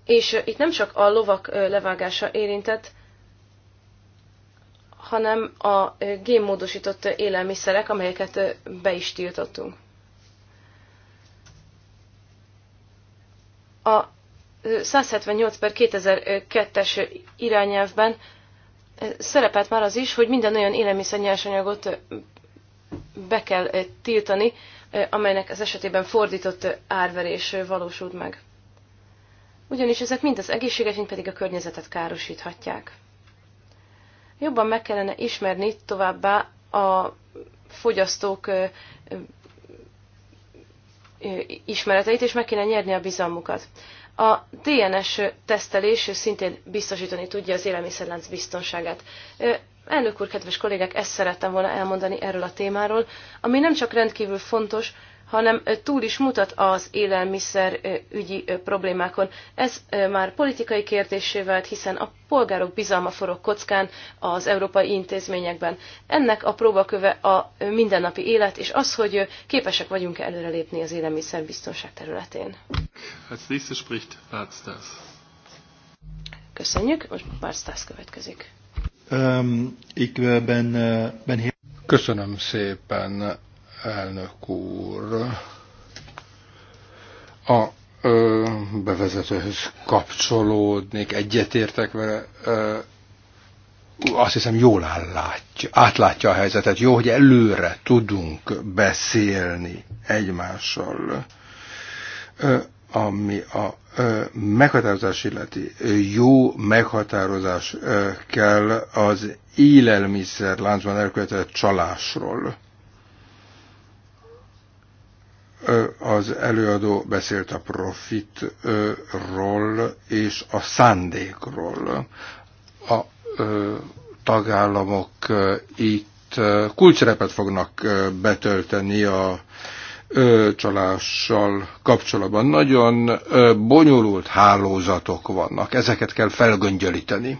És itt nem csak a lovak levágása érintett, hanem a génmódosított élelmiszerek, amelyeket be is tiltottunk. A 178 per 2002-es irányelvben szerepelt már az is, hogy minden olyan élelmiszer nyersanyagot be kell tiltani, amelynek az esetében fordított árverés valósult meg ugyanis ezek mind az egészséget, mind pedig a környezetet károsíthatják. Jobban meg kellene ismerni továbbá a fogyasztók ismereteit, és meg kéne nyerni a bizalmukat. A DNS tesztelés szintén biztosítani tudja az élelmiszerlánc biztonságát. Elnök úr, kedves kollégák, ezt szerettem volna elmondani erről a témáról, ami nem csak rendkívül fontos, hanem túl is mutat az élelmiszer ügyi problémákon. Ez már politikai kérdésé vált, hiszen a polgárok bizalma forog kockán az európai intézményekben. Ennek a próbaköve a mindennapi élet, és az, hogy képesek vagyunk előrelépni az élelmiszer biztonság területén. spricht Köszönjük, most Barstas következik. Um, ben, ben Köszönöm szépen elnök úr. A ö, bevezetőhöz kapcsolódnék, egyetértek vele. Ö, azt hiszem jól állátja, átlátja a helyzetet. Jó, hogy előre tudunk beszélni egymással. Ö, ami a ö, meghatározás illeti. Jó meghatározás ö, kell az élelmiszer láncban elkövetett csalásról. Az előadó beszélt a profitról és a szándékról. A tagállamok itt kulcsrepet fognak betölteni a csalással kapcsolatban. Nagyon bonyolult hálózatok vannak, ezeket kell felgöngyölíteni.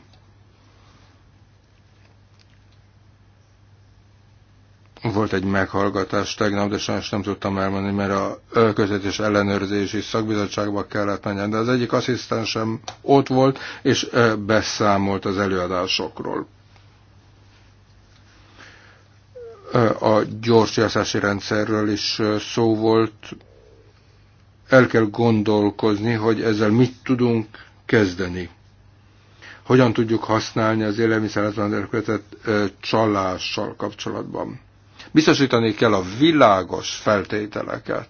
Volt egy meghallgatás tegnap, de sajnos nem tudtam elmenni, mert a közvetés ellenőrzési szakbizottságba kellett menjen, de az egyik asszisztensem ott volt, és beszámolt az előadásokról. A gyorsjászási rendszerről is szó volt. El kell gondolkozni, hogy ezzel mit tudunk kezdeni hogyan tudjuk használni az élelmiszeretlen elkövetett csalással kapcsolatban. Biztosítani kell a világos feltételeket,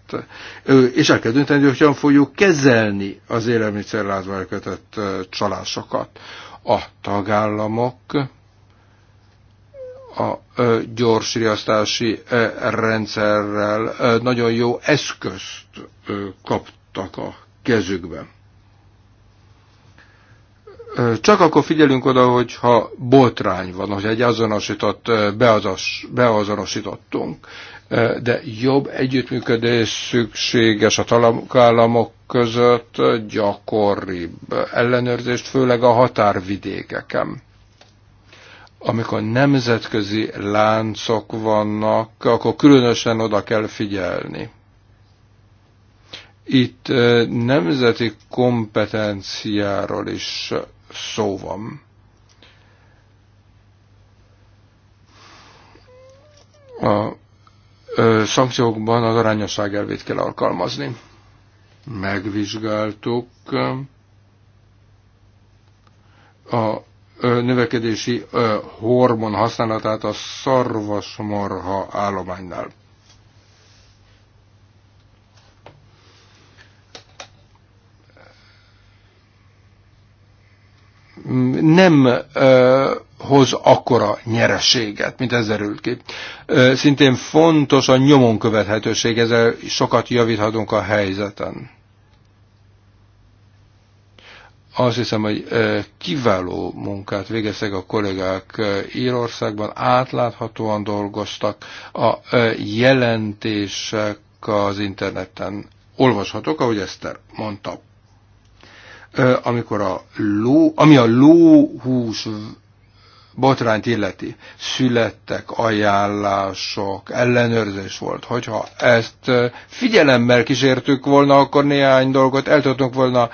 és el kell dönteni, hogy hogyan fogjuk kezelni az élelmiszerlázba elkötött csalásokat. A tagállamok a riasztási rendszerrel nagyon jó eszközt kaptak a kezükben. Csak akkor figyelünk oda, hogyha botrány van, hogy egy azonosított, beazas, beazonosítottunk. De jobb együttműködés szükséges a tagállamok között, gyakoribb ellenőrzést, főleg a határvidékeken amikor nemzetközi láncok vannak, akkor különösen oda kell figyelni. Itt nemzeti kompetenciáról is szó van. A szankciókban az arányosság elvét kell alkalmazni. Megvizsgáltuk a növekedési hormon használatát a szarvasmarha állománynál. nem hoz akkora nyereséget, mint ez derült ki. Szintén fontos a nyomon követhetőség, ezzel sokat javíthatunk a helyzeten. Azt hiszem, hogy kiváló munkát végeztek a kollégák Írországban, átláthatóan dolgoztak, a jelentések az interneten olvashatók, ahogy Eszter mondta amikor a ló, ami a lóhús botrányt illeti, születtek ajánlások, ellenőrzés volt. Hogyha ezt figyelemmel kísértük volna, akkor néhány dolgot el tudtunk volna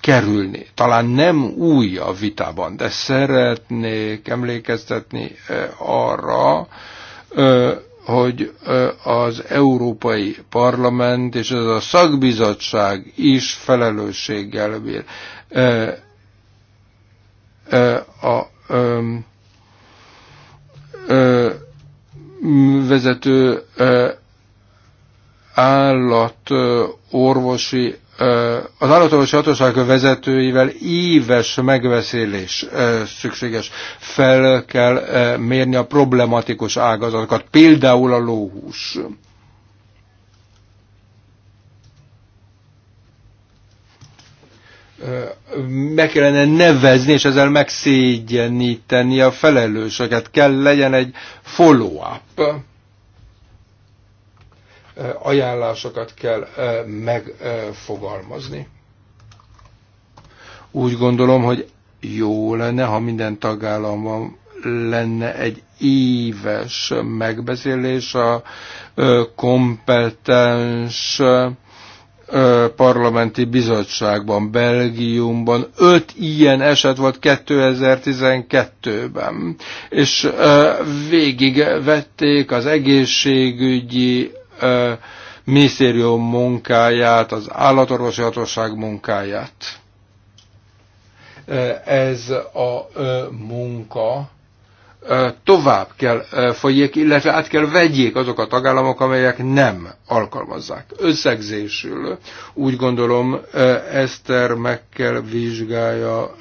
kerülni. Talán nem új a vitában, de szeretnék emlékeztetni arra, hogy az Európai Parlament és ez a szakbizottság is felelősséggel bír. A vezető állat orvosi az állatorvosi hatóság vezetőivel éves megbeszélés szükséges. Fel kell mérni a problematikus ágazatokat, például a lóhús. meg kellene nevezni, és ezzel megszégyeníteni a felelősöket. Kell legyen egy follow-up ajánlásokat kell megfogalmazni. Úgy gondolom, hogy jó lenne, ha minden tagállamban lenne egy éves megbeszélés a kompetens parlamenti bizottságban, Belgiumban. Öt ilyen eset volt 2012-ben, és végigvették az egészségügyi minisztérium munkáját, az állatorvosi hatóság munkáját. Ez a munka tovább kell folyjék, illetve át kell vegyék azok a tagállamok, amelyek nem alkalmazzák. Összegzésül úgy gondolom Eszter meg kell vizsgálja,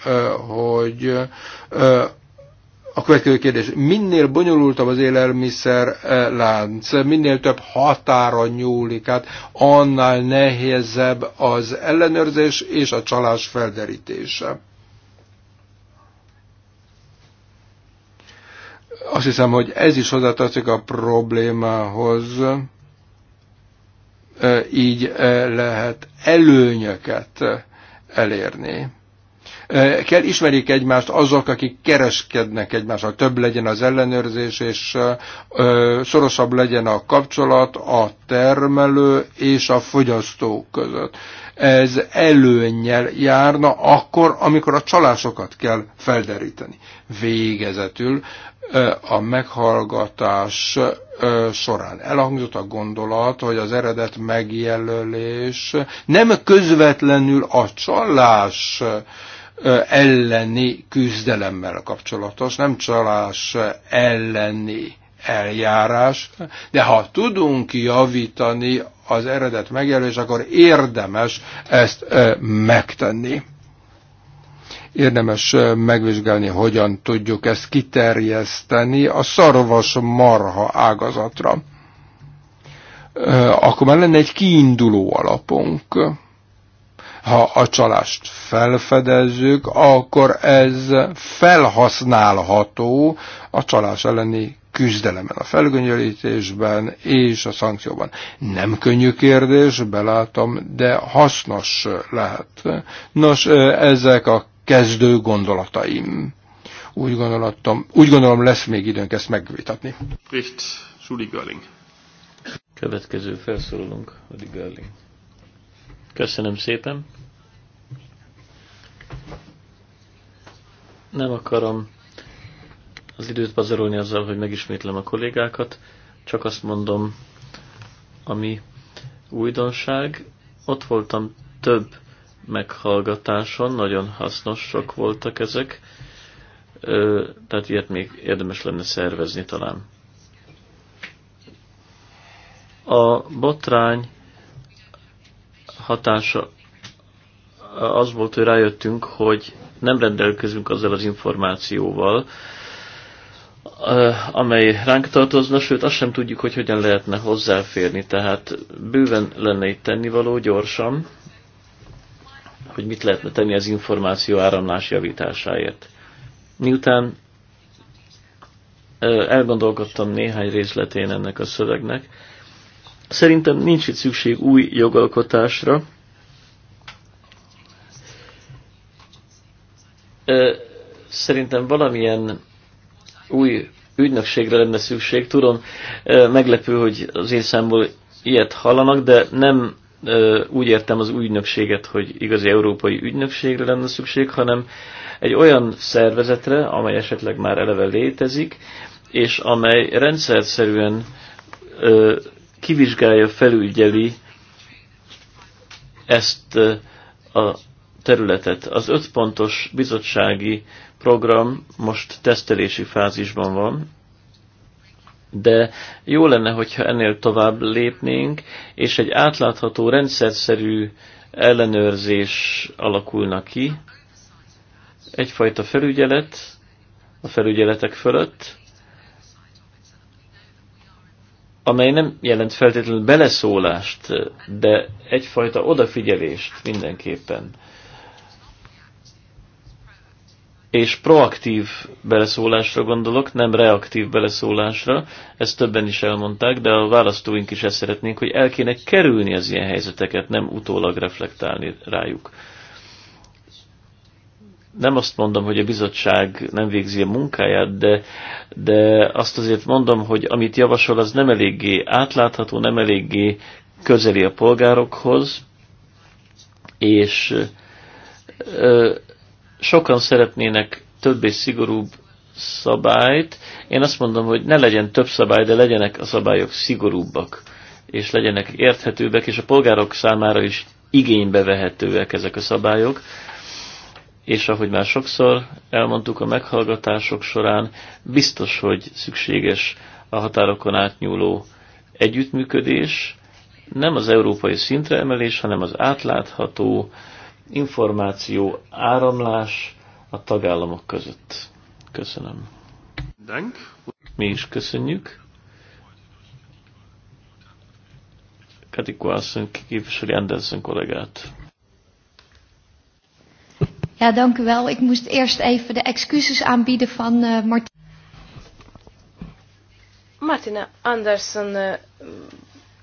hogy a következő kérdés. Minél bonyolultabb az élelmiszer eh, lánc, minél több határa nyúlik hát annál nehezebb az ellenőrzés és a csalás felderítése. Azt hiszem, hogy ez is hozzátartozik a problémához. Eh, így eh, lehet előnyöket elérni kell ismerik egymást azok, akik kereskednek egymással. Több legyen az ellenőrzés, és szorosabb legyen a kapcsolat a termelő és a fogyasztó között. Ez előnyel járna akkor, amikor a csalásokat kell felderíteni. Végezetül a meghallgatás során elhangzott a gondolat, hogy az eredet megjelölés nem közvetlenül a csalás elleni küzdelemmel kapcsolatos, nem csalás elleni eljárás, de ha tudunk javítani az eredet megjelölés, akkor érdemes ezt megtenni. Érdemes megvizsgálni, hogyan tudjuk ezt kiterjeszteni a szarvas marha ágazatra. Akkor már lenne egy kiinduló alapunk ha a csalást felfedezzük, akkor ez felhasználható a csalás elleni küzdelemen, a felgöngyölítésben és a szankcióban. Nem könnyű kérdés, belátom, de hasznos lehet. Nos, ezek a kezdő gondolataim. Úgy, gondolatom, úgy gondolom lesz még időnk ezt megvitatni. Richt, Suli Görling. Következő felszólalunk, Adi Görling. Köszönöm szépen. Nem akarom az időt pazarolni azzal, hogy megismétlem a kollégákat, csak azt mondom, ami újdonság. Ott voltam több meghallgatáson, nagyon hasznosak voltak ezek, tehát ilyet még érdemes lenne szervezni talán. A botrány hatása az volt, hogy rájöttünk, hogy nem rendelkezünk azzal az információval, amely ránk tartozna, sőt azt sem tudjuk, hogy hogyan lehetne hozzáférni. Tehát bőven lenne itt tennivaló gyorsan, hogy mit lehetne tenni az információ áramlás javításáért. Miután elgondolkodtam néhány részletén ennek a szövegnek, Szerintem nincs itt szükség új jogalkotásra. Szerintem valamilyen új ügynökségre lenne szükség. Tudom, meglepő, hogy az én számból ilyet hallanak, de nem úgy értem az új ügynökséget, hogy igazi európai ügynökségre lenne szükség, hanem egy olyan szervezetre, amely esetleg már eleve létezik, és amely rendszerszerűen kivizsgálja, felügyeli ezt a területet. Az ötpontos bizottsági program most tesztelési fázisban van, de jó lenne, hogyha ennél tovább lépnénk, és egy átlátható, rendszerszerű ellenőrzés alakulna ki, egyfajta felügyelet a felügyeletek fölött, amely nem jelent feltétlenül beleszólást, de egyfajta odafigyelést mindenképpen. És proaktív beleszólásra gondolok, nem reaktív beleszólásra, ezt többen is elmondták, de a választóink is ezt szeretnénk, hogy el kéne kerülni az ilyen helyzeteket, nem utólag reflektálni rájuk nem azt mondom, hogy a bizottság nem végzi a munkáját, de, de azt azért mondom, hogy amit javasol, az nem eléggé átlátható, nem eléggé közeli a polgárokhoz, és ö, sokan szeretnének több és szigorúbb szabályt. Én azt mondom, hogy ne legyen több szabály, de legyenek a szabályok szigorúbbak, és legyenek érthetőbbek, és a polgárok számára is igénybe vehetőek ezek a szabályok és ahogy már sokszor elmondtuk a meghallgatások során, biztos, hogy szükséges a határokon átnyúló együttműködés, nem az európai szintre emelés, hanem az átlátható információ áramlás a tagállamok között. Köszönöm. Dank. Mi is köszönjük. Katikó asszony képviseli Anderson kollégát. Ja, dank u wel. Ik moest eerst even de excuses aanbieden van uh, Martina. Martina Andersen uh, eh,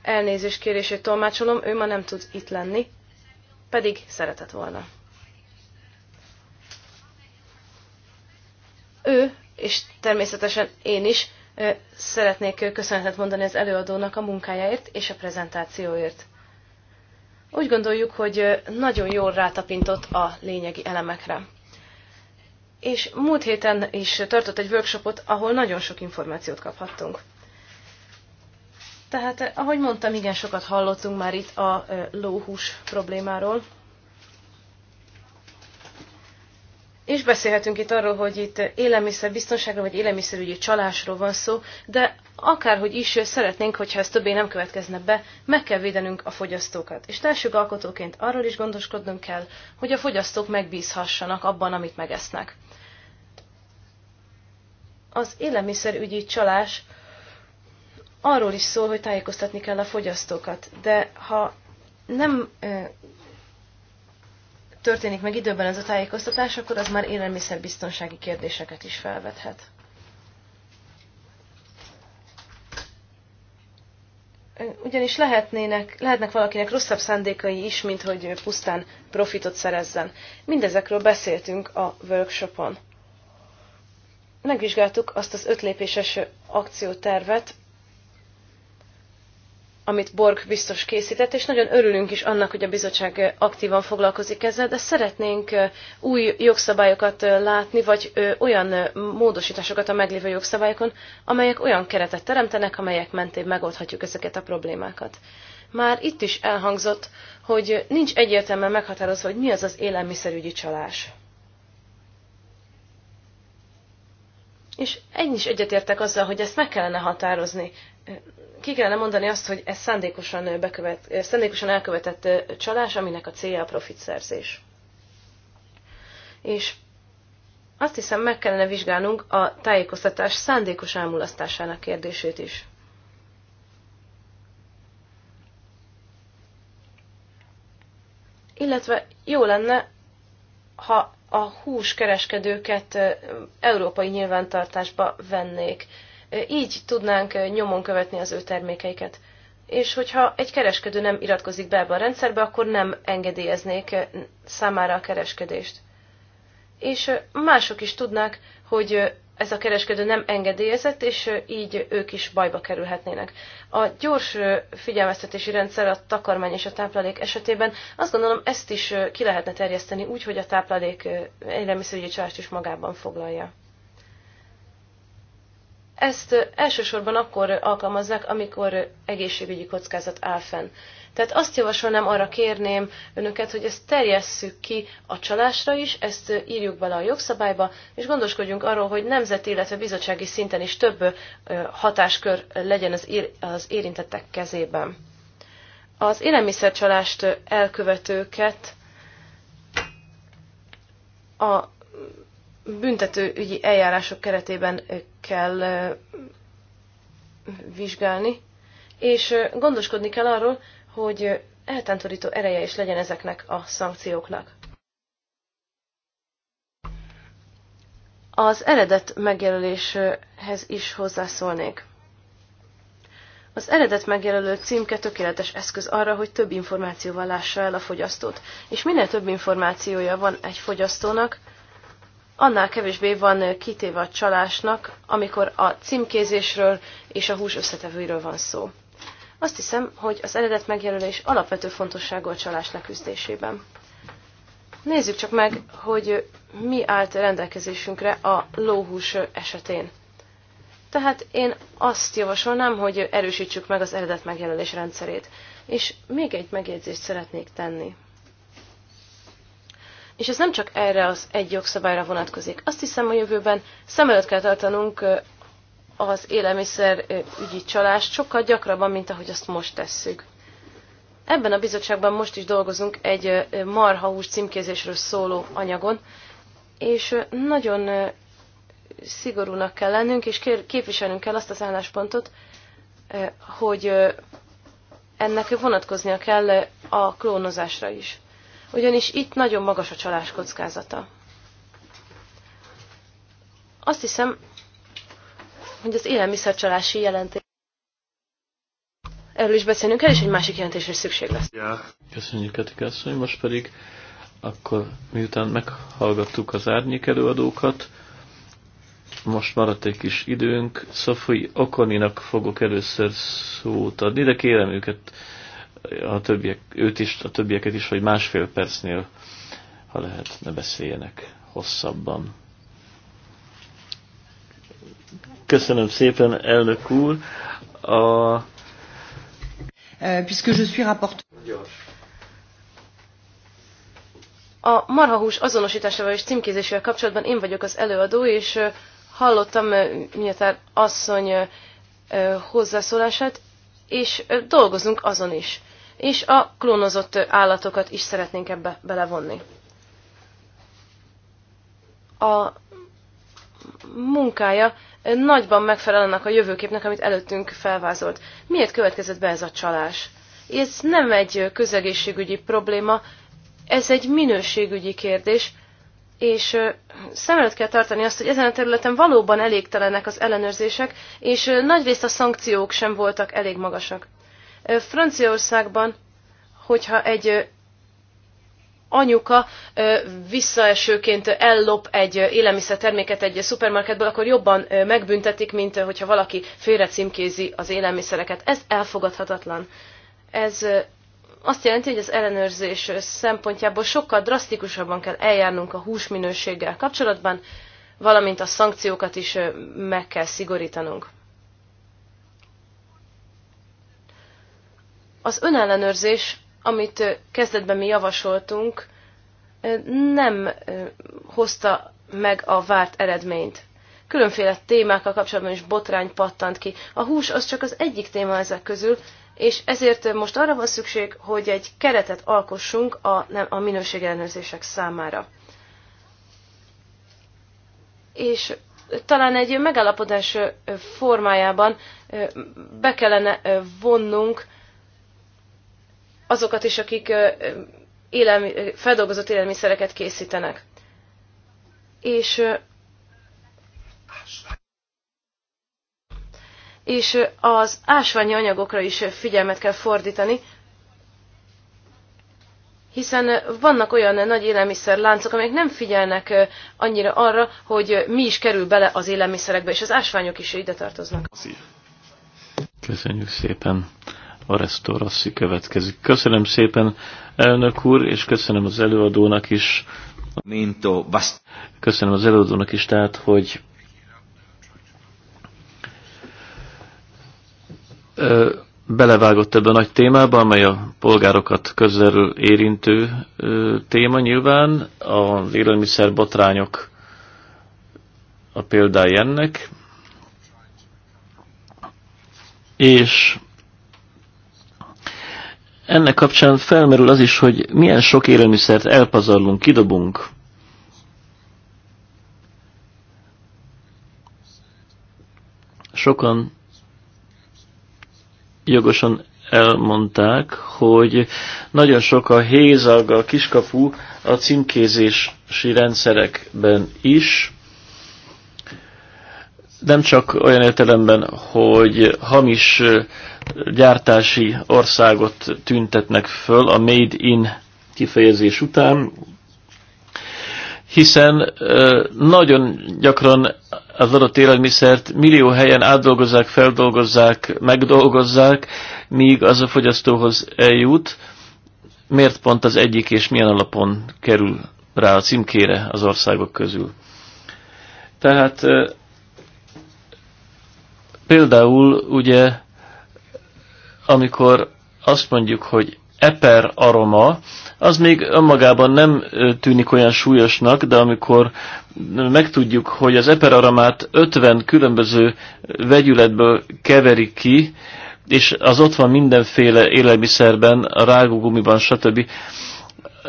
elnézést tolmácsolom, ő ma nem tud itt lenni, pedig szeretett volna. Ő, és természetesen én is, uh, szeretnék köszönetet mondani az előadónak a munkájáért és a prezentációért. Úgy gondoljuk, hogy nagyon jól rátapintott a lényegi elemekre. És múlt héten is tartott egy workshopot, ahol nagyon sok információt kaphattunk. Tehát, ahogy mondtam, igen sokat hallottunk már itt a lóhús problémáról. És beszélhetünk itt arról, hogy itt élelmiszerbiztonságról vagy élelmiszerügyi csalásról van szó, de akárhogy is szeretnénk, hogyha ez többé nem következne be, meg kell védenünk a fogyasztókat. És alkotóként arról is gondoskodnunk kell, hogy a fogyasztók megbízhassanak abban, amit megesznek. Az élelmiszerügyi csalás arról is szól, hogy tájékoztatni kell a fogyasztókat, de ha nem történik meg időben ez a tájékoztatás, akkor az már élelmiszerbiztonsági kérdéseket is felvethet. ugyanis lehetnének, lehetnek valakinek rosszabb szándékai is, mint hogy pusztán profitot szerezzen. Mindezekről beszéltünk a workshopon. Megvizsgáltuk azt az ötlépéses akciótervet, amit Borg biztos készített, és nagyon örülünk is annak, hogy a bizottság aktívan foglalkozik ezzel, de szeretnénk új jogszabályokat látni, vagy olyan módosításokat a meglévő jogszabályokon, amelyek olyan keretet teremtenek, amelyek mentén megoldhatjuk ezeket a problémákat. Már itt is elhangzott, hogy nincs egyértelműen meghatározva, hogy mi az az élelmiszerügyi csalás. És én is egyetértek azzal, hogy ezt meg kellene határozni. Ki kellene mondani azt, hogy ez szándékosan, bekövet, szándékosan elkövetett csalás, aminek a célja a profitszerzés. És azt hiszem, meg kellene vizsgálnunk a tájékoztatás szándékos elmulasztásának kérdését is. Illetve jó lenne, ha a húskereskedőket európai nyilvántartásba vennék. Így tudnánk nyomon követni az ő termékeiket. És hogyha egy kereskedő nem iratkozik be ebbe a rendszerbe, akkor nem engedélyeznék számára a kereskedést. És mások is tudnák, hogy ez a kereskedő nem engedélyezett, és így ők is bajba kerülhetnének. A gyors figyelmeztetési rendszer a takarmány és a táplálék esetében azt gondolom ezt is ki lehetne terjeszteni úgy, hogy a táplálék élelmiszerügyi csalást is magában foglalja. Ezt elsősorban akkor alkalmazzák, amikor egészségügyi kockázat áll fenn. Tehát azt javasolnám, arra kérném önöket, hogy ezt terjesszük ki a csalásra is, ezt írjuk bele a jogszabályba, és gondoskodjunk arról, hogy nemzeti, illetve bizottsági szinten is több hatáskör legyen az, az érintettek kezében. Az élelmiszercsalást elkövetőket a büntetőügyi eljárások keretében kell vizsgálni, és gondoskodni kell arról, hogy eltántorító ereje is legyen ezeknek a szankcióknak. Az eredet megjelöléshez is hozzászólnék. Az eredet megjelölő címke tökéletes eszköz arra, hogy több információval lássa el a fogyasztót, és minél több információja van egy fogyasztónak, annál kevésbé van kitéve a csalásnak, amikor a címkézésről és a hús összetevőiről van szó. Azt hiszem, hogy az eredet megjelölés alapvető fontosságú a csalás leküzdésében. Nézzük csak meg, hogy mi állt rendelkezésünkre a lóhús esetén. Tehát én azt javasolnám, hogy erősítsük meg az eredet megjelölés rendszerét. És még egy megjegyzést szeretnék tenni. És ez nem csak erre az egy jogszabályra vonatkozik. Azt hiszem, a jövőben szem előtt kell tartanunk az élelmiszerügyi csalást sokkal gyakrabban, mint ahogy azt most tesszük. Ebben a bizottságban most is dolgozunk egy marhahús címkézésről szóló anyagon, és nagyon szigorúnak kell lennünk, és képviselnünk kell azt az álláspontot, hogy ennek vonatkoznia kell a klónozásra is. Ugyanis itt nagyon magas a csalás kockázata. Azt hiszem, hogy az élelmiszercsalási jelentés erről is beszélnünk el, és egy másik jelentésre szükség lesz. Ja. Köszönjük, Etik asszony. Most pedig akkor miután meghallgattuk az árnyék előadókat, most maradt egy kis időnk. Szafui Okoninak fogok először szót adni, de kérem őket, a többiek, őt is, a többieket is, hogy másfél percnél, ha lehet, ne beszéljenek hosszabban. Köszönöm szépen, elnök úr. A... Eh, puisque je suis rapporteur. A marhahús azonosításával és címkézésével kapcsolatban én vagyok az előadó, és eh, hallottam eh, Miatár asszony hozzászólását, és dolgozunk azon is. És a klónozott állatokat is szeretnénk ebbe belevonni. A munkája nagyban megfelel annak a jövőképnek, amit előttünk felvázolt. Miért következett be ez a csalás? Ez nem egy közegészségügyi probléma, ez egy minőségügyi kérdés, és szem előtt kell tartani azt, hogy ezen a területen valóban elégtelenek az ellenőrzések, és nagyrészt a szankciók sem voltak elég magasak. Franciaországban, hogyha egy anyuka visszaesőként ellop egy élelmiszerterméket egy szupermarketből, akkor jobban megbüntetik, mint hogyha valaki félre címkézi az élelmiszereket. Ez elfogadhatatlan. Ez azt jelenti, hogy az ellenőrzés szempontjából sokkal drasztikusabban kell eljárnunk a minőséggel kapcsolatban, valamint a szankciókat is meg kell szigorítanunk. Az önellenőrzés amit kezdetben mi javasoltunk, nem hozta meg a várt eredményt. Különféle témákkal kapcsolatban is botrány pattant ki. A hús az csak az egyik téma ezek közül, és ezért most arra van szükség, hogy egy keretet alkossunk a, nem, a minőségellenőrzések számára. És talán egy megállapodás formájában be kellene vonnunk azokat is, akik élelmi, feldolgozott élelmiszereket készítenek. És és az ásványi anyagokra is figyelmet kell fordítani, hiszen vannak olyan nagy élelmiszerláncok, amelyek nem figyelnek annyira arra, hogy mi is kerül bele az élelmiszerekbe, és az ásványok is ide tartoznak. Köszönjük szépen Aresztó Rossi következik. Köszönöm szépen, elnök úr, és köszönöm az előadónak is. Köszönöm az előadónak is, tehát, hogy belevágott ebbe a nagy témába, amely a polgárokat közelről érintő téma nyilván. Az élelmiszer botrányok a példája ennek. És ennek kapcsán felmerül az is, hogy milyen sok élelmiszert elpazarlunk, kidobunk. Sokan jogosan elmondták, hogy nagyon sok a hézag, a kiskapu a címkézési rendszerekben is, nem csak olyan értelemben, hogy hamis gyártási országot tüntetnek föl a Made in kifejezés után, hiszen nagyon gyakran az adott élelmiszert millió helyen átdolgozzák, feldolgozzák, megdolgozzák, míg az a fogyasztóhoz eljut. Miért pont az egyik és milyen alapon kerül rá a címkére az országok közül? Tehát például ugye amikor azt mondjuk, hogy eper aroma, az még önmagában nem tűnik olyan súlyosnak, de amikor megtudjuk, hogy az eper aromát 50 különböző vegyületből keverik ki, és az ott van mindenféle élelmiszerben, a rágógumiban, stb.,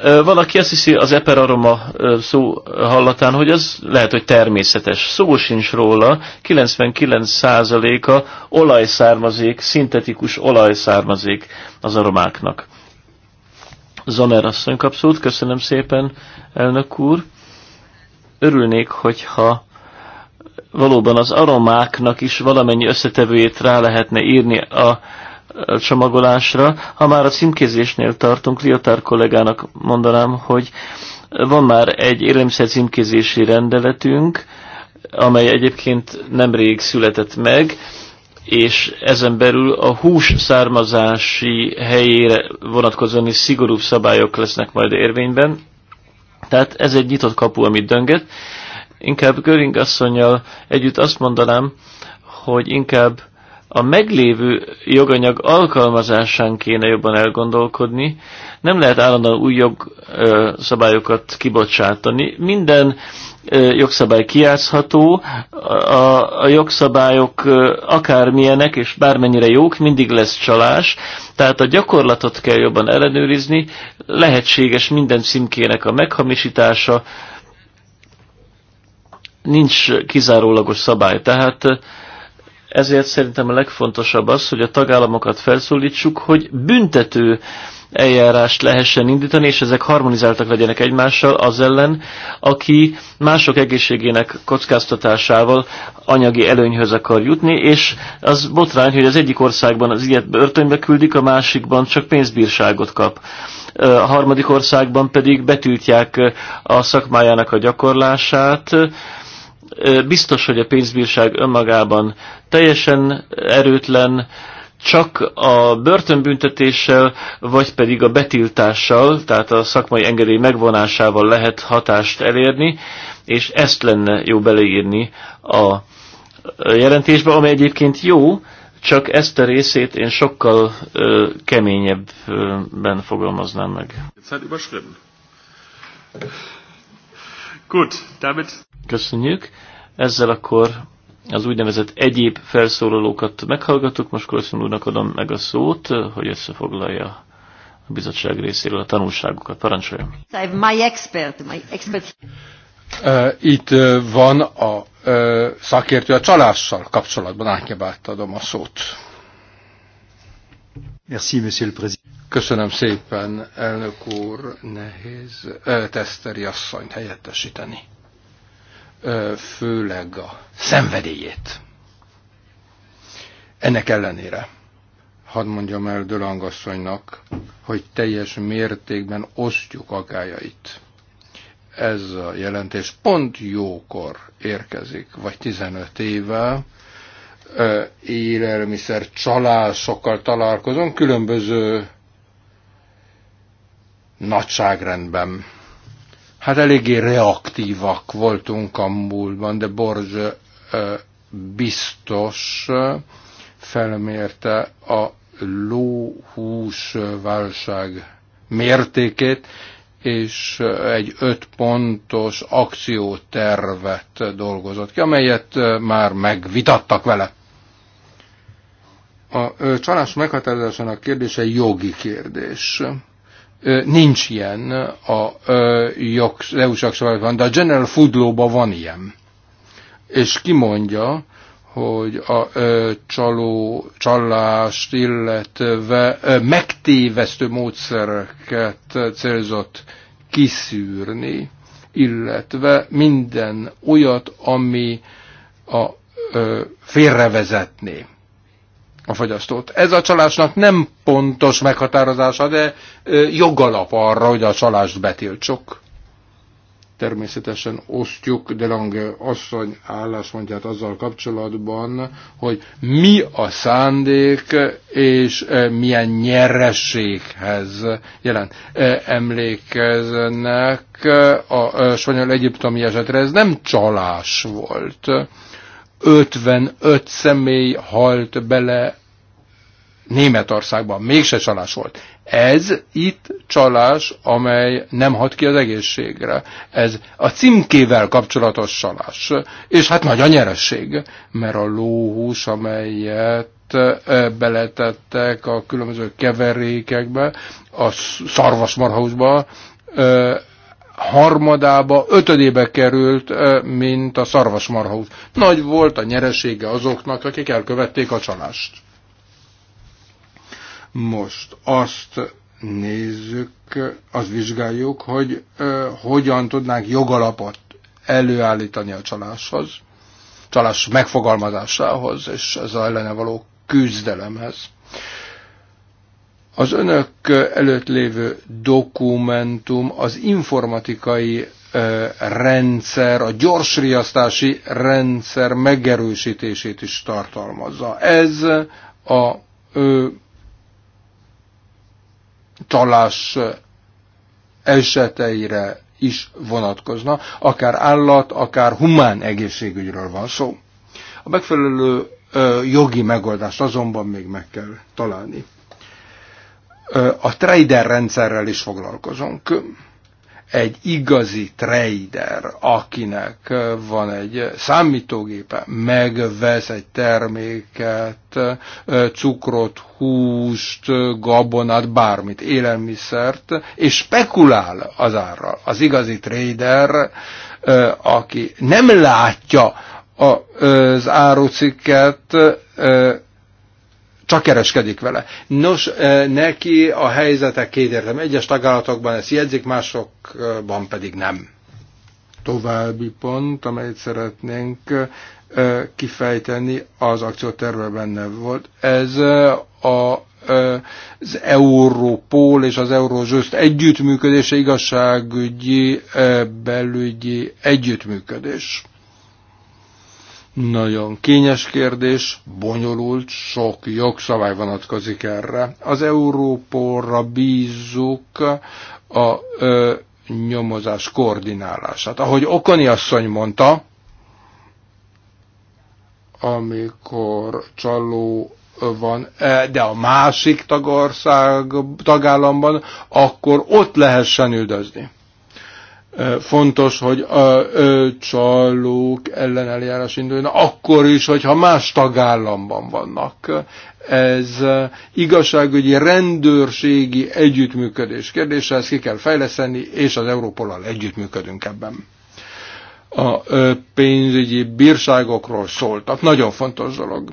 valaki azt hiszi az eperaroma szó hallatán, hogy az lehet, hogy természetes. Szó sincs róla, 99%-a olajszármazék, szintetikus olajszármazék az aromáknak. Zomer asszony kap köszönöm szépen, elnök úr. Örülnék, hogyha valóban az aromáknak is valamennyi összetevőjét rá lehetne írni a csomagolásra. Ha már a címkézésnél tartunk, Liotár kollégának mondanám, hogy van már egy élelmiszer címkézési rendeletünk, amely egyébként nemrég született meg, és ezen belül a hús származási helyére vonatkozóan is szigorúbb szabályok lesznek majd érvényben. Tehát ez egy nyitott kapu, amit dönget. Inkább Göring asszonynal együtt azt mondanám, hogy inkább a meglévő joganyag alkalmazásán kéne jobban elgondolkodni. Nem lehet állandóan új jogszabályokat kibocsátani. Minden jogszabály kiátszható, a, a jogszabályok akármilyenek és bármennyire jók, mindig lesz csalás, tehát a gyakorlatot kell jobban ellenőrizni, lehetséges minden címkének a meghamisítása, nincs kizárólagos szabály, tehát ezért szerintem a legfontosabb az, hogy a tagállamokat felszólítsuk, hogy büntető eljárást lehessen indítani, és ezek harmonizáltak legyenek egymással az ellen, aki mások egészségének kockáztatásával anyagi előnyhöz akar jutni, és az botrány, hogy az egyik országban az ilyet börtönbe küldik, a másikban csak pénzbírságot kap. A harmadik országban pedig betiltják a szakmájának a gyakorlását, biztos, hogy a pénzbírság önmagában teljesen erőtlen, csak a börtönbüntetéssel, vagy pedig a betiltással, tehát a szakmai engedély megvonásával lehet hatást elérni, és ezt lenne jó beleírni a jelentésbe, ami egyébként jó, csak ezt a részét én sokkal ö, keményebben fogalmaznám meg. Gut, damit... Köszönjük. Ezzel akkor az úgynevezett egyéb felszólalókat meghallgattuk. Most Kolosson úrnak adom meg a szót, hogy összefoglalja a bizottság részéről a tanulságokat. Parancsoljon. My expert, my expert. Itt van a szakértő a csalással kapcsolatban. Átnyebb adom a szót. Merci, monsieur le président. Köszönöm szépen, elnök úr, nehéz teszteri asszonyt helyettesíteni főleg a szenvedélyét. Ennek ellenére, hadd mondjam el Dölangasszonynak, hogy teljes mértékben osztjuk agájait. Ez a jelentés pont jókor érkezik, vagy 15 éve élelmiszer csalásokkal találkozom, különböző nagyságrendben Hát eléggé reaktívak voltunk a múltban, de Borz biztos felmérte a lóhús válság mértékét, és egy öt pontos akciótervet dolgozott ki, amelyet már megvitattak vele. A csalás meghatározásának kérdése jogi kérdés. Nincs ilyen a EU van, de a General Food Law-ban van ilyen. És kimondja, hogy a ö, csaló, csalást, illetve ö, megtévesztő módszereket célzott kiszűrni, illetve minden olyat, ami a ö, félrevezetné a fogyasztót. Ez a csalásnak nem pontos meghatározása, de jogalap arra, hogy a csalást betiltsuk. Természetesen osztjuk Delange asszony álláspontját azzal kapcsolatban, hogy mi a szándék és milyen nyerességhez jelent. Emlékeznek a spanyol-egyiptomi esetre, ez nem csalás volt. 55 személy halt bele Németországban mégse csalás volt. Ez itt csalás, amely nem hat ki az egészségre. Ez a címkével kapcsolatos csalás. És hát nagy a nyeresség, mert a lóhús, amelyet beletettek a különböző keverékekbe, a szarvasmarhausba, harmadába, ötödébe került, mint a szarvasmarhaus. Nagy volt a nyeresége azoknak, akik elkövették a csalást. Most azt nézzük, azt vizsgáljuk, hogy hogyan tudnánk jogalapot előállítani a csaláshoz, csalás megfogalmazásához, és az ellene való küzdelemhez. Az önök előtt lévő dokumentum az informatikai rendszer, a gyorsriasztási rendszer megerősítését is tartalmazza. Ez a talás eseteire is vonatkozna, akár állat, akár humán egészségügyről van szó. A megfelelő jogi megoldást azonban még meg kell találni. A trader rendszerrel is foglalkozunk egy igazi trader, akinek van egy számítógépe, megvesz egy terméket, cukrot, húst, gabonát, bármit, élelmiszert, és spekulál az árral. Az igazi trader, aki nem látja az árucikket, csak kereskedik vele. Nos, e, neki a helyzetek értem. Egyes tagállatokban ezt jegyzik, másokban pedig nem. További pont, amelyet szeretnénk e, kifejteni, az akciótervben benne volt. Ez e, a az Európól és az Eurózsözt együttműködése, igazságügyi, belügyi együttműködés. Nagyon kényes kérdés, bonyolult, sok jogszabály vonatkozik erre. Az Európóra bízzuk a ö, nyomozás koordinálását. Ahogy Okoni asszony mondta, amikor csaló van, de a másik tagország, tagállamban, akkor ott lehessen üldözni fontos, hogy a csalók ellen eljárás induljon, akkor is, hogyha más tagállamban vannak. Ez igazságügyi, rendőrségi együttműködés kérdése, ezt ki kell fejleszteni, és az Európollal együttműködünk ebben. A pénzügyi bírságokról szóltak, nagyon fontos dolog.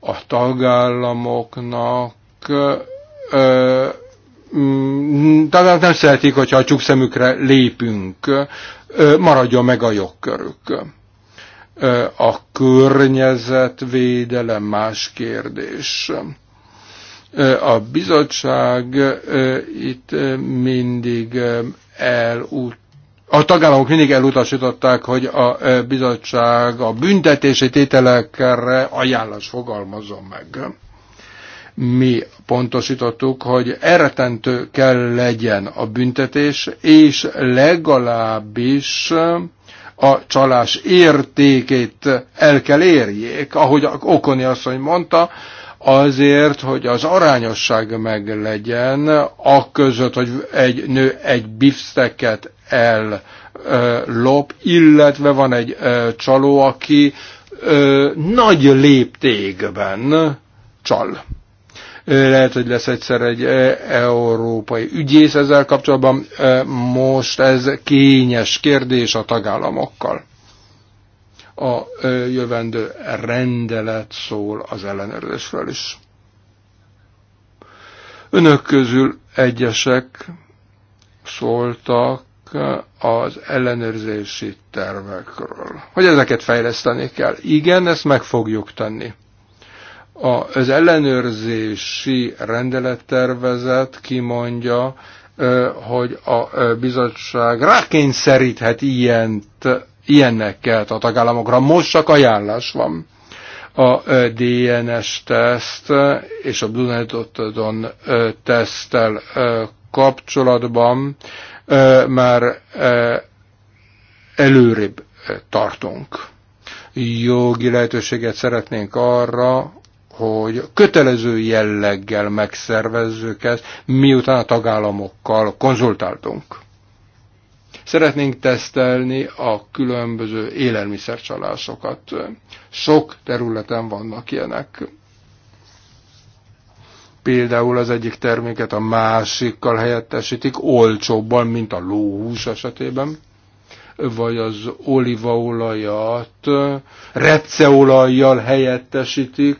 A tagállamoknak Mm, talán nem szeretik, hogyha a csukszemükre lépünk, maradjon meg a jogkörük. A környezetvédelem más kérdés. A bizottság itt mindig elut a tagállamok mindig elutasították, hogy a bizottság a büntetési tételekre ajánlás fogalmazom meg mi pontosítottuk, hogy eretentő kell legyen a büntetés, és legalábbis a csalás értékét el kell érjék, ahogy Okoni asszony mondta, azért, hogy az arányosság meg legyen, a között, hogy egy nő egy bifsteket el lop, illetve van egy csaló, aki nagy léptékben csal. Lehet, hogy lesz egyszer egy e, európai ügyész ezzel kapcsolatban. E, most ez kényes kérdés a tagállamokkal. A e, jövendő rendelet szól az ellenőrzésről is. Önök közül egyesek szóltak az ellenőrzési tervekről, hogy ezeket fejleszteni kell. Igen, ezt meg fogjuk tenni. Az ellenőrzési rendelettervezet kimondja, hogy a bizottság rákényszeríthet ilyent, ilyenneket a tagállamokra. Most csak ajánlás van a DNS teszt és a Dunetotodon teszttel kapcsolatban már előrébb tartunk. Jogi lehetőséget szeretnénk arra, hogy kötelező jelleggel megszervezzük ezt, miután a tagállamokkal konzultáltunk. Szeretnénk tesztelni a különböző élelmiszercsalásokat. Sok területen vannak ilyenek. Például az egyik terméket a másikkal helyettesítik olcsóbban, mint a lóhús esetében vagy az olívaolajat repceolajjal helyettesítik.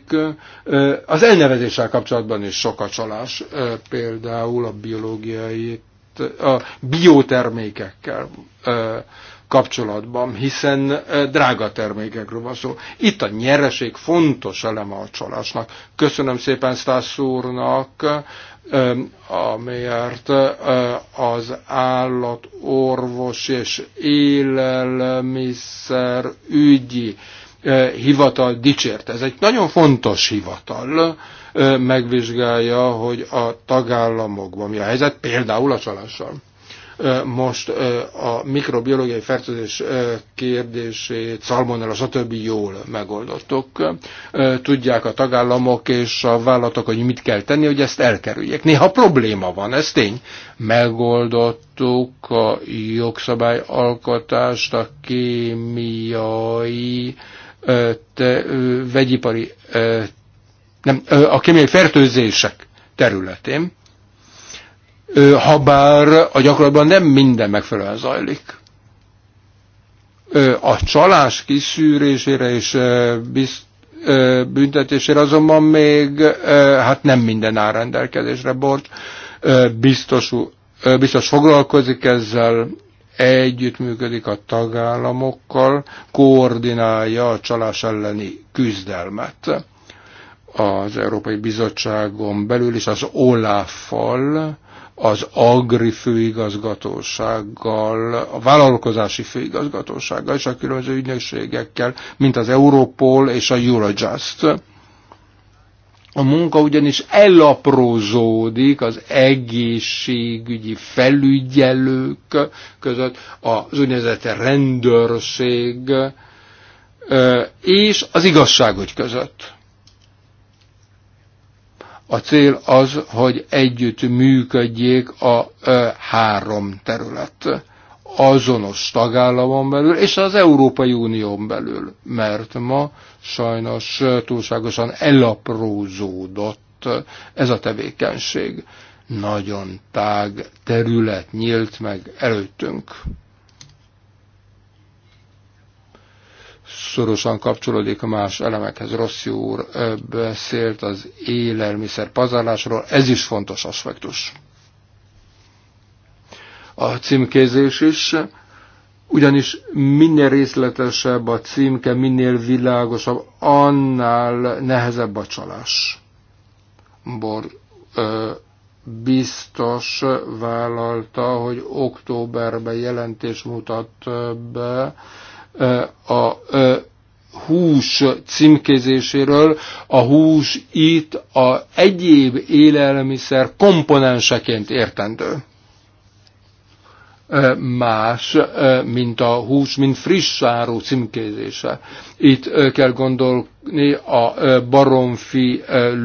Az elnevezéssel kapcsolatban is sok a csalás, például a biológiai, a biotermékekkel kapcsolatban, hiszen drága termékekről van szó. Itt a nyereség fontos eleme a csalásnak. Köszönöm szépen Stász úrnak amelyért az állatorvos és élelmiszer ügyi hivatal dicsérte. Ez egy nagyon fontos hivatal, megvizsgálja, hogy a tagállamokban mi a helyzet, például a csalással. Most a mikrobiológiai fertőzés kérdését, szalmonella, stb. jól megoldottok. Tudják a tagállamok és a vállalatok, hogy mit kell tenni, hogy ezt elkerüljék. Néha probléma van, ez tény. Megoldottuk a jogszabályalkotást, a kémiai te, vegyipari, nem, a kémiai fertőzések területén, habár a gyakorlatban nem minden megfelelően zajlik. A csalás kiszűrésére és bizt, büntetésére azonban még hát nem minden áll rendelkezésre bort. Biztos, biztos foglalkozik ezzel, együttműködik a tagállamokkal, koordinálja a csalás elleni küzdelmet az Európai Bizottságon belül is az Olaf-fal, az Agri főigazgatósággal, a vállalkozási főigazgatósággal és a különböző ügynökségekkel, mint az Europol és a Eurojust. A munka ugyanis elaprózódik az egészségügyi felügyelők között, az úgynevezett rendőrség és az igazságügy között a cél az, hogy együtt működjék a három terület azonos tagállamon belül, és az Európai Unión belül, mert ma sajnos túlságosan elaprózódott ez a tevékenység. Nagyon tág terület nyílt meg előttünk. szorosan kapcsolódik a más elemekhez. Rossi úr beszélt az élelmiszer pazarlásról, ez is fontos aspektus. A címkézés is, ugyanis minél részletesebb a címke, minél világosabb, annál nehezebb a csalás. Bor, ö, biztos vállalta, hogy októberben jelentés mutat be a hús címkézéséről, a hús itt a egyéb élelmiszer komponenseként értendő. Más, mint a hús, mint friss áru címkézése. Itt kell gondolni a baromfi,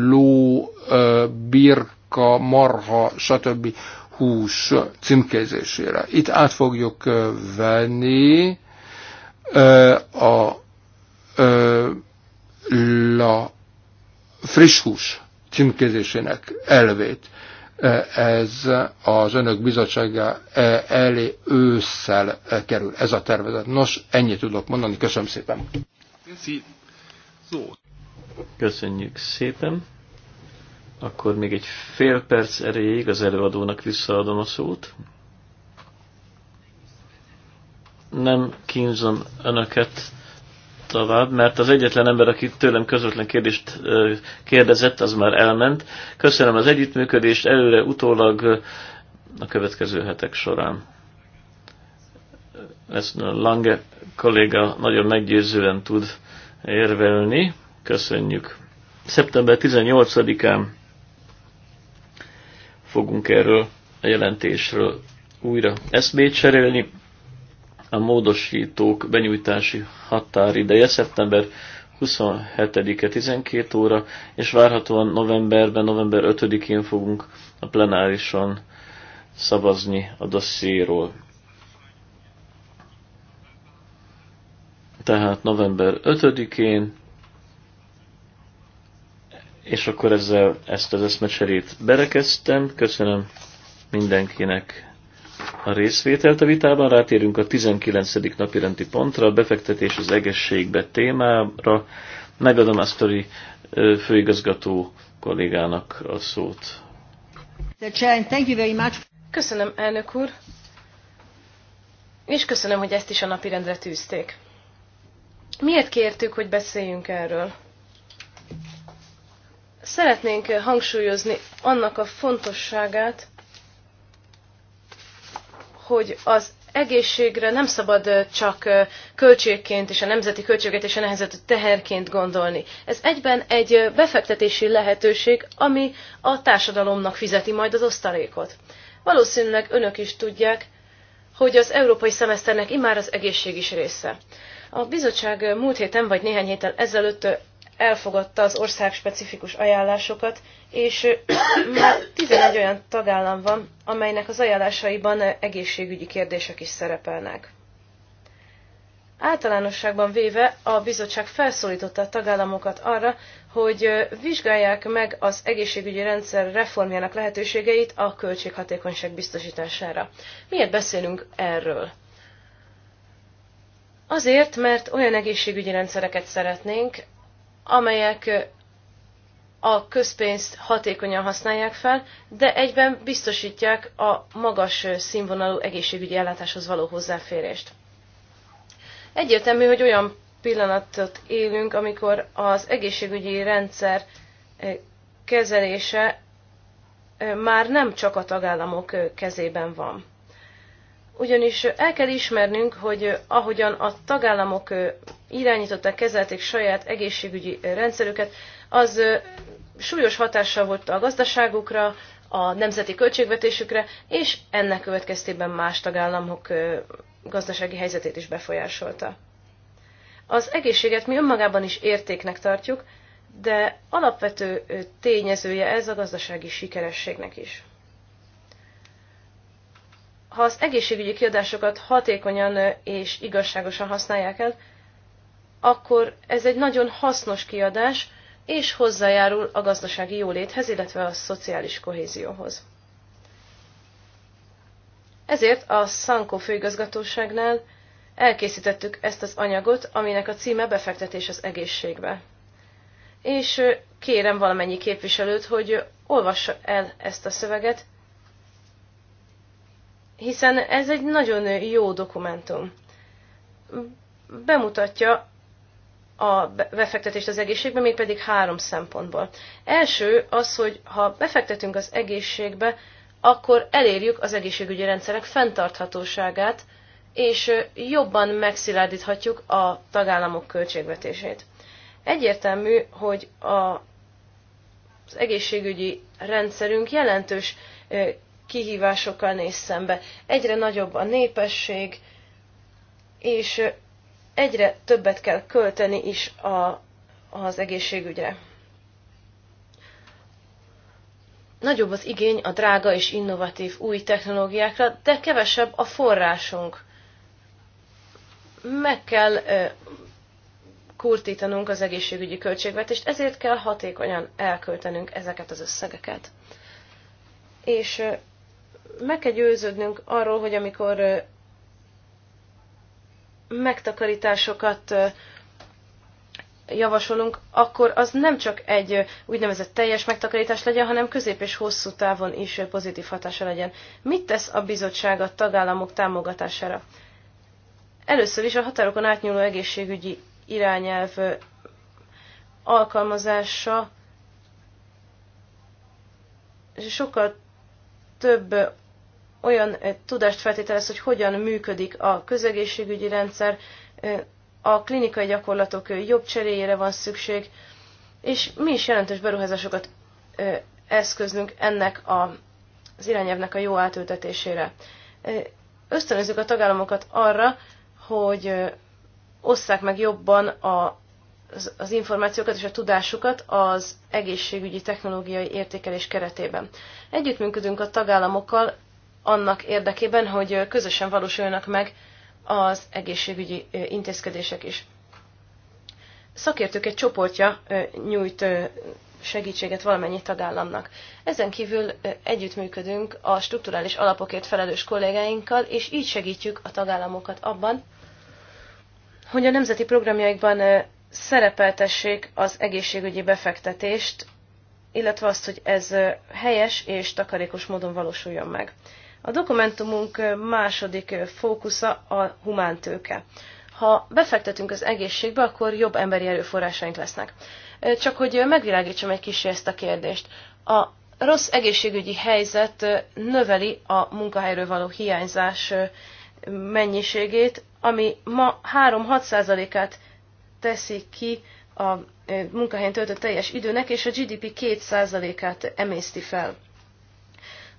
ló, birka, marha, stb. hús címkézésére. Itt át fogjuk venni a la friss hús címkézésének elvét. Ez az önök bizottsága elé ősszel kerül ez a tervezet. Nos, ennyit tudok mondani. Köszönöm szépen. Köszönjük szépen. Akkor még egy fél perc erejéig az előadónak visszaadom a szót nem kínzom önöket tovább, mert az egyetlen ember, aki tőlem közvetlen kérdést kérdezett, az már elment. Köszönöm az együttműködést előre, utólag a következő hetek során. Ezt Lange kolléga nagyon meggyőzően tud érvelni. Köszönjük. Szeptember 18-án fogunk erről a jelentésről újra eszmét cserélni a módosítók benyújtási határideje szeptember 27-e 12 óra, és várhatóan novemberben, november 5-én fogunk a plenárison szavazni a dosszéról. Tehát november 5-én, és akkor ezzel ezt az eszmecserét berekeztem. Köszönöm mindenkinek a részvételt a vitában, rátérünk a 19. napi rendi pontra, a befektetés az egészségbe témára. Megadom a sztori főigazgató kollégának a szót. Köszönöm, elnök úr, és köszönöm, hogy ezt is a napirendre tűzték. Miért kértük, hogy beszéljünk erről? Szeretnénk hangsúlyozni annak a fontosságát, hogy az egészségre nem szabad csak költségként és a nemzeti költségvetése nehezett teherként gondolni. Ez egyben egy befektetési lehetőség, ami a társadalomnak fizeti majd az osztalékot. Valószínűleg önök is tudják, hogy az európai szemeszternek immár az egészség is része. A bizottság múlt héten vagy néhány héttel ezelőtt elfogadta az ország specifikus ajánlásokat, és már 11 olyan tagállam van, amelynek az ajánlásaiban egészségügyi kérdések is szerepelnek. Általánosságban véve a bizottság felszólította a tagállamokat arra, hogy vizsgálják meg az egészségügyi rendszer reformjának lehetőségeit a költséghatékonyság biztosítására. Miért beszélünk erről? Azért, mert olyan egészségügyi rendszereket szeretnénk, amelyek a közpénzt hatékonyan használják fel, de egyben biztosítják a magas színvonalú egészségügyi ellátáshoz való hozzáférést. Egyértelmű, hogy olyan pillanatot élünk, amikor az egészségügyi rendszer kezelése már nem csak a tagállamok kezében van ugyanis el kell ismernünk, hogy ahogyan a tagállamok irányították, kezelték saját egészségügyi rendszerüket, az súlyos hatással volt a gazdaságukra, a nemzeti költségvetésükre, és ennek következtében más tagállamok gazdasági helyzetét is befolyásolta. Az egészséget mi önmagában is értéknek tartjuk, de alapvető tényezője ez a gazdasági sikerességnek is ha az egészségügyi kiadásokat hatékonyan és igazságosan használják el, akkor ez egy nagyon hasznos kiadás, és hozzájárul a gazdasági jóléthez, illetve a szociális kohézióhoz. Ezért a Szankó főigazgatóságnál elkészítettük ezt az anyagot, aminek a címe Befektetés az egészségbe. És kérem valamennyi képviselőt, hogy olvassa el ezt a szöveget, hiszen ez egy nagyon jó dokumentum. Bemutatja a befektetést az egészségbe, mégpedig három szempontból. Első az, hogy ha befektetünk az egészségbe, akkor elérjük az egészségügyi rendszerek fenntarthatóságát, és jobban megszilárdíthatjuk a tagállamok költségvetését. Egyértelmű, hogy a, az egészségügyi rendszerünk jelentős eh, kihívásokkal néz szembe. Egyre nagyobb a népesség, és egyre többet kell költeni is a, az egészségügyre. Nagyobb az igény a drága és innovatív új technológiákra, de kevesebb a forrásunk. Meg kell ö, kurtítanunk az egészségügyi költségvetést, ezért kell hatékonyan elköltenünk ezeket az összegeket. És meg kell győződnünk arról, hogy amikor megtakarításokat javasolunk, akkor az nem csak egy úgynevezett teljes megtakarítás legyen, hanem közép és hosszú távon is pozitív hatása legyen. Mit tesz a bizottság a tagállamok támogatására? Először is a határokon átnyúló egészségügyi irányelv alkalmazása sokkal több olyan tudást feltételez, hogy hogyan működik a közegészségügyi rendszer, a klinikai gyakorlatok jobb cseréjére van szükség, és mi is jelentős beruházásokat eszköznünk ennek a, az irányelvnek a jó átültetésére. Ösztönözzük a tagállamokat arra, hogy osszák meg jobban a, az, az információkat és a tudásukat az egészségügyi technológiai értékelés keretében. Együttműködünk a tagállamokkal annak érdekében, hogy közösen valósuljanak meg az egészségügyi intézkedések is. Szakértők egy csoportja nyújt segítséget valamennyi tagállamnak. Ezen kívül együttműködünk a strukturális alapokért felelős kollégáinkkal, és így segítjük a tagállamokat abban, hogy a nemzeti programjaikban szerepeltessék az egészségügyi befektetést, illetve azt, hogy ez helyes és takarékos módon valósuljon meg. A dokumentumunk második fókusza a humántőke. Ha befektetünk az egészségbe, akkor jobb emberi erőforrásaink lesznek. Csak hogy megvilágítsam egy kicsi ezt a kérdést. A rossz egészségügyi helyzet növeli a munkahelyről való hiányzás mennyiségét, ami ma 3-6%-át teszi ki a munkahelyen töltött teljes időnek, és a GDP 2%-át emészti fel.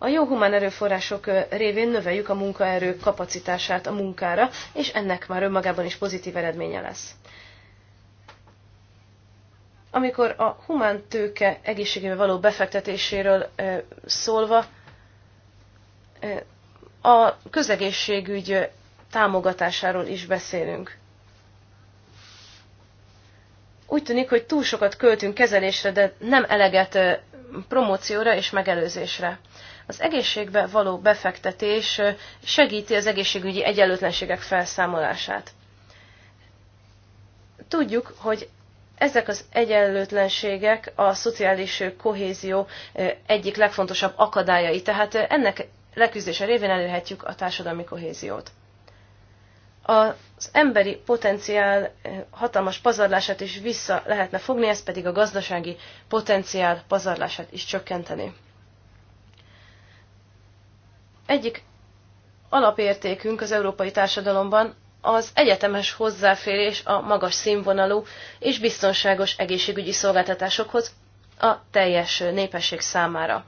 A jó humán erőforrások révén növeljük a munkaerő kapacitását a munkára, és ennek már önmagában is pozitív eredménye lesz. Amikor a humán tőke egészségével való befektetéséről szólva, a közegészségügy támogatásáról is beszélünk. Úgy tűnik, hogy túl sokat költünk kezelésre, de nem eleget promócióra és megelőzésre. Az egészségbe való befektetés segíti az egészségügyi egyenlőtlenségek felszámolását. Tudjuk, hogy ezek az egyenlőtlenségek a szociális kohézió egyik legfontosabb akadályai, tehát ennek leküzdése révén elérhetjük a társadalmi kohéziót. Az emberi potenciál hatalmas pazarlását is vissza lehetne fogni, ez pedig a gazdasági potenciál pazarlását is csökkenteni egyik alapértékünk az európai társadalomban az egyetemes hozzáférés a magas színvonalú és biztonságos egészségügyi szolgáltatásokhoz a teljes népesség számára.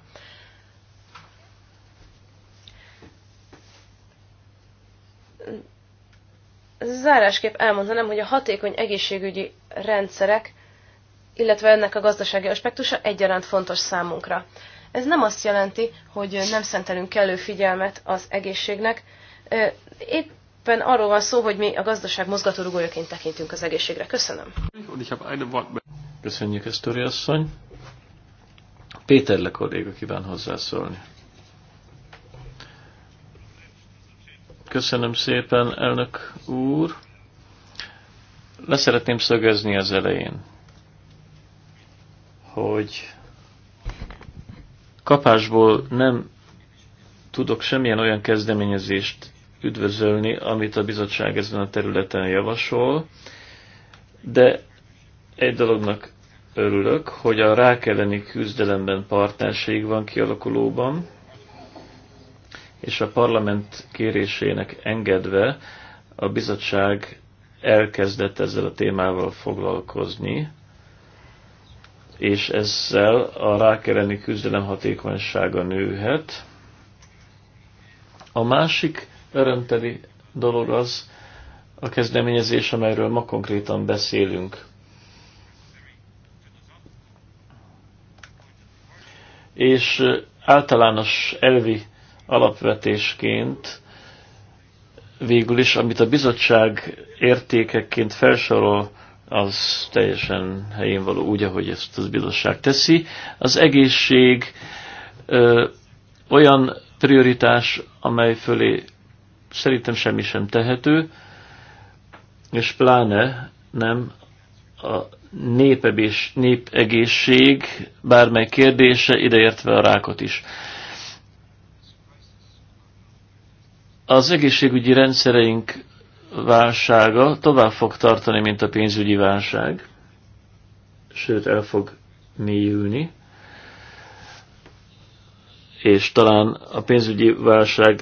Zárásképp elmondanám, hogy a hatékony egészségügyi rendszerek, illetve ennek a gazdasági aspektusa egyaránt fontos számunkra. Ez nem azt jelenti, hogy nem szentelünk kellő figyelmet az egészségnek. Éppen arról van szó, hogy mi a gazdaság mozgatórugójaként tekintünk az egészségre. Köszönöm. Köszönjük, Tori asszony. Péter Le kolléga kíván hozzászólni. Köszönöm szépen, elnök úr. Leszeretném szögezni az elején, hogy kapásból nem tudok semmilyen olyan kezdeményezést üdvözölni, amit a bizottság ezen a területen javasol, de egy dolognak örülök, hogy a rák elleni küzdelemben partnerség van kialakulóban, és a parlament kérésének engedve a bizottság elkezdett ezzel a témával foglalkozni, és ezzel a rák elleni küzdelem hatékonysága nőhet. A másik örömteli dolog az a kezdeményezés, amelyről ma konkrétan beszélünk. És általános elvi alapvetésként végül is, amit a bizottság értékekként felsorol az teljesen helyén való úgy, ahogy ezt az bizottság teszi. Az egészség ö, olyan prioritás, amely fölé szerintem semmi sem tehető, és pláne nem a népebés, népegészség bármely kérdése, ideértve a rákot is. Az egészségügyi rendszereink válsága tovább fog tartani, mint a pénzügyi válság, sőt el fog mélyülni, és talán a pénzügyi válság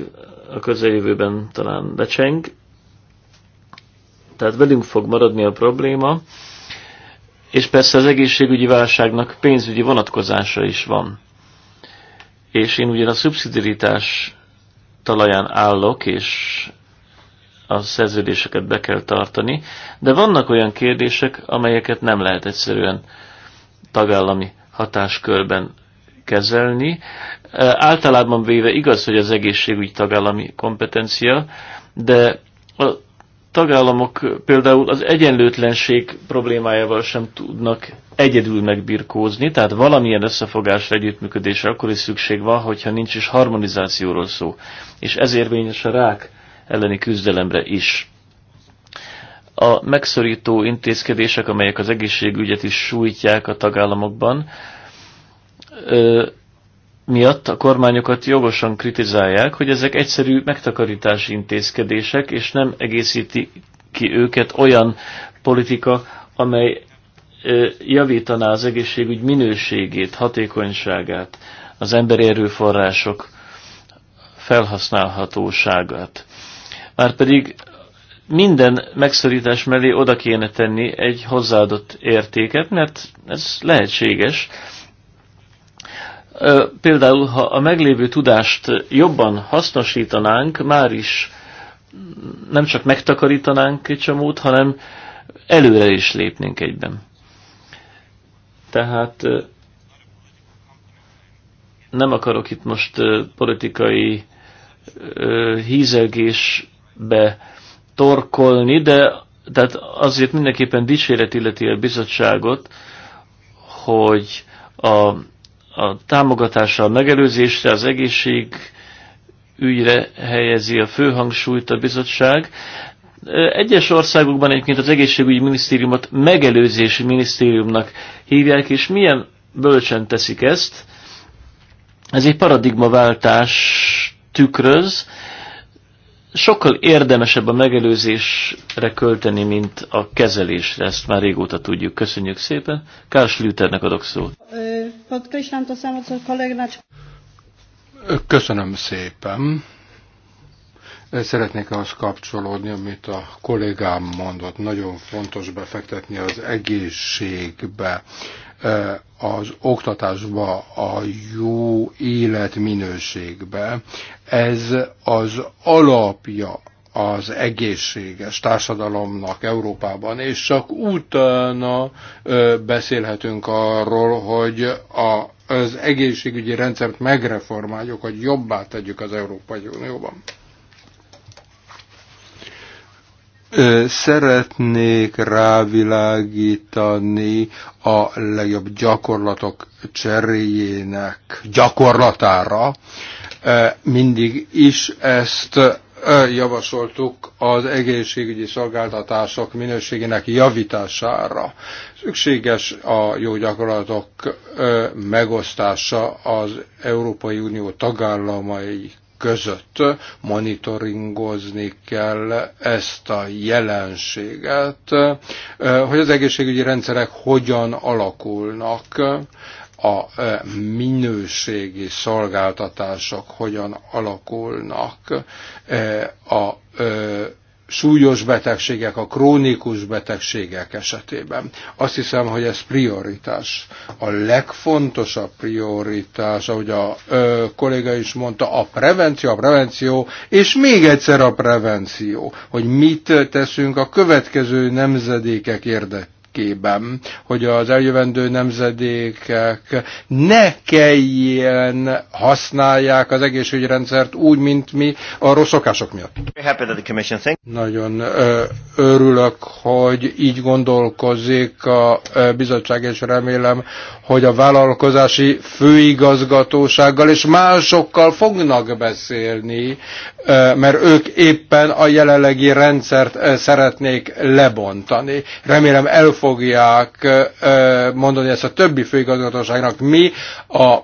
a közeljövőben talán becseng, tehát velünk fog maradni a probléma, és persze az egészségügyi válságnak pénzügyi vonatkozása is van. És én ugyan a szubszidiritás talaján állok, és a szerződéseket be kell tartani, de vannak olyan kérdések, amelyeket nem lehet egyszerűen tagállami hatáskörben kezelni. Általában véve igaz, hogy az egészségügy tagállami kompetencia, de a tagállamok például az egyenlőtlenség problémájával sem tudnak egyedül megbirkózni, tehát valamilyen összefogásra, együttműködésre akkor is szükség van, hogyha nincs is harmonizációról szó. És ez érvényes a rák elleni küzdelemre is. A megszorító intézkedések, amelyek az egészségügyet is sújtják a tagállamokban, miatt a kormányokat jogosan kritizálják, hogy ezek egyszerű megtakarítási intézkedések, és nem egészíti ki őket olyan politika, amely javítaná az egészségügy minőségét, hatékonyságát, az emberi erőforrások felhasználhatóságát. Márpedig minden megszorítás mellé oda kéne tenni egy hozzáadott értéket, mert ez lehetséges. Például, ha a meglévő tudást jobban hasznosítanánk, már is nem csak megtakarítanánk egy csomót, hanem előre is lépnénk egyben. Tehát nem akarok itt most politikai hízelgés be torkolni, de tehát azért mindenképpen dicséret illeti a bizottságot, hogy a, a támogatása a megelőzésre, az egészség ügyre helyezi a főhangsúlyt a bizottság. Egyes országokban egyébként az egészségügyi minisztériumot megelőzési minisztériumnak hívják, és milyen bölcsen teszik ezt. Ez egy paradigmaváltás tükröz, sokkal érdemesebb a megelőzésre költeni, mint a kezelésre. Ezt már régóta tudjuk. Köszönjük szépen. Kárs Lüternek adok szót. Köszönöm szépen. Szeretnék ahhoz kapcsolódni, amit a kollégám mondott. Nagyon fontos befektetni az egészségbe Eh, az oktatásba, a jó életminőségbe. Ez az alapja az egészséges társadalomnak Európában, és csak utána eh, beszélhetünk arról, hogy a, az egészségügyi rendszert megreformáljuk, hogy jobbá tegyük az Európai Unióban. szeretnék rávilágítani a legjobb gyakorlatok cseréjének gyakorlatára. Mindig is ezt javasoltuk az egészségügyi szolgáltatások minőségének javítására. Szükséges a jó gyakorlatok megosztása az Európai Unió tagállamai között monitoringozni kell ezt a jelenséget, hogy az egészségügyi rendszerek hogyan alakulnak, a minőségi szolgáltatások hogyan alakulnak, a súlyos betegségek, a krónikus betegségek esetében. Azt hiszem, hogy ez prioritás. A legfontosabb prioritás, ahogy a ö, kolléga is mondta, a prevenció, a prevenció, és még egyszer a prevenció, hogy mit teszünk a következő nemzedékek érdekében érdekében, hogy az eljövendő nemzedékek ne kelljen használják az rendszert úgy, mint mi a rossz szokások miatt. Nagyon örülök, hogy így gondolkozik a bizottság, és remélem, hogy a vállalkozási főigazgatósággal és másokkal fognak beszélni, mert ők éppen a jelenlegi rendszert szeretnék lebontani. Remélem el fogják mondani ezt a többi főigazgatóságnak. Mi a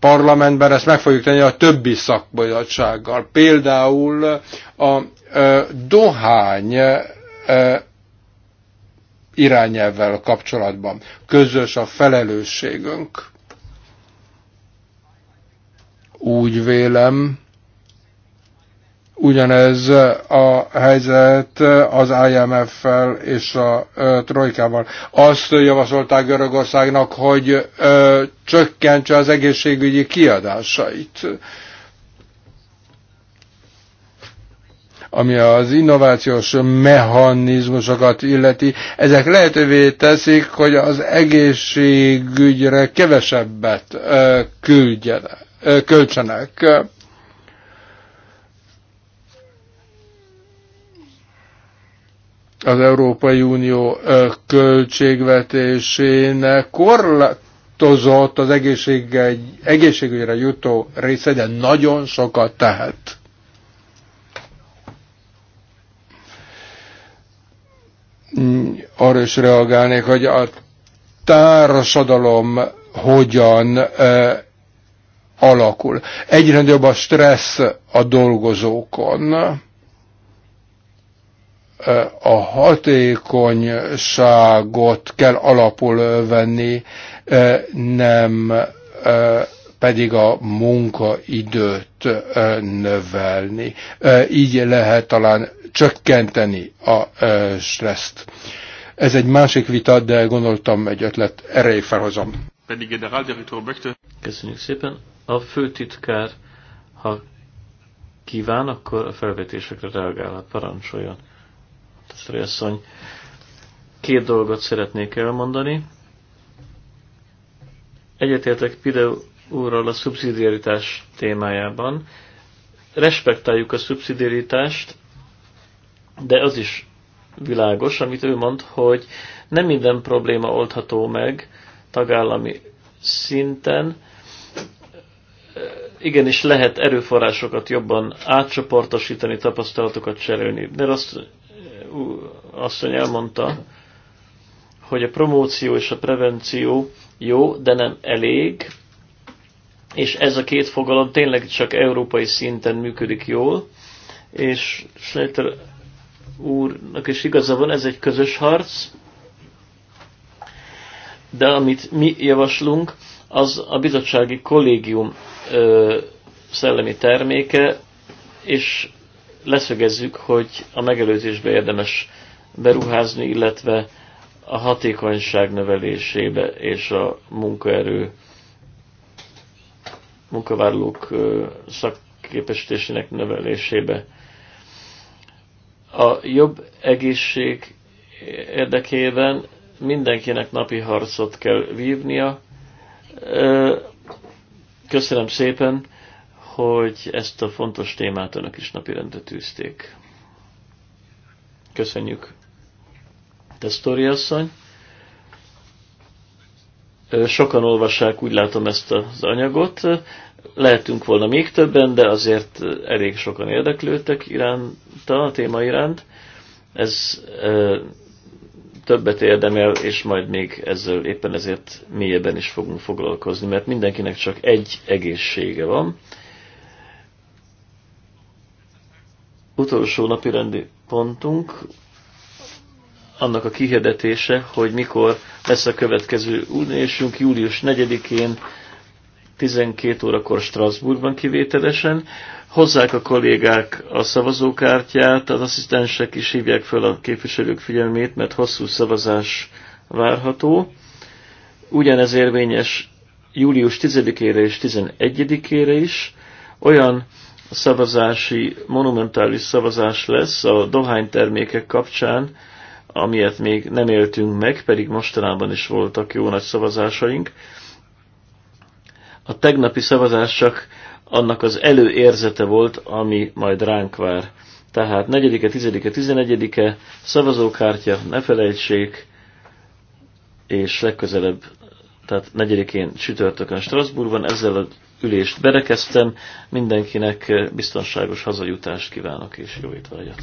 parlamentben ezt meg fogjuk tenni a többi szakbizottsággal. Például a dohány irányelvvel kapcsolatban. Közös a felelősségünk. Úgy vélem, Ugyanez a helyzet az IMF-fel és a Trojkával. Azt javasolták Görögországnak, hogy csökkentse az egészségügyi kiadásait. ami az innovációs mechanizmusokat illeti, ezek lehetővé teszik, hogy az egészségügyre kevesebbet küldjenek, költsenek. az Európai Unió költségvetésének korlátozott az egészségügyre jutó része, de nagyon sokat tehet. Arra is reagálnék, hogy a társadalom hogyan e, alakul. Egyre nagyobb a stressz a dolgozókon a hatékonyságot kell alapul venni, nem pedig a munkaidőt növelni. Így lehet talán csökkenteni a stresszt. Ez egy másik vita, de gondoltam egy ötlet, erre felhozom. Pedig Köszönjük szépen. A főtitkár, ha kíván, akkor a felvetésekre reagálhat, parancsoljon asszony. Két dolgot szeretnék elmondani. Egyetértek Pide úrral a szubszidiaritás témájában. Respektáljuk a szubszidiaritást, de az is világos, amit ő mond, hogy nem minden probléma oldható meg tagállami szinten. Igenis lehet erőforrásokat jobban átcsoportosítani, tapasztalatokat cserélni. De azt asszony elmondta, hogy a promóció és a prevenció jó, de nem elég, és ez a két fogalom tényleg csak európai szinten működik jól, és Schleiter úrnak is igaza van, ez egy közös harc, de amit mi javaslunk, az a bizottsági kollégium ö, szellemi terméke, és leszögezzük, hogy a megelőzésbe érdemes beruházni, illetve a hatékonyság növelésébe és a munkaerő munkavállalók szakképesítésének növelésébe. A jobb egészség érdekében mindenkinek napi harcot kell vívnia. Köszönöm szépen hogy ezt a fontos témát önök is napirendre tűzték. Köszönjük. sztori asszony. Sokan olvassák, úgy látom ezt az anyagot. Lehetünk volna még többen, de azért elég sokan érdeklődtek iránta, a téma iránt. Ez e, többet érdemel, és majd még ezzel éppen ezért mélyebben is fogunk foglalkozni, mert mindenkinek csak egy egészsége van, utolsó napi rendi pontunk annak a kihirdetése, hogy mikor lesz a következő ülésünk július 4-én 12 órakor Strasbourgban kivételesen. Hozzák a kollégák a szavazókártyát, az asszisztensek is hívják fel a képviselők figyelmét, mert hosszú szavazás várható. Ugyanez érvényes július 10-ére és 11-ére is. Olyan szavazási, monumentális szavazás lesz a dohánytermékek kapcsán, amilyet még nem éltünk meg, pedig mostanában is voltak jó nagy szavazásaink. A tegnapi szavazás csak annak az előérzete volt, ami majd ránk vár. Tehát 4 10 11-e szavazókártya, ne felejtsék, és legközelebb, tehát 4-én csütörtökön Strasbourgban ezzel a ülést berekeztem. Mindenkinek biztonságos hazajutást kívánok, és jó étvágyat!